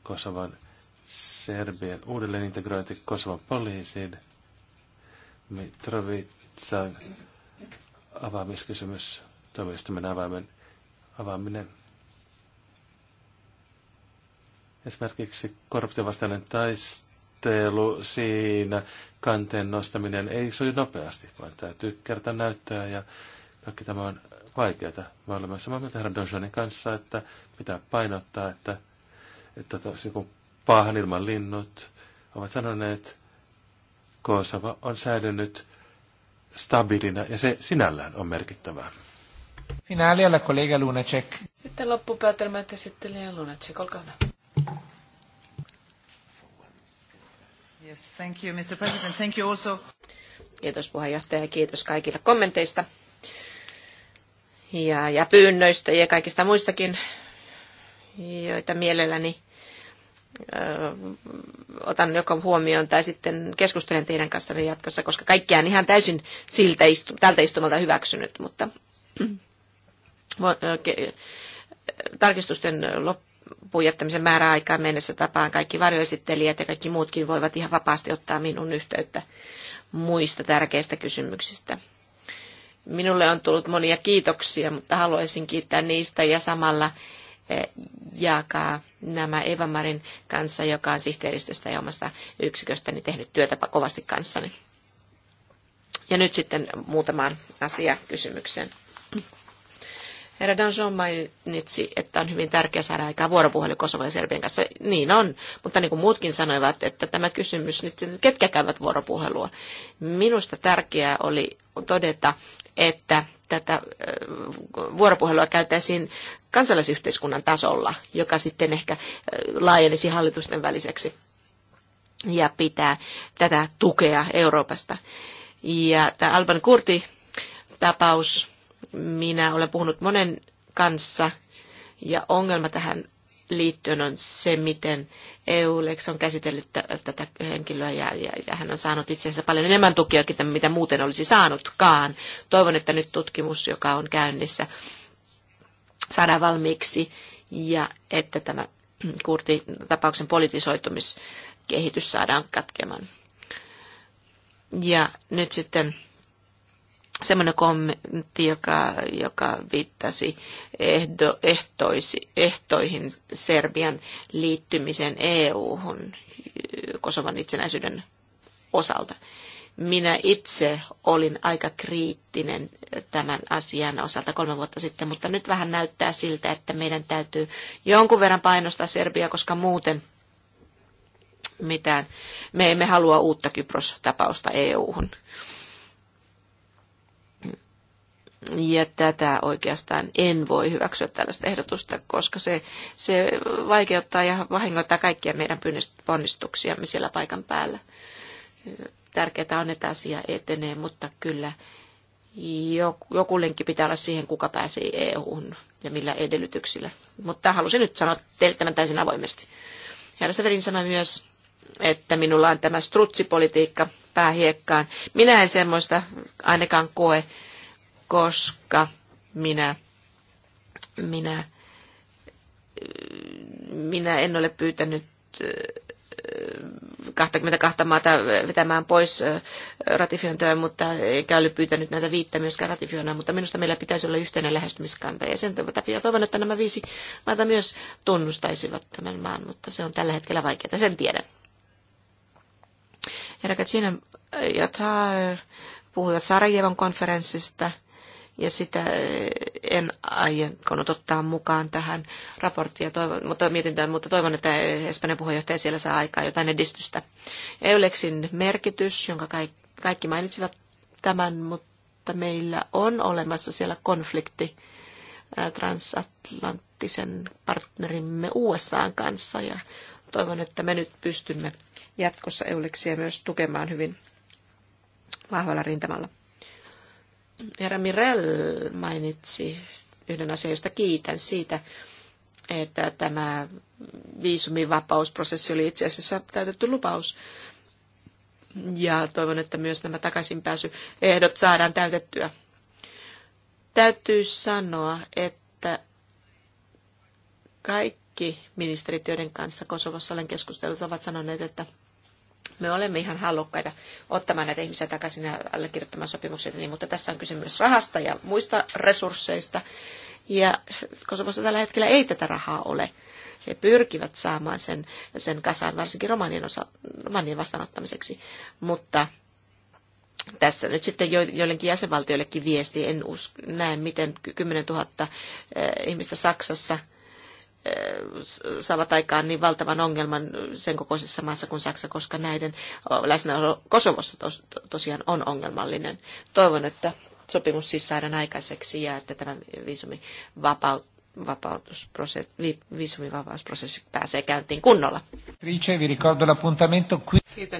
Kosovan Serbian integroiti Kosovan poliisiin. Mitrovica avaamiskysymys, tuomioistuimen avaaminen. avaaminen. Esimerkiksi korruptiovastainen taistelu siinä kanteen nostaminen ei suju nopeasti, vaan täytyy kertaa näyttöä ja kaikki tämä on vaikeaa. Me olemme samaa mieltä herra Dojonin kanssa, että pitää painottaa, että, että tosi kun paahan ilman linnut, ovat sanoneet, Kosova on säilynyt stabiilina ja se sinällään on merkittävää. Finaali kollega Lunacek. Sitten loppupäätelmät esittelee Lunacek, olkaa hyvä. Yes, thank you, Mr. President. Thank you also. Kiitos puheenjohtaja ja kiitos kaikille kommenteista ja, ja pyynnöistä ja kaikista muistakin, joita mielelläni otan joka huomioon tai sitten keskustelen teidän kanssanne jatkossa, koska kaikkia en ihan täysin siltä istu, tältä istumalta hyväksynyt, mutta tarkistusten loppuun jättämisen määräaikaan mennessä tapaan kaikki varjoesittelijät ja kaikki muutkin voivat ihan vapaasti ottaa minun yhteyttä muista tärkeistä kysymyksistä. Minulle on tullut monia kiitoksia, mutta haluaisin kiittää niistä ja samalla Eh, jakaa nämä Evamarin kanssa, joka on sihteeristöstä ja omasta yksiköstäni tehnyt työtä kovasti kanssani. Ja nyt sitten muutamaan asiakysymykseen. Herra Danjon mainitsi, että on hyvin tärkeää saada aikaa vuoropuhelu Kosovo ja Serbian kanssa. Niin on, mutta niin kuin muutkin sanoivat, että tämä kysymys nyt, ketkä käyvät vuoropuhelua. Minusta tärkeää oli todeta, että tätä vuoropuhelua käytäisiin kansalaisyhteiskunnan tasolla, joka sitten ehkä laajenisi hallitusten väliseksi ja pitää tätä tukea Euroopasta. Ja tämä Alban Kurti-tapaus, minä olen puhunut monen kanssa ja ongelma tähän liittyen on se, miten EULEX on käsitellyt tätä henkilöä ja, ja, ja hän on saanut itse asiassa paljon enemmän tukia, mitä muuten olisi saanutkaan. Toivon, että nyt tutkimus, joka on käynnissä, saadaan valmiiksi ja että tämä kurti tapauksen politisoitumiskehitys saadaan katkemaan. Ja nyt sitten semmoinen kommentti, joka, joka viittasi ehdo, ehtoisi, ehtoihin Serbian liittymisen EU-hun Kosovan itsenäisyyden osalta. Minä itse olin aika kriittinen tämän asian osalta kolme vuotta sitten, mutta nyt vähän näyttää siltä, että meidän täytyy jonkun verran painostaa Serbia, koska muuten mitään. Me emme halua uutta Kypros-tapausta EU-hun. Ja tätä oikeastaan en voi hyväksyä tällaista ehdotusta, koska se, se vaikeuttaa ja vahingoittaa kaikkia meidän ponnistuksiamme siellä paikan päällä. Tärkeää on, että asia etenee, mutta kyllä joku lenkki pitää olla siihen, kuka pääsee EU-hun ja millä edellytyksillä. Mutta halusin nyt sanoa teille tämän täysin avoimesti. Herra Severin sanoi myös, että minulla on tämä strutsipolitiikka päähiekkaan. Minä en semmoista ainakaan koe, koska minä, minä, minä en ole pyytänyt 22 maata vetämään pois ratifiointoja, mutta eikä ole pyytänyt näitä viittä myöskään ratifioina, mutta minusta meillä pitäisi olla yhteinen lähestymiskanta ja sen takia toivon, että nämä viisi maata myös tunnustaisivat tämän maan, mutta se on tällä hetkellä vaikeaa, sen tiedän. Herra Kacina ja Taar puhuivat Sarajevan konferenssista – ja sitä eh, en aikonut ottaa mukaan tähän raporttiin, toivon, mutta, mietintään, mutta toivon, että Espanjan puheenjohtaja siellä saa aikaa jotain edistystä. Euleksin merkitys, jonka kaikki mainitsivat tämän, mutta meillä on olemassa siellä konflikti eh, transatlanttisen partnerimme USAn kanssa ja toivon, että me nyt pystymme jatkossa euleksiä myös tukemaan hyvin vahvalla rintamalla. Herra Mirel mainitsi yhden asian, josta kiitän siitä, että tämä viisumivapausprosessi oli itse asiassa täytetty lupaus. Ja toivon, että myös nämä takaisinpääsyehdot saadaan täytettyä. Täytyy sanoa, että kaikki ministerit, joiden kanssa Kosovossa olen keskustellut, ovat sanoneet, että – me olemme ihan halukkaita ottamaan näitä ihmisiä takaisin ja allekirjoittamaan sopimukset, niin, mutta tässä on kyse myös rahasta ja muista resursseista. Ja Kosovossa tällä hetkellä ei tätä rahaa ole. He pyrkivät saamaan sen, sen kasaan, varsinkin romanien, osa, romanien vastaanottamiseksi. Mutta tässä nyt sitten jo, joillekin jäsenvaltioillekin viesti. En usk- näe, miten 10 000 eh, ihmistä Saksassa – Eh, saavat aikaan niin valtavan ongelman sen kokoisessa maassa kuin Saksa, koska näiden läsnäolo Kosovossa tos, tosiaan on ongelmallinen. Toivon, että sopimus siis saadaan aikaiseksi ja että tämä viisumivapaut, viisumivapausprosessi pääsee käyntiin kunnolla. Kiitän